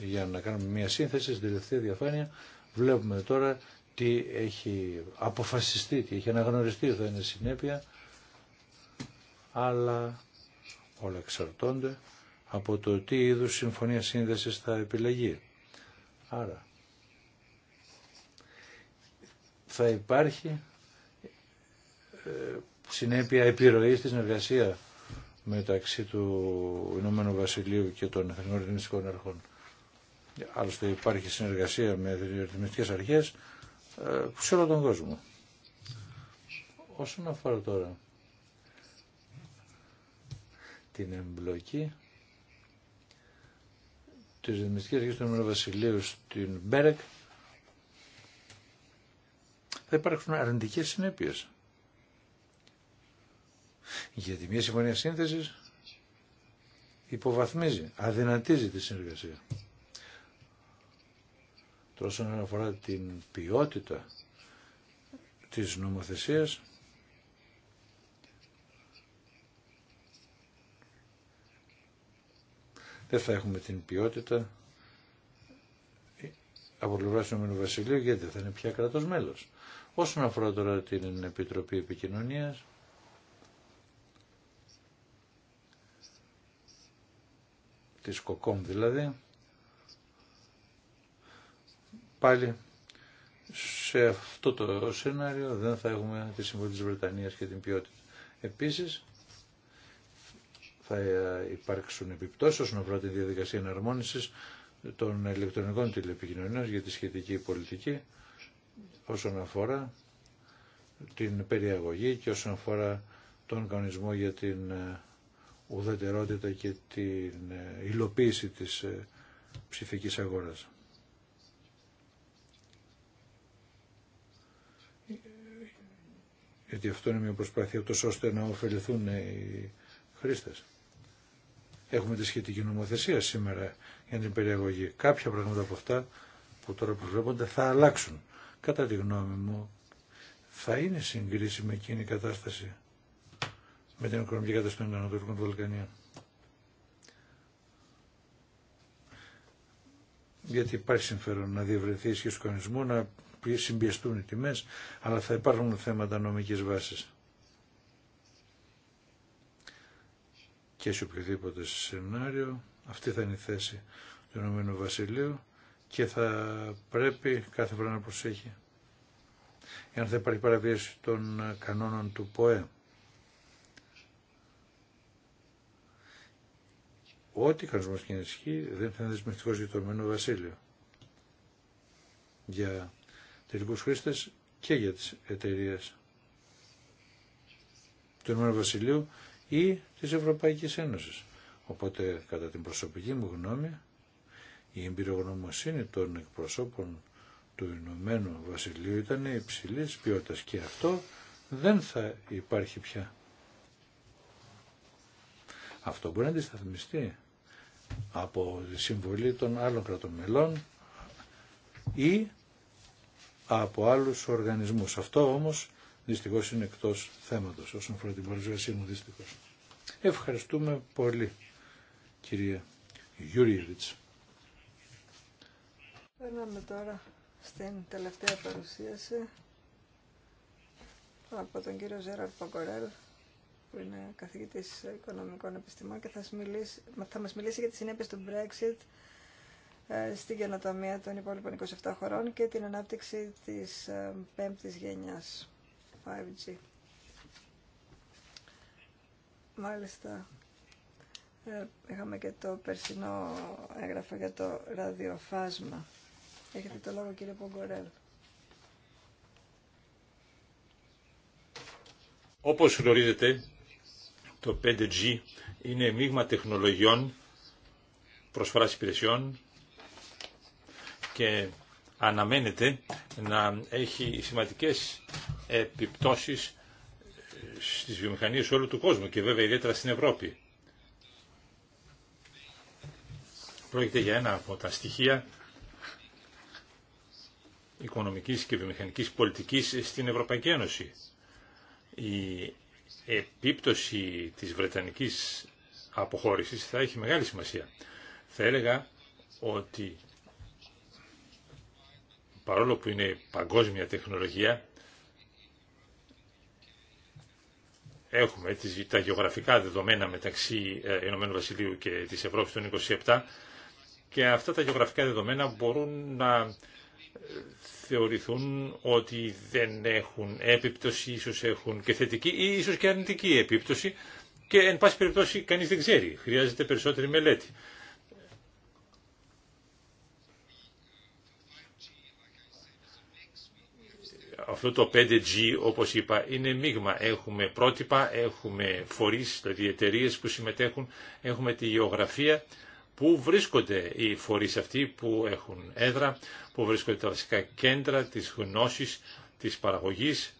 για να κάνουμε μια σύνθεση στην τελευταία διαφάνεια βλέπουμε τώρα τι έχει αποφασιστεί, τι έχει αναγνωριστεί, θα είναι συνέπεια αλλά όλα εξαρτώνται από το τι είδους συμφωνία σύνδεσης θα επιλεγεί. Άρα, θα υπάρχει ε, συνέπεια επιρροή στη συνεργασία μεταξύ του Ηνωμένου Βασιλείου και των Εθνικών Ρυθμιστικών Αρχών. Άλλωστε υπάρχει συνεργασία με ρυθμιστικές αρχές ε, σε όλο τον κόσμο. Όσον αφορά τώρα την εμπλοκή της Δημιουργίας Αρχής του Ηνωμένου Βασιλείου στην Μπέρεκ θα υπάρξουν αρνητικές συνέπειες. Γιατί μια συμφωνία σύνθεσης υποβαθμίζει, αδυνατίζει τη συνεργασία. Τόσο όσον αφορά την ποιότητα της νομοθεσίας δεν θα έχουμε την ποιότητα από πλευρά του Ηνωμένου Βασιλείου γιατί δεν θα είναι πια κράτος μέλο. Όσον αφορά τώρα την Επιτροπή επικοινωνία τη ΚΟΚΟΜ δηλαδή, πάλι σε αυτό το σενάριο δεν θα έχουμε τη συμβολή της Βρετανίας και την ποιότητα. Επίσης, θα ε, υπάρξουν επιπτώσεις όσον αφορά τη διαδικασία εναρμόνισης των ηλεκτρονικών τηλεπικοινωνιών για τη σχετική πολιτική όσον αφορά την περιαγωγή και όσον αφορά τον κανονισμό για την ε, ουδετερότητα και την ε, υλοποίηση της ψηφικής αγοράς. Γιατί αυτό είναι μια προσπάθεια τόσο ώστε να ωφεληθούν οι χρήστες. Έχουμε τη σχετική νομοθεσία σήμερα για την περιαγωγή. Κάποια πράγματα από αυτά που τώρα προβλέπονται θα αλλάξουν. Κατά τη γνώμη μου θα είναι συγκρίσιμη εκείνη η κατάσταση με την οικονομική κατάσταση των Ανατολικών Βαλκανίων. Γιατί υπάρχει συμφέρον να διευρυνθεί η σχέση του να συμπιεστούν οι τιμές, αλλά θα υπάρχουν θέματα νομικής βάσης. και σε οποιοδήποτε σενάριο. Αυτή θα είναι η θέση του Ηνωμένου Βασιλείου και θα πρέπει κάθε φορά να προσέχει εάν θα υπάρχει παραβίαση των κανόνων του ΠΟΕ. Ό,τι κανονισμό και ενισχύει δεν θα είναι δεσμευτικό για το Ηνωμένο Βασίλειο. Για τελικού χρήστε και για τι εταιρείε του Ηνωμένου Βασιλείου ή της Ευρωπαϊκής Ένωσης. Οπότε, κατά την προσωπική μου γνώμη, η εμπειρογνωμοσύνη των εκπροσώπων του Ηνωμένου Βασιλείου ήταν υψηλή ποιότητα και αυτό δεν θα υπάρχει πια. Αυτό μπορεί να αντισταθμιστεί από τη συμβολή των άλλων κρατομέλων ή από άλλους οργανισμούς. Αυτό όμως δυστυχώς είναι εκτός θέματος όσον αφορά την παρουσίασή μου δυστυχώς. Ευχαριστούμε πολύ, κυρία Γιούριεβιτς. Περνάμε τώρα στην τελευταία παρουσίαση από τον κύριο Ζέραρ Παγκορέλ, που είναι καθηγητής οικονομικών επιστημών και θα, μιλήσει, θα μας μιλήσει για τις συνέπειες του Brexit ε, στην καινοτομία των υπόλοιπων 27 χωρών και την ανάπτυξη της ε, πέμπτης γενιάς 5G. Μάλιστα, ε, είχαμε και το περσινό έγγραφο για το ραδιοφάσμα. Έχετε το λόγο κύριε Πογκορέλ. Όπως γνωρίζετε, το 5G είναι μείγμα τεχνολογιών, προσφοράς υπηρεσιών και αναμένεται να έχει σημαντικές επιπτώσεις στις βιομηχανίες όλου του κόσμου και βέβαια ιδιαίτερα στην Ευρώπη. Πρόκειται για ένα από τα στοιχεία οικονομικής και βιομηχανικής πολιτικής στην Ευρωπαϊκή Ένωση. Η επίπτωση της Βρετανικής αποχώρησης θα έχει μεγάλη σημασία. Θα έλεγα ότι παρόλο που είναι παγκόσμια τεχνολογία, έχουμε τα γεωγραφικά δεδομένα μεταξύ ε, Ηνωμένου Βασιλείου και της Ευρώπης των 27 και αυτά τα γεωγραφικά δεδομένα μπορούν να ε, θεωρηθούν ότι δεν έχουν έπιπτωση, ίσως έχουν και θετική ή ίσως και αρνητική επίπτωση και εν πάση περιπτώσει κανείς δεν ξέρει, χρειάζεται περισσότερη μελέτη. αυτό το 5G, όπως είπα, είναι μείγμα. Έχουμε πρότυπα, έχουμε φορείς, δηλαδή εταιρείε που συμμετέχουν, έχουμε τη γεωγραφία, που βρίσκονται οι φορείς αυτοί που έχουν έδρα, που βρίσκονται τα βασικά κέντρα της γνώσης, της παραγωγής.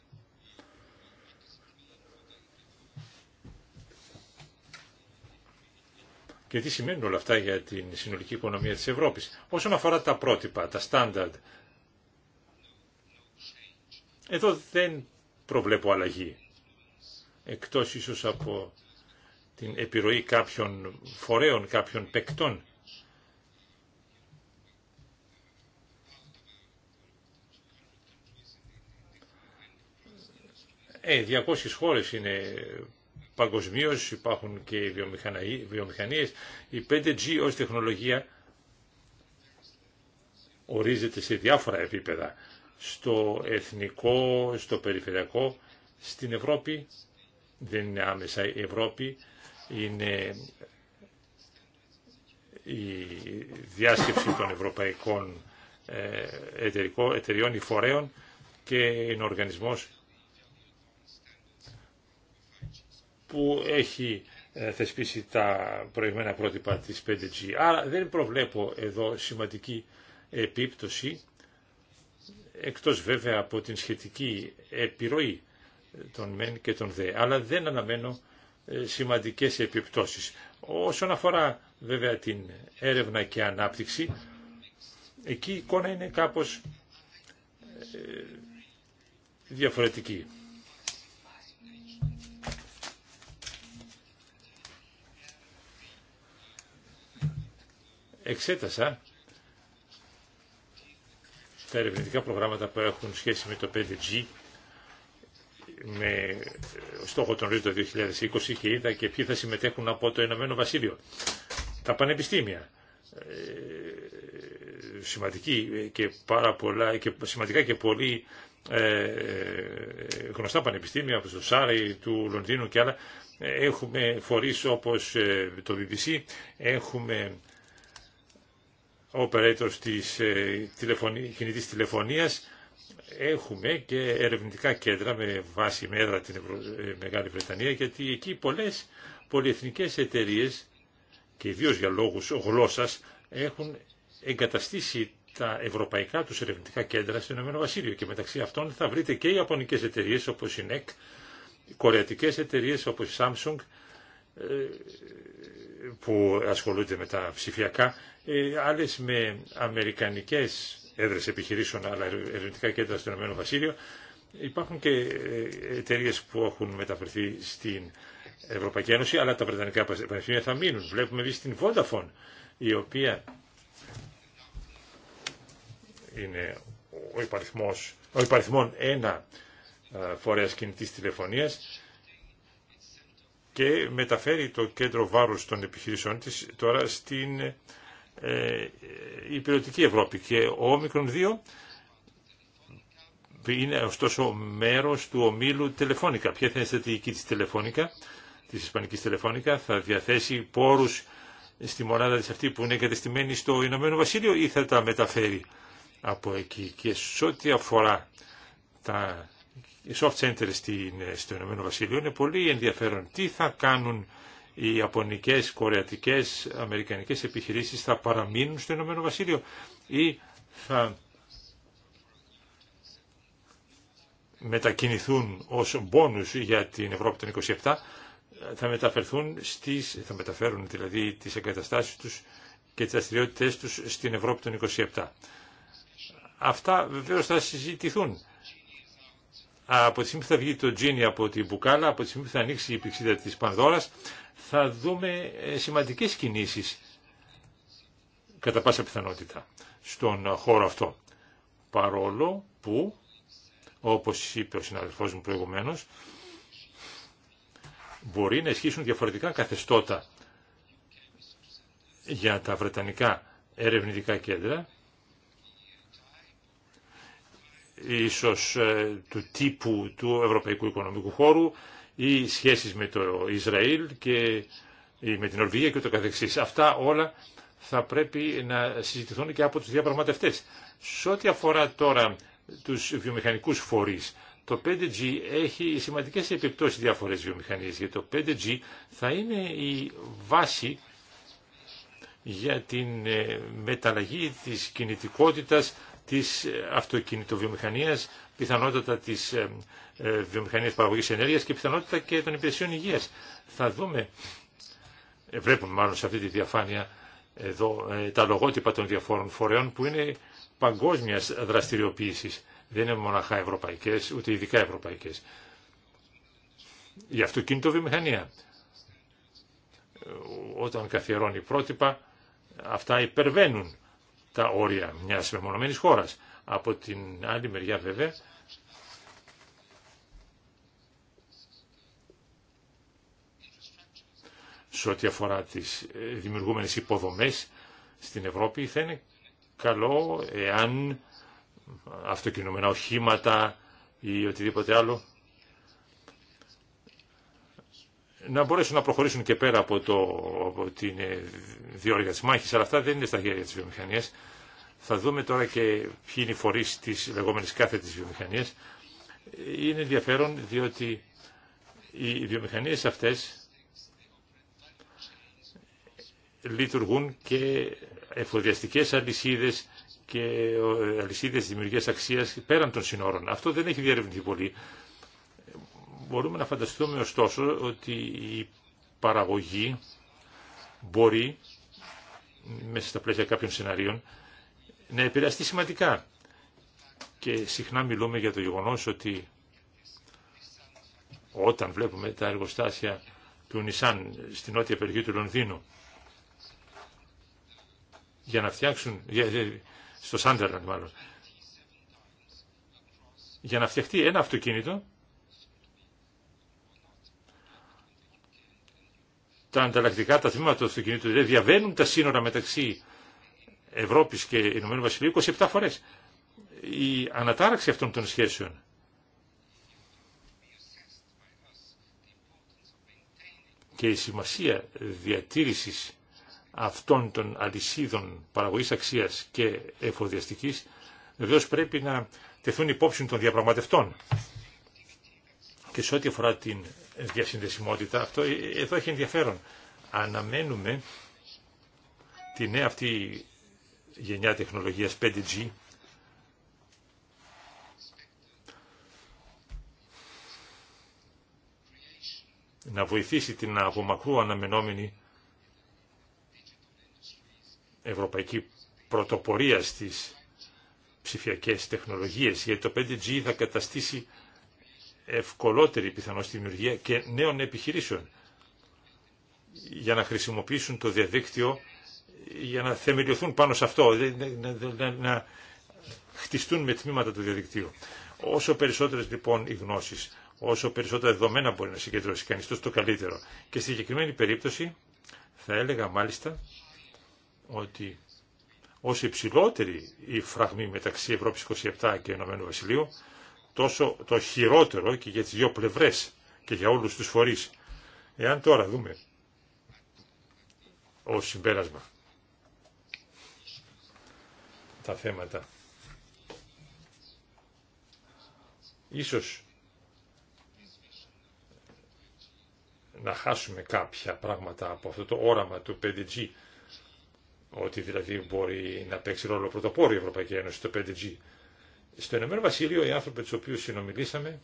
Και τι σημαίνουν όλα αυτά για την συνολική οικονομία της Ευρώπης. Όσον αφορά τα πρότυπα, τα στάνταρτ, εδώ δεν προβλέπω αλλαγή, εκτός ίσως από την επιρροή κάποιων φορέων, κάποιων παικτών. Ε, 200 χώρες είναι παγκοσμίω, υπάρχουν και οι βιομηχανίες. Η 5G ως τεχνολογία ορίζεται σε διάφορα επίπεδα στο εθνικό, στο περιφερειακό. Στην Ευρώπη δεν είναι άμεσα η Ευρώπη, είναι η διάσκεψη των ευρωπαϊκών ε, εταιριών ή φορέων και είναι ο οργανισμός που έχει ε, θεσπίσει τα προηγμένα πρότυπα της 5G. Άρα δεν προβλέπω εδώ σημαντική επίπτωση εκτός βέβαια από την σχετική επιρροή των μεν και των δε, αλλά δεν αναμένω ε, σημαντικές επιπτώσεις. Όσον αφορά βέβαια την έρευνα και ανάπτυξη, εκεί η εικόνα είναι κάπως ε, διαφορετική. Εξέτασα τα ερευνητικά προγράμματα που έχουν σχέση με το 5G με ε, στόχο τον Ρίτο το 2020 και είδα και ποιοι θα συμμετέχουν από το Ηνωμένο Βασίλειο. Τα πανεπιστήμια, ε, σημαντική και πάρα πολλά, και σημαντικά και πολύ ε, ε, γνωστά πανεπιστήμια όπως το Σάρι, του Λονδίνου και άλλα έχουμε φορείς όπως το BBC, έχουμε operators της ε, κινητής τηλεφωνίας έχουμε και ερευνητικά κέντρα με βάση μέρα την ε, Μεγάλη Βρετανία γιατί εκεί πολλές πολυεθνικές εταιρείες και ιδίως για λόγους γλώσσας έχουν εγκαταστήσει τα ευρωπαϊκά τους ερευνητικά κέντρα στο Ηνωμένο Βασίλειο και μεταξύ αυτών θα βρείτε και οι ιαπωνικές εταιρείες όπως η NEC, κορεατικές εταιρείες όπως η Samsung, ε, που ασχολούνται με τα ψηφιακά, ε, άλλες με αμερικανικές έδρες επιχειρήσεων αλλά ερευνητικά κέντρα στο Ηνωμένο Βασίλειο. Υπάρχουν και ε, εταιρείε που έχουν μεταφερθεί στην Ευρωπαϊκή Ένωση, αλλά τα Βρετανικά πανεπιστήμια θα μείνουν. Βλέπουμε εμεί την Vodafone, η οποία είναι ο υπαριθμός, ένα ε, φορέας κινητής τηλεφωνίας και μεταφέρει το κέντρο βάρους των επιχειρήσεων της τώρα στην ε, υπηρετική ε, Ευρώπη και ο όμικρον 2 είναι ωστόσο μέρος του ομίλου τηλεφώνικα. Ποια θα είναι η στρατηγική της Τελεφώνικα, της Ισπανικής Τελεφώνικα, θα διαθέσει πόρους στη μονάδα της αυτή που είναι εγκατεστημένη στο Ηνωμένο Βασίλειο ή θα τα μεταφέρει από εκεί. Και σε ό,τι αφορά τα οι soft centers στην, στο Ηνωμένο Βασίλειο είναι πολύ ενδιαφέρον. Τι θα κάνουν οι Ιαπωνικές, Κορεατικές, Αμερικανικές επιχειρήσεις θα παραμείνουν στο Ηνωμένο Βασίλειο ή θα μετακινηθούν ως μπόνους για την Ευρώπη των 27 θα μεταφερθούν στις, θα μεταφέρουν δηλαδή τις εγκαταστάσεις τους και τις δραστηριότητε τους στην Ευρώπη των 27. Αυτά βεβαίως θα συζητηθούν από τη στιγμή που θα βγει το τζίνι από την μπουκάλα, από τη στιγμή που θα ανοίξει η πηξίδα της πανδόρας, θα δούμε ε, σημαντικές κινήσεις κατά πάσα πιθανότητα στον χώρο αυτό. Παρόλο που, όπως είπε ο συναδελφός μου προηγουμένως, μπορεί να ισχύσουν διαφορετικά καθεστώτα για τα βρετανικά ερευνητικά κέντρα ίσως ε, του τύπου του Ευρωπαϊκού Οικονομικού Χώρου ή σχέσεις με το Ισραήλ και ή με την Νορβηγία και το καθεξής. Αυτά όλα θα πρέπει να συζητηθούν και από τους διαπραγματευτές. Σε ό,τι αφορά τώρα τους βιομηχανικούς φορείς, το 5G έχει σημαντικές επιπτώσεις διάφορες βιομηχανίες, γιατί το 5G θα είναι η βάση για την ε, μεταλλαγή της κινητικότητας της ε, αυτοκινητοβιομηχανίας, πιθανότατα της ε, ε, βιομηχανίας παραγωγής ενέργειας και πιθανότητα και των υπηρεσιών υγείας. Θα δούμε, βλέπουμε μάλλον σε αυτή τη διαφάνεια εδώ τα λογότυπα των διαφόρων φορέων που είναι παγκόσμιας δραστηριοποίησης. Δεν είναι μοναχά ευρωπαϊκές, ούτε ειδικά ευρωπαϊκές. Η αυτοκινητοβιομηχανία, όταν καθιερώνει πρότυπα, αυτά υπερβαίνουν τα όρια μιας μεμονωμένης χώρας. Από την άλλη μεριά βέβαια σε ό,τι αφορά τις δημιουργούμενες υποδομές στην Ευρώπη θα είναι καλό εάν αυτοκινούμενα οχήματα ή οτιδήποτε άλλο να μπορέσουν να προχωρήσουν και πέρα από, το, από την ε, διόρυγα της μάχης, αλλά αυτά δεν είναι στα χέρια της βιομηχανίας. Θα δούμε τώρα και ποιοι είναι οι φορείς της λεγόμενης κάθετης βιομηχανίας. Είναι ενδιαφέρον διότι οι βιομηχανίες αυτές λειτουργούν και εφοδιαστικές αλυσίδες και ε, αλυσίδες δημιουργίας αξίας πέραν των συνόρων. Αυτό δεν έχει διαρευνηθεί πολύ. Μπορούμε να φανταστούμε ωστόσο ότι η παραγωγή μπορεί μέσα στα πλαίσια κάποιων σενάριων να επηρεαστεί σημαντικά. Και συχνά μιλούμε για το γεγονός ότι όταν βλέπουμε τα εργοστάσια του Νισάν στην νότια περιοχή του Λονδίνου για να φτιάξουν, στο Σάντερλαντ μάλλον, για να φτιαχτεί ένα αυτοκίνητο τα ανταλλακτικά τα θύματα του αυτοκινήτου δηλαδή, διαβαίνουν τα σύνορα μεταξύ Ευρώπη και Ηνωμένου Βασιλείου 27 φορέ. Η ανατάραξη αυτών των σχέσεων και η σημασία διατήρησης αυτών των αλυσίδων παραγωγής αξίας και εφοδιαστικής βεβαίως πρέπει να τεθούν υπόψη των διαπραγματευτών. Και σε ό,τι αφορά την διασυνδεσιμότητα. Αυτό εδώ έχει ενδιαφέρον. Αναμένουμε τη νέα αυτή γενιά τεχνολογίας 5G να βοηθήσει την μακρού αναμενόμενη ευρωπαϊκή πρωτοπορία στις ψηφιακές τεχνολογίες, γιατί το 5G θα καταστήσει ευκολότερη πιθανώς τη δημιουργία και νέων επιχειρήσεων για να χρησιμοποιήσουν το διαδίκτυο για να θεμελιωθούν πάνω σε αυτό, να χτιστούν με τμήματα του διαδικτύου. Όσο περισσότερες λοιπόν οι γνώσεις, όσο περισσότερα δεδομένα μπορεί να συγκεντρώσει κανείς, τόσο το καλύτερο. Και στη συγκεκριμένη περίπτωση θα έλεγα μάλιστα ότι όσο υψηλότερη η φραγμή μεταξύ Ευρώπης 27 και Ηνωμένου Βασιλείου, τόσο το χειρότερο και για τις δύο πλευρές και για όλους τους φορείς. Εάν τώρα δούμε ως συμπέρασμα τα θέματα. Ίσως να χάσουμε κάποια πράγματα από αυτό το όραμα του 5G, ότι δηλαδή μπορεί να παίξει ρόλο πρωτοπόρο η Ευρωπαϊκή Ένωση το 5G. Στο Ηνωμένο Βασίλειο οι άνθρωποι του οποίου συνομιλήσαμε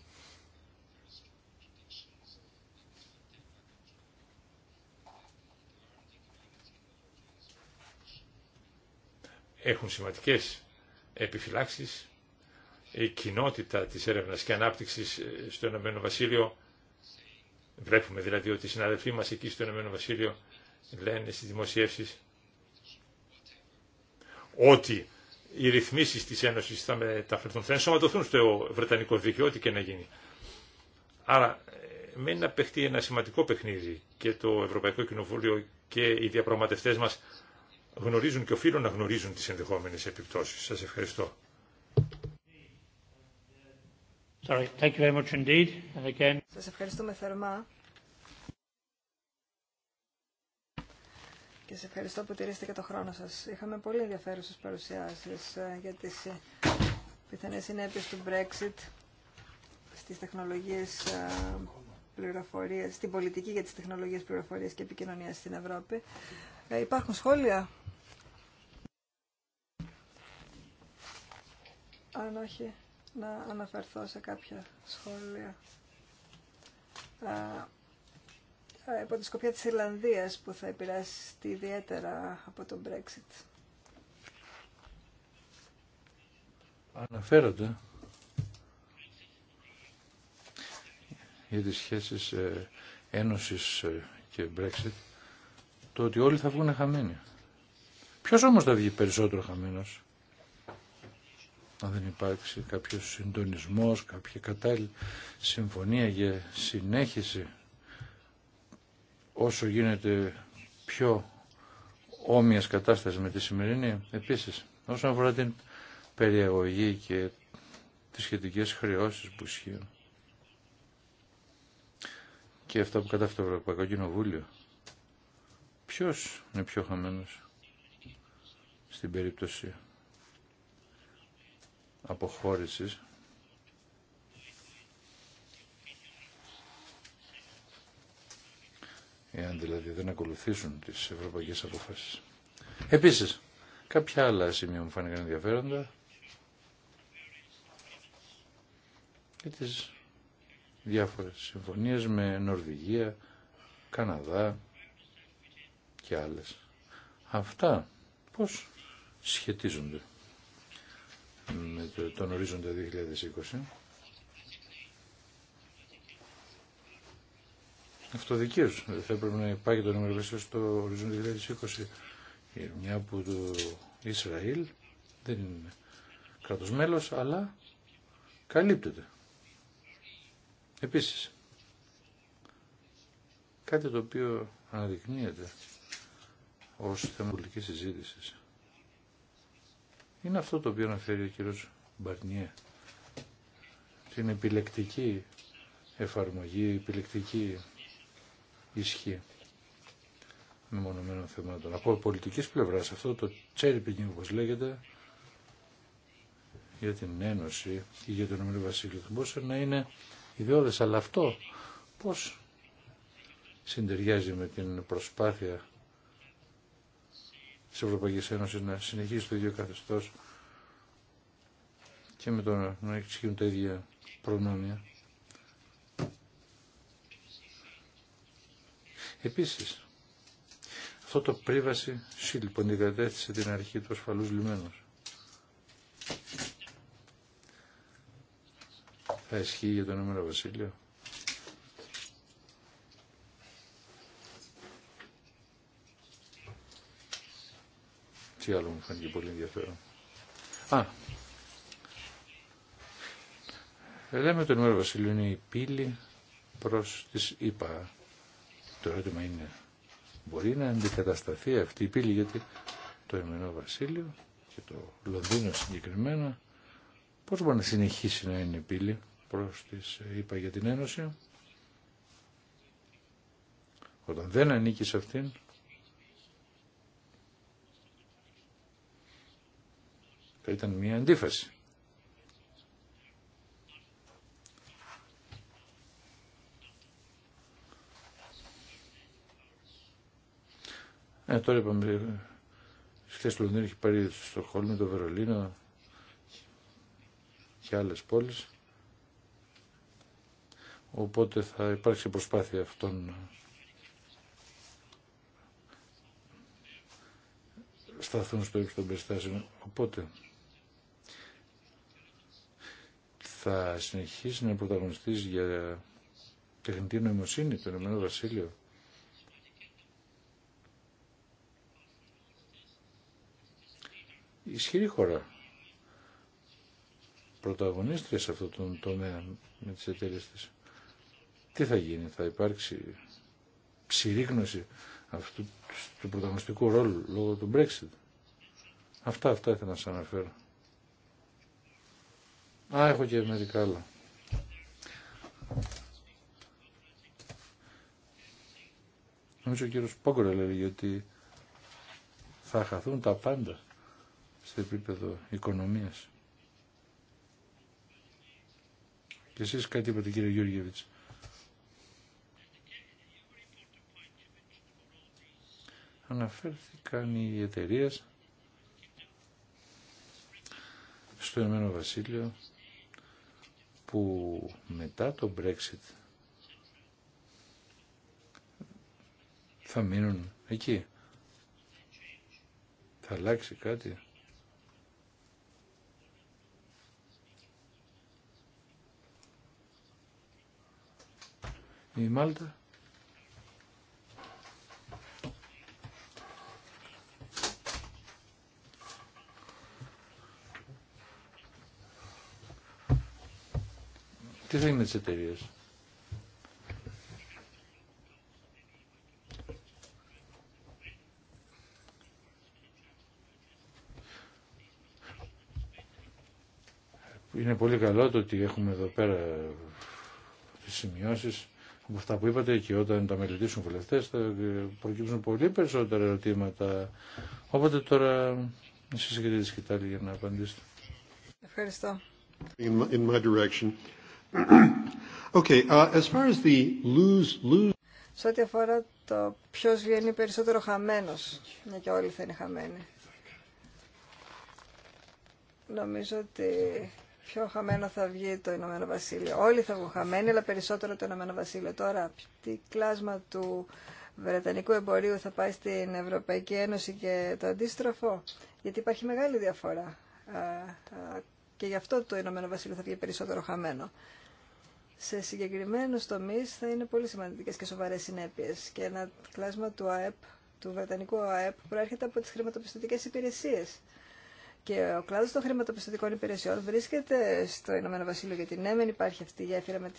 έχουν σημαντικές επιφυλάξεις. Η κοινότητα της έρευνας και ανάπτυξης ε, στο Ηνωμένο Βασίλειο, βλέπουμε δηλαδή ότι οι συναδελφοί μας εκεί στο Ηνωμένο Βασίλειο λένε στις δημοσιεύσεις ότι οι ρυθμίσεις της Ένωσης θα μεταφερθούν, θα ενσωματωθούν στο Βρετανικό Δίκαιο, ό,τι και να γίνει. Άρα, μένει να παιχτεί ένα σημαντικό παιχνίδι και το Ευρωπαϊκό Κοινοβούλιο και οι διαπραγματευτές μας γνωρίζουν και οφείλουν να γνωρίζουν τις ενδεχόμενες επιπτώσεις. Σας ευχαριστώ. Sorry. Thank you very much indeed. again... Σας ευχαριστούμε θερμά και σε ευχαριστώ που τηρήσετε και το χρόνο σας. Είχαμε πολύ ενδιαφέρουσες παρουσιάσεις ε, για τις ε, πιθανές συνέπειες του Brexit στις τεχνολογίες ε, πληροφορίας, στην πολιτική για τις τεχνολογίες πληροφορίας και επικοινωνίας στην Ευρώπη. Υπάρχουν σχόλια? Αν όχι, να αναφερθώ σε κάποια σχόλια ε, από τη σκοπιά της Ιρλανδίας που θα επηρεάσει ιδιαίτερα από τον Brexit. Αναφέρονται για τις σχέσεις ε, Ένωσης ε, και Brexit το ότι όλοι θα βγουν χαμένοι. Ποιος όμως θα βγει περισσότερο χαμένος αν δεν υπάρξει κάποιος συντονισμός, κάποια κατάλληλη συμφωνία για συνέχιση όσο γίνεται πιο όμοιας κατάσταση με τη σημερινή. Επίσης, όσον αφορά την περιαγωγή και τις σχετικές χρεώσεις που ισχύουν και αυτά που κατάφερε το Ευρωπαϊκό Κοινοβούλιο, ποιος είναι πιο χαμένος στην περίπτωση αποχώρησης εάν δηλαδή δεν ακολουθήσουν τις ευρωπαϊκές αποφάσεις. Επίσης, κάποια άλλα σημεία μου φάνηκαν ενδιαφέροντα και τις διάφορες συμφωνίες με Νορβηγία, Καναδά και άλλες. Αυτά πώς σχετίζονται με τον ορίζοντα 2020 αυτοδικίως. Δεν θα έπρεπε να υπάρχει το νούμερο στο ορίζον 2020. Ε, μια που το Ισραήλ δεν είναι κράτος μέλος, αλλά καλύπτεται. Επίσης, κάτι το οποίο αναδεικνύεται ως θέμα συζήτηση είναι αυτό το οποίο αναφέρει ο κύριος Μπαρνιέ. Την επιλεκτική εφαρμογή, επιλεκτική ισχύει. με μονομένο θεμάτων. Από πολιτική πλευρά, αυτό το cherry picking, όπω λέγεται, για την Ένωση ή για τον Ομίλιο Βασίλειο, θα μπορούσε να είναι ιδεώδε. Αλλά αυτό πώ συντεριάζει με την προσπάθεια τη Ευρωπαϊκή Ένωση να συνεχίσει το ίδιο καθεστώ και με το να εξηγούν τα ίδια προνόμια. Επίσης, αυτό το πρίβαση shield που αντικατέστησε την αρχή του ασφαλούς λιμένος. Θα ισχύει για το νούμερο βασίλειο. Τι άλλο μου φάνηκε πολύ ενδιαφέρον. Α, λέμε το νούμερο βασίλειο είναι η πύλη προς τις ΥΠΑΑ. Το ερώτημα είναι, μπορεί να αντικατασταθεί αυτή η πύλη, γιατί το Εμενό Βασίλειο και το Λονδίνο συγκεκριμένα, πώς μπορεί να συνεχίσει να είναι πύλη προς τις είπα για την Ένωση, όταν δεν ανήκει σε αυτήν, ήταν μια αντίφαση. Ε, τώρα είπαμε, χθες το Λονδίνο έχει πάρει στο Στοχόλμη, το Βερολίνο και άλλες πόλεις. Οπότε θα υπάρξει προσπάθεια αυτών σταθούν στο ύψος των περιστάσεων. Οπότε θα συνεχίσει να πρωταγωνιστείς για τεχνητή νοημοσύνη το Ηνωμένο Βασίλειο. ισχυρή χώρα. Πρωταγωνίστρια σε αυτό τον τομέα με τις εταιρείε της. Τι θα γίνει, θα υπάρξει ψηρήγνωση αυτού του πρωταγωνιστικού ρόλου λόγω του Brexit. Αυτά, αυτά ήθελα να σας αναφέρω. Α, έχω και μερικά άλλα. Νομίζω ο κύριος Πόγκορα λέει ότι θα χαθούν τα πάντα σε επίπεδο οικονομίας. Και εσείς κάτι είπατε κύριε Γιώργιεβιτς. Αναφέρθηκαν οι εταιρείε στο Ηνωμένο Βασίλειο που μετά το Brexit θα μείνουν εκεί. Θα αλλάξει κάτι. η Μάλτα. Τι θα γίνει με τις εταιρείες. Είναι πολύ καλό το ότι έχουμε εδώ πέρα τις σημειώσεις από αυτά που είπατε και όταν τα μελετήσουν βουλευτέ θα ε, προκύψουν πολύ περισσότερα ερωτήματα. Οπότε τώρα εσείς έχετε τη σκητάλη για να απαντήσετε. Ευχαριστώ. In direction. okay, uh, as far as the lose, lose... Σε ό,τι αφορά το ποιο βγαίνει περισσότερο χαμένο, μια και όλοι θα είναι χαμένοι. Νομίζω ότι πιο χαμένο θα βγει το Ηνωμένο Βασίλειο. Όλοι θα βγουν χαμένοι, αλλά περισσότερο το Ηνωμένο Βασίλειο. Τώρα, τι κλάσμα του Βρετανικού εμπορίου θα πάει στην Ευρωπαϊκή Ένωση και το αντίστροφο, γιατί υπάρχει μεγάλη διαφορά. Και γι' αυτό το Ηνωμένο Βασίλειο θα βγει περισσότερο χαμένο. Σε συγκεκριμένου τομεί θα είναι πολύ σημαντικέ και σοβαρέ συνέπειε. Και ένα κλάσμα του ΑΕΠ, του Βρετανικού ΑΕΠ, προέρχεται από τι χρηματοπιστωτικέ υπηρεσίε. Και ο κλάδο των χρηματοπιστωτικών υπηρεσιών βρίσκεται στο Ηνωμένο Βασίλειο, γιατί ναι, δεν υπάρχει αυτή η γέφυρα με τι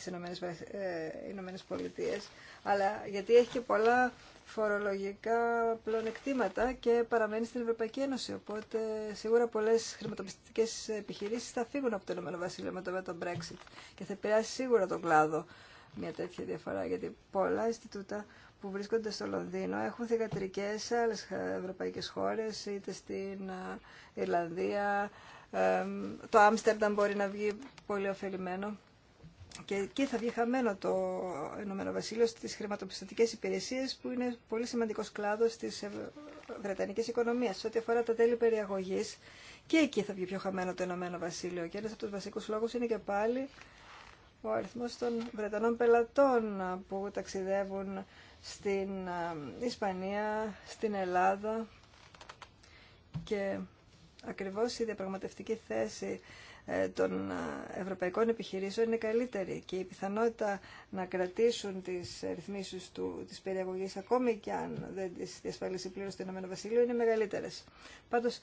Ηνωμένε ε, Πολιτείε, αλλά γιατί έχει και πολλά φορολογικά πλονεκτήματα και παραμένει στην Ευρωπαϊκή Ένωση. Οπότε σίγουρα πολλέ χρηματοπιστωτικές επιχειρήσει θα φύγουν από το Ηνωμένο Βασίλειο με το, με Brexit και θα επηρεάσει σίγουρα τον κλάδο μια τέτοια διαφορά, γιατί πολλά Ινστιτούτα που βρίσκονται στο Λονδίνο έχουν θηγατρικές σε άλλες ευρωπαϊκές χώρες, είτε στην Ιρλανδία, το Άμστερνταμ μπορεί να βγει πολύ ωφελημένο. Και εκεί θα βγει χαμένο το Ηνωμένο Βασίλειο στις χρηματοπιστωτικές υπηρεσίες που είναι πολύ σημαντικός κλάδος της Βρετανικής οικονομίας. Σε ό,τι αφορά τα τέλη περιαγωγής και εκεί θα βγει πιο χαμένο το Ηνωμένο Βασίλειο. Και ένας από τους βασικούς λόγου είναι και πάλι ο αριθμό των Βρετανών πελατών που ταξιδεύουν στην ε, Ισπανία, στην Ελλάδα και ακριβώς η διαπραγματευτική θέση ε, των ε, ευρωπαϊκών επιχειρήσεων είναι καλύτερη και η πιθανότητα να κρατήσουν τις ρυθμίσεις του, της περιαγωγής ακόμη και αν δεν τις διασφαλίσει πλήρως το Ηνωμένο Βασίλειο είναι μεγαλύτερες. Πάντως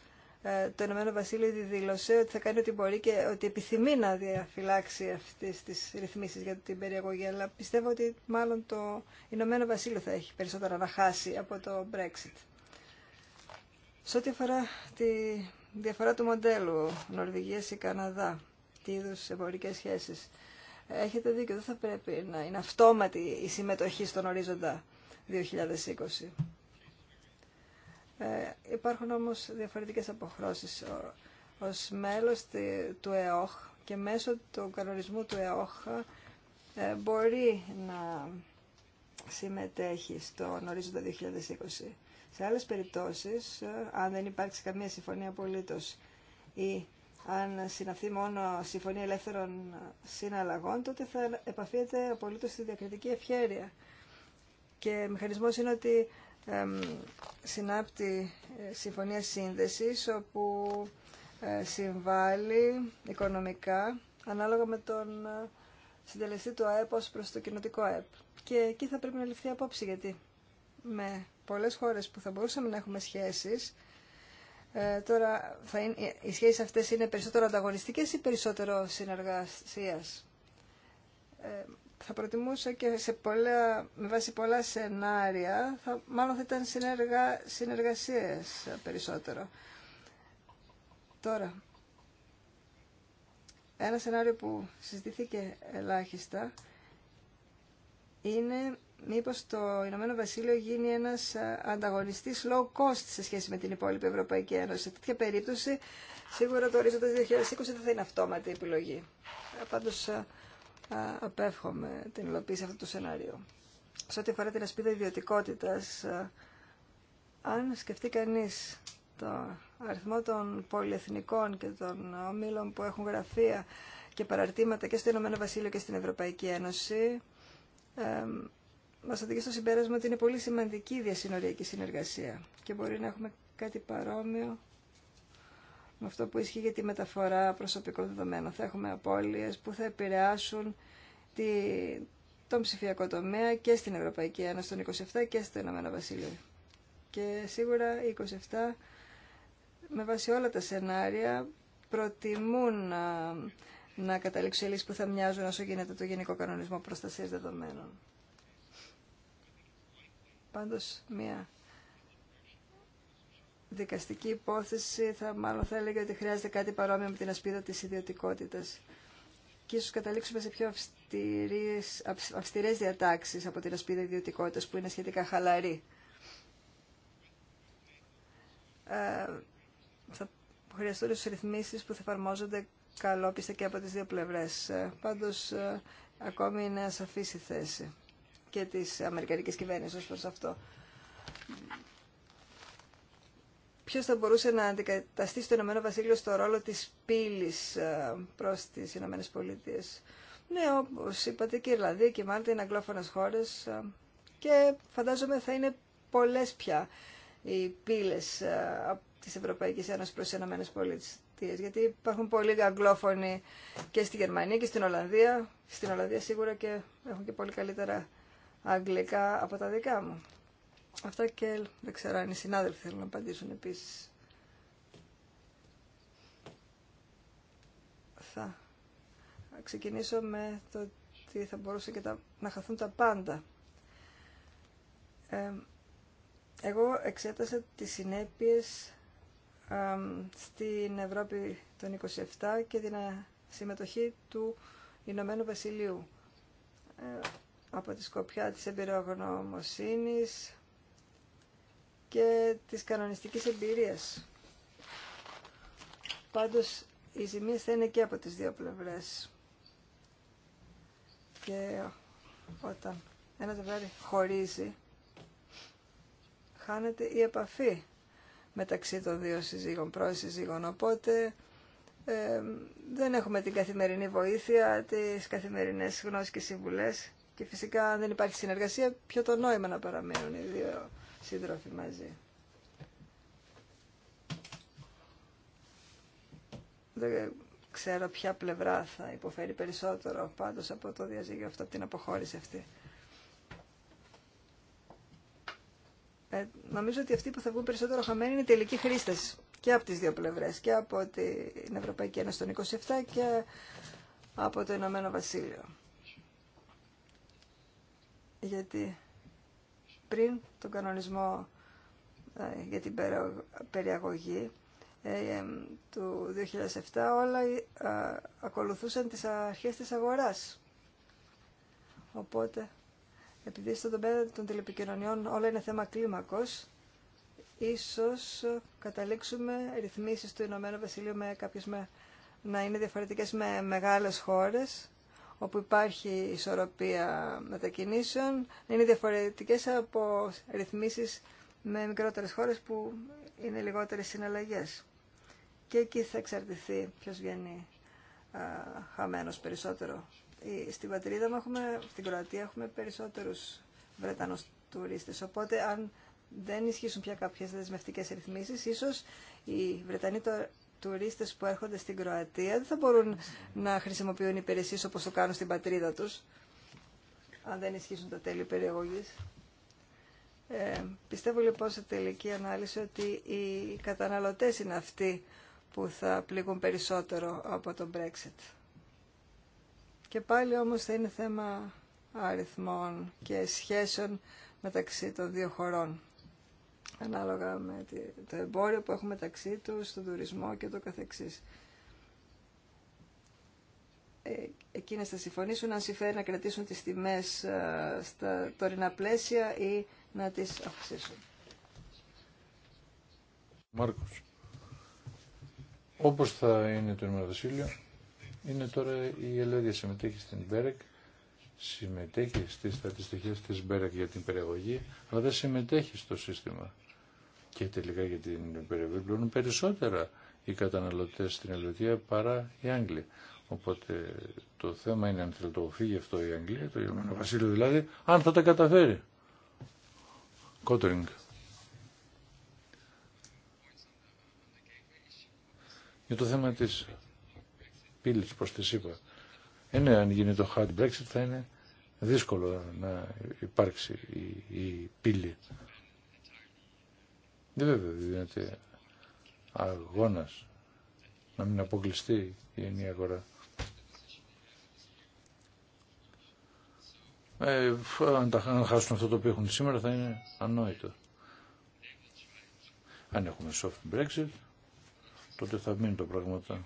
ε, το Ηνωμένο Βασίλειο δήλωσε ότι θα κάνει ό,τι μπορεί και ότι επιθυμεί να διαφυλάξει αυτέ τι ρυθμίσει για την περιαγωγή. Αλλά πιστεύω ότι μάλλον το Ηνωμένο Βασίλειο θα έχει περισσότερα να χάσει από το Brexit. Σε ό,τι αφορά τη διαφορά του μοντέλου Νορβηγία ή Καναδά, τι είδου εμπορικέ σχέσει. Έχετε δίκιο, δεν θα πρέπει να είναι αυτόματη η συμμετοχή στον ορίζοντα 2020. Ε, υπάρχουν όμως διαφορετικές αποχρώσεις ως μέλος του ΕΟΧ και μέσω του κανονισμού του ΕΟΧ ε, μπορεί να συμμετέχει στο ορίζοντα 2020. Σε άλλες περιπτώσεις, ε, αν δεν υπάρξει καμία συμφωνία απολύτως ή αν συναυθεί μόνο συμφωνία ελεύθερων συναλλαγών, τότε θα επαφείται απολύτως στη διακριτική ευχέρεια. Και μηχανισμός είναι ότι συνάπτει ε, συμφωνία σύνδεσης όπου ε, συμβάλλει οικονομικά ανάλογα με τον ε, συντελεστή του ΑΕΠ ως προς το κοινοτικό ΑΕΠ. Και εκεί θα πρέπει να ληφθεί απόψη γιατί με πολλές χώρες που θα μπορούσαμε να έχουμε σχέσεις τώρα θα οι σχέσεις αυτές είναι περισσότερο ανταγωνιστικές ή περισσότερο συνεργασίας θα προτιμούσα και σε πολλά, με βάση πολλά σενάρια, θα, μάλλον θα ήταν συνεργα, συνεργασίες περισσότερο. Τώρα, ένα σενάριο που συζητήθηκε ελάχιστα είναι μήπως το Ηνωμένο Βασίλειο γίνει ένας ε, ανταγωνιστής low cost σε σχέση με την υπόλοιπη Ευρωπαϊκή Ένωση. Σε τέτοια περίπτωση σίγουρα το ορίζοντα 2020 δεν θα είναι αυτόματη επιλογή. Ε, πάντως ε, απεύχομαι την υλοποίηση αυτού του σενάριου. Σε ό,τι αφορά την ασπίδα ιδιωτικότητα, αν σκεφτεί κανεί το αριθμό των πολυεθνικών και των ομίλων που έχουν γραφεία και παραρτήματα και στο Ηνωμένο Βασίλειο και στην Ευρωπαϊκή Ένωση, ε, μας οδηγεί στο συμπέρασμα ότι είναι πολύ σημαντική η διασυνοριακή συνεργασία και μπορεί να έχουμε κάτι παρόμοιο με αυτό που ισχύει για τη μεταφορά προσωπικών δεδομένων. Θα έχουμε απώλειες που θα επηρεάσουν τη, τον ψηφιακό τομέα και στην Ευρωπαϊκή Ένωση, των 27 και στο Ηνωμένο Βασίλειο. Και σίγουρα οι 27, με βάση όλα τα σενάρια, προτιμούν να, να καταλήξουν λύσεις που θα μοιάζουν όσο γίνεται το Γενικό Κανονισμό Προστασίας Δεδομένων. Πάντως, μία δικαστική υπόθεση θα μάλλον θα έλεγε ότι χρειάζεται κάτι παρόμοιο με την ασπίδα της ιδιωτικότητας και ίσως καταλήξουμε σε πιο αυστηρές, αυστηρές διατάξεις από την ασπίδα ιδιωτικότητας που είναι σχετικά χαλαρή. Ε, θα χρειαστούν τις ρυθμίσεις που θα εφαρμόζονται καλόπιστα και από τις δύο πλευρές. Ε, πάντως, ε, ακόμη είναι ασαφής η θέση και της Αμερικανικής κυβέρνησης ως προς αυτό. Ποιο θα μπορούσε να αντικαταστήσει το Ηνωμένο Βασίλειο στο ρόλο της πύλης ε, προς τις Ηνωμένες Πολιτείες. Ναι, όπως είπατε και η Ιρλανδία και η Μάλτα είναι αγγλόφωνε χώρες ε, και φαντάζομαι θα είναι πολλές πια οι πύλες ε, της Ευρωπαϊκής Ένωση προς τις Ηνωμένες Πολιτείες. Γιατί υπάρχουν πολλοί αγγλόφωνοι και στη Γερμανία και στην Ολλανδία. Στην Ολλανδία σίγουρα και έχουν και πολύ καλύτερα αγγλικά από τα δικά μου. Αυτά και δεν ξέρω αν οι συνάδελφοι θέλουν να απαντήσουν επίσης. Θα ξεκινήσω με το ότι θα μπορούσε και τα, να χαθούν τα πάντα. εγώ εξέτασα τις συνέπειες στην Ευρώπη των 27 και την ε, συμμετοχή του Ηνωμένου Βασιλείου. Ε, από τη σκοπιά της εμπειρογνωμοσύνης, και της κανονιστικής εμπειρίας. Πάντως, οι ζημίες θα είναι και από τις δύο πλευρές. Και όταν ένα ζευγάρι χωρίζει, χάνεται η επαφή μεταξύ των δύο συζύγων, πρώην συζύγων. Οπότε ε, δεν έχουμε την καθημερινή βοήθεια, τις καθημερινές γνώσεις και συμβουλές και φυσικά αν δεν υπάρχει συνεργασία, ποιο το νόημα να παραμείνουν οι δύο σύντροφοι μαζί. Δεν ξέρω ποια πλευρά θα υποφέρει περισσότερο πάντως από το διαζύγιο αυτό, από την αποχώρηση αυτή. Ε, νομίζω ότι αυτοί που θα βγουν περισσότερο χαμένοι είναι οι τελικοί χρήστες και από τις δύο πλευρές, και από την Ευρωπαϊκή Ένωση των 27 και από το Ηνωμένο Βασίλειο. Γιατί πριν τον κανονισμό ε, για την περιαγωγή ε, ε, του 2007 όλα ακολουθούσαν τις αρχές της αγοράς. Οπότε, επειδή στον τομέα των τηλεπικοινωνιών όλα είναι θέμα κλίμακος, ίσως καταλήξουμε ρυθμίσεις του Ηνωμένου Βασιλείου με κάποιες με, να είναι διαφορετικές με μεγάλες χώρες όπου υπάρχει ισορροπία μετακινήσεων είναι διαφορετικές από ρυθμίσεις με μικρότερες χώρες που είναι λιγότερες συναλλαγές. Και εκεί θα εξαρτηθεί ποιος βγαίνει α, χαμένος περισσότερο. Στην πατρίδα μου, έχουμε, στην Κροατία, έχουμε περισσότερους Βρετανούς τουρίστες. Οπότε αν δεν ισχύσουν πια κάποιες δεσμευτικές ρυθμίσεις, ίσως οι Βρετανοί τουρίστες που έρχονται στην Κροατία δεν θα μπορούν να χρησιμοποιούν υπηρεσίες όπως το κάνουν στην πατρίδα τους, αν δεν ισχύσουν τα τέλη περιεγωγής. Ε, πιστεύω λοιπόν σε τελική ανάλυση ότι οι καταναλωτές είναι αυτοί που θα πληγούν περισσότερο από τον Brexit. Και πάλι όμως θα είναι θέμα αριθμών και σχέσεων μεταξύ των δύο χωρών ανάλογα με το εμπόριο που έχουμε μεταξύ του τον τουρισμό και το καθεξής. Ε, εκείνες θα συμφωνήσουν αν συμφέρει να κρατήσουν τις τιμές ε, στα τωρινά πλαίσια ή να τις αυξήσουν. Μάρκος, όπως θα είναι το ημεροδοσίλιο είναι τώρα η Ελέδια συμμετέχει στην Μπέρεκ, συμμετέχει στις στατιστικές της Μπέρεκ για την περιεγωγή, αλλά δεν συμμετέχει στο σύστημα και τελικά για την περιοχή περισσότερα οι καταναλωτές στην Ελβετία παρά οι Άγγλοι. Οπότε το θέμα είναι αν θέλει το φύγει αυτό η Αγγλία, το Ιωμένο Βασίλειο δηλαδή, αν θα τα καταφέρει. Κότερινγκ. Για το θέμα της πύλης προς τη είπα. Ε, ναι, αν γίνει το hard Brexit θα είναι δύσκολο να υπάρξει η, η πύλη δεν ναι, βέβαια δίνεται αγώνας να μην αποκλειστεί η ενία αγορά. Ε, αν, τα, χάσουν αυτό το οποίο έχουν σήμερα θα είναι ανόητο. Αν έχουμε soft Brexit, τότε θα μείνουν τα πράγματα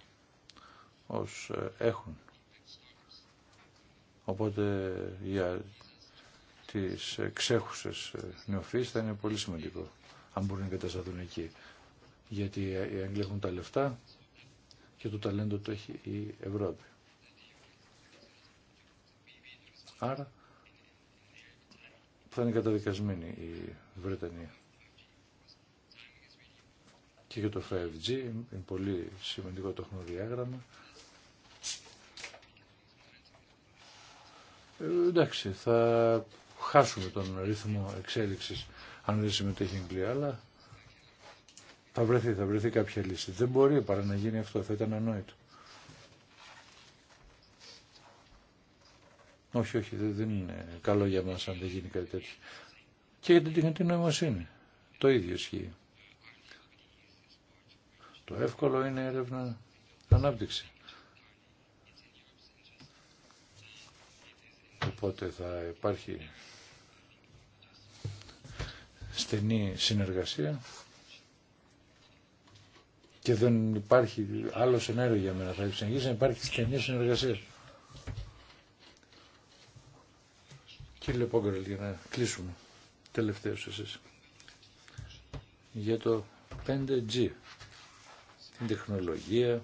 ως ε, έχουν. Οπότε για τις ε, ξέχουσες ε, νεοφύης θα είναι πολύ σημαντικό αν μπορούν να κατασταθούν εκεί. Γιατί οι Άγγλοι έχουν τα λεφτά και το ταλέντο το έχει η Ευρώπη. Άρα θα είναι καταδικασμένοι η Βρετανία. Και για το 5G είναι πολύ σημαντικό το χρονοδιάγραμμα. Ε, εντάξει, θα χάσουμε τον ρυθμό εξέλιξης αν δεν συμμετέχει η Αγγλία, αλλά θα βρεθεί, θα βρεθεί κάποια λύση. Δεν μπορεί παρά να γίνει αυτό, θα ήταν ανόητο. Όχι, όχι, δεν είναι καλό για μας αν δεν γίνει κάτι τέτοιο. Και για την τεχνητή νοημοσύνη. Το ίδιο ισχύει. Το εύκολο είναι έρευνα ανάπτυξη. Οπότε θα υπάρχει στενή συνεργασία και δεν υπάρχει άλλο σενάριο για μένα. Θα συνεχίσει να υπάρχει στενή συνεργασία. Κύριε Πόγκρελ, για να κλείσουμε. Τελευταίος εσείς. Για το 5G. Την τεχνολογία.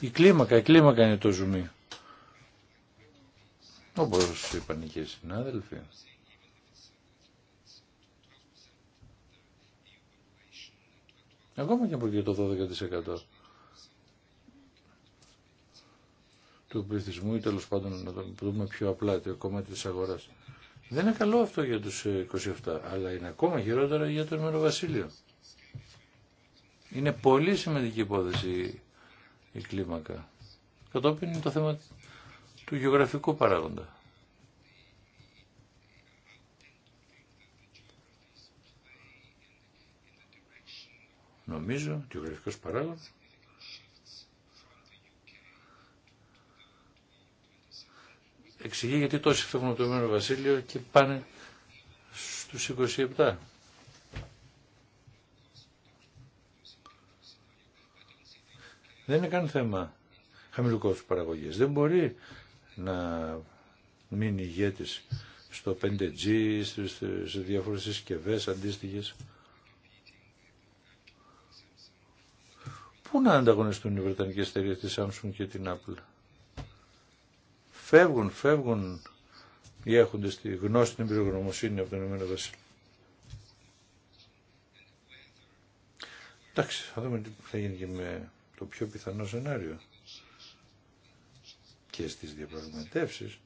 Η κλίμακα, η κλίμακα είναι το ζουμί. Όπως είπαν και οι συνάδελφοι. Ακόμα και από το 12% του πληθυσμού ή τέλο πάντων να το δούμε πιο απλά το κομμάτι της αγοράς. Δεν είναι καλό αυτό για τους 27, ε, αλλά είναι ακόμα χειρότερο για το ημέρο Βασίλειο. Είναι πολύ σημαντική υπόθεση η κλίμακα. Κατόπιν είναι το θέμα του γεωγραφικού παράγοντα. Νομίζω ότι ο γραφικό εξηγεί γιατί τόσοι φεύγουν από το Ηνωμένο Βασίλειο και πάνε στους 27. Δεν είναι καν θέμα χαμηλού παραγωγής. Δεν μπορεί να μείνει ηγέτης στο 5G, σε διάφορες συσκευές αντίστοιχες. Πού να ανταγωνιστούν οι Βρετανικές εταιρείε της Samsung και την Apple. Φεύγουν, φεύγουν οι έχονται τη γνώση την εμπειρογνωμοσύνη από τον Ηνωμένο Βασίλειο. Εντάξει, θα δούμε τι θα γίνει και με το πιο πιθανό σενάριο. Και στις διαπραγματεύσεις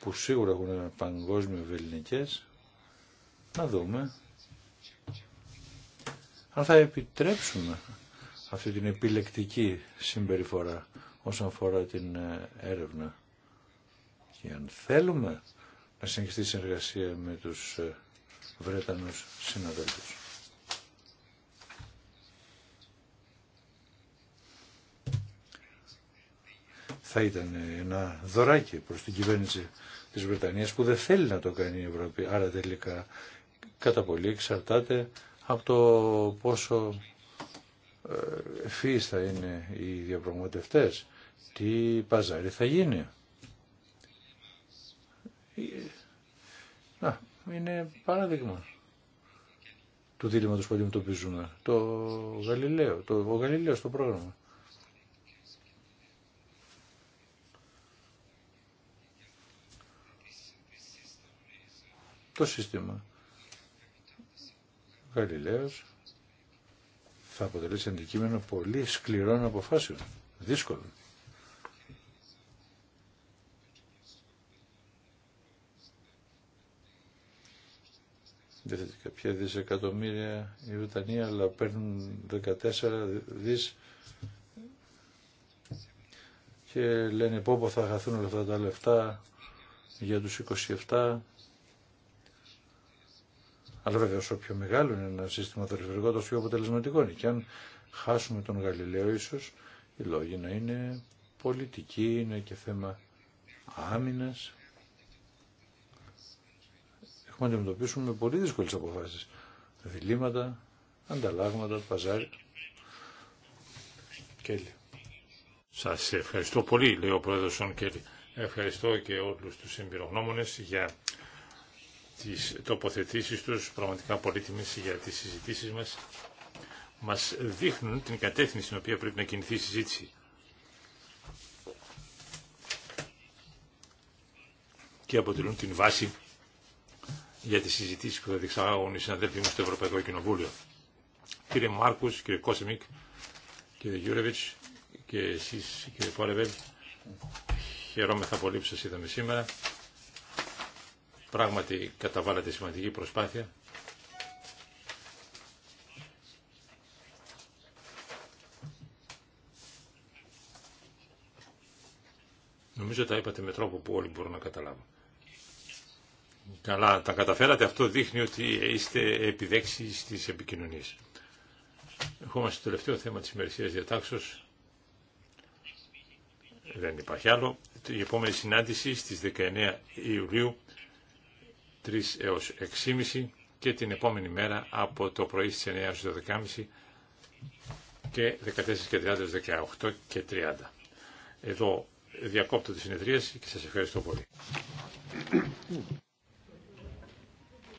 που σίγουρα έχουν ένα παγκόσμιο βεληνικές να δούμε αν θα επιτρέψουμε αυτή την επιλεκτική συμπεριφορά όσον αφορά την ε, έρευνα. Και αν θέλουμε να συνεχιστεί η συνεργασία με τους ε, Βρετανούς συναδέλφους. Θα ήταν ένα δωράκι προς την κυβέρνηση της Βρετανίας που δεν θέλει να το κάνει η Ευρώπη. Άρα τελικά κατά πολύ εξαρτάται από το πόσο ε, ευφύης θα είναι οι διαπραγματευτές, τι παζάρι θα γίνει. Να, ε, είναι παράδειγμα του δίληματος που αντιμετωπίζουμε. Το Γαλιλαίο, το, ο στο πρόγραμμα. Το σύστημα Γαλιλαίος θα αποτελέσει αντικείμενο πολύ σκληρών αποφάσεων. Δύσκολο. Δεν κάποια δισεκατομμύρια η Βρετανία, αλλά παίρνουν 14 δις και λένε πόπο θα χαθούν όλα αυτά τα λεφτά για τους 27 αλλά βέβαια όσο πιο μεγάλο είναι ένα σύστημα δορυφορικό, τόσο πιο αποτελεσματικό είναι. Και αν χάσουμε τον Γαλιλαίο ίσως, οι λόγοι να είναι πολιτική, είναι και θέμα άμυνας. Έχουμε να αντιμετωπίσουμε πολύ δύσκολε αποφάσεις. Διλήμματα, ανταλλάγματα, παζάρι. Κέλλη. Σας ευχαριστώ πολύ, λέει ο πρόεδρο Σον Κέλλη. Ευχαριστώ και όλου του εμπειρογνώμονε για τις τοποθετήσεις τους, πραγματικά πολύτιμες για τις συζητήσεις μας, μας δείχνουν την κατεύθυνση στην οποία πρέπει να κινηθεί η συζήτηση. Και αποτελούν την βάση για τις συζητήσεις που θα διεξαγάγουν οι συναδέλφοι μου στο Ευρωπαϊκό Κοινοβούλιο. Κύριε Μάρκους, κύριε Κόσεμικ, κύριε Γιούρεβιτς και εσείς κύριε Πόρεβελ, χαιρόμεθα πολύ που σας είδαμε σήμερα. Πράγματι καταβάλλατε σημαντική προσπάθεια. Νομίζω τα είπατε με τρόπο που όλοι μπορούν να καταλάβουν. Καλά, τα καταφέρατε. Αυτό δείχνει ότι είστε επιδέξει στις επικοινωνίες. Ερχόμαστε στο τελευταίο θέμα της ημερησία διατάξεως. Δεν υπάρχει άλλο. Η επόμενη συνάντηση στις 19 Ιουλίου 3 έως 6.30 και την επόμενη μέρα από το πρωί στις 9 έως 12.30 και 14 και 30 18 και 30. Εδώ διακόπτω τη συνεδρίαση και σας ευχαριστώ πολύ.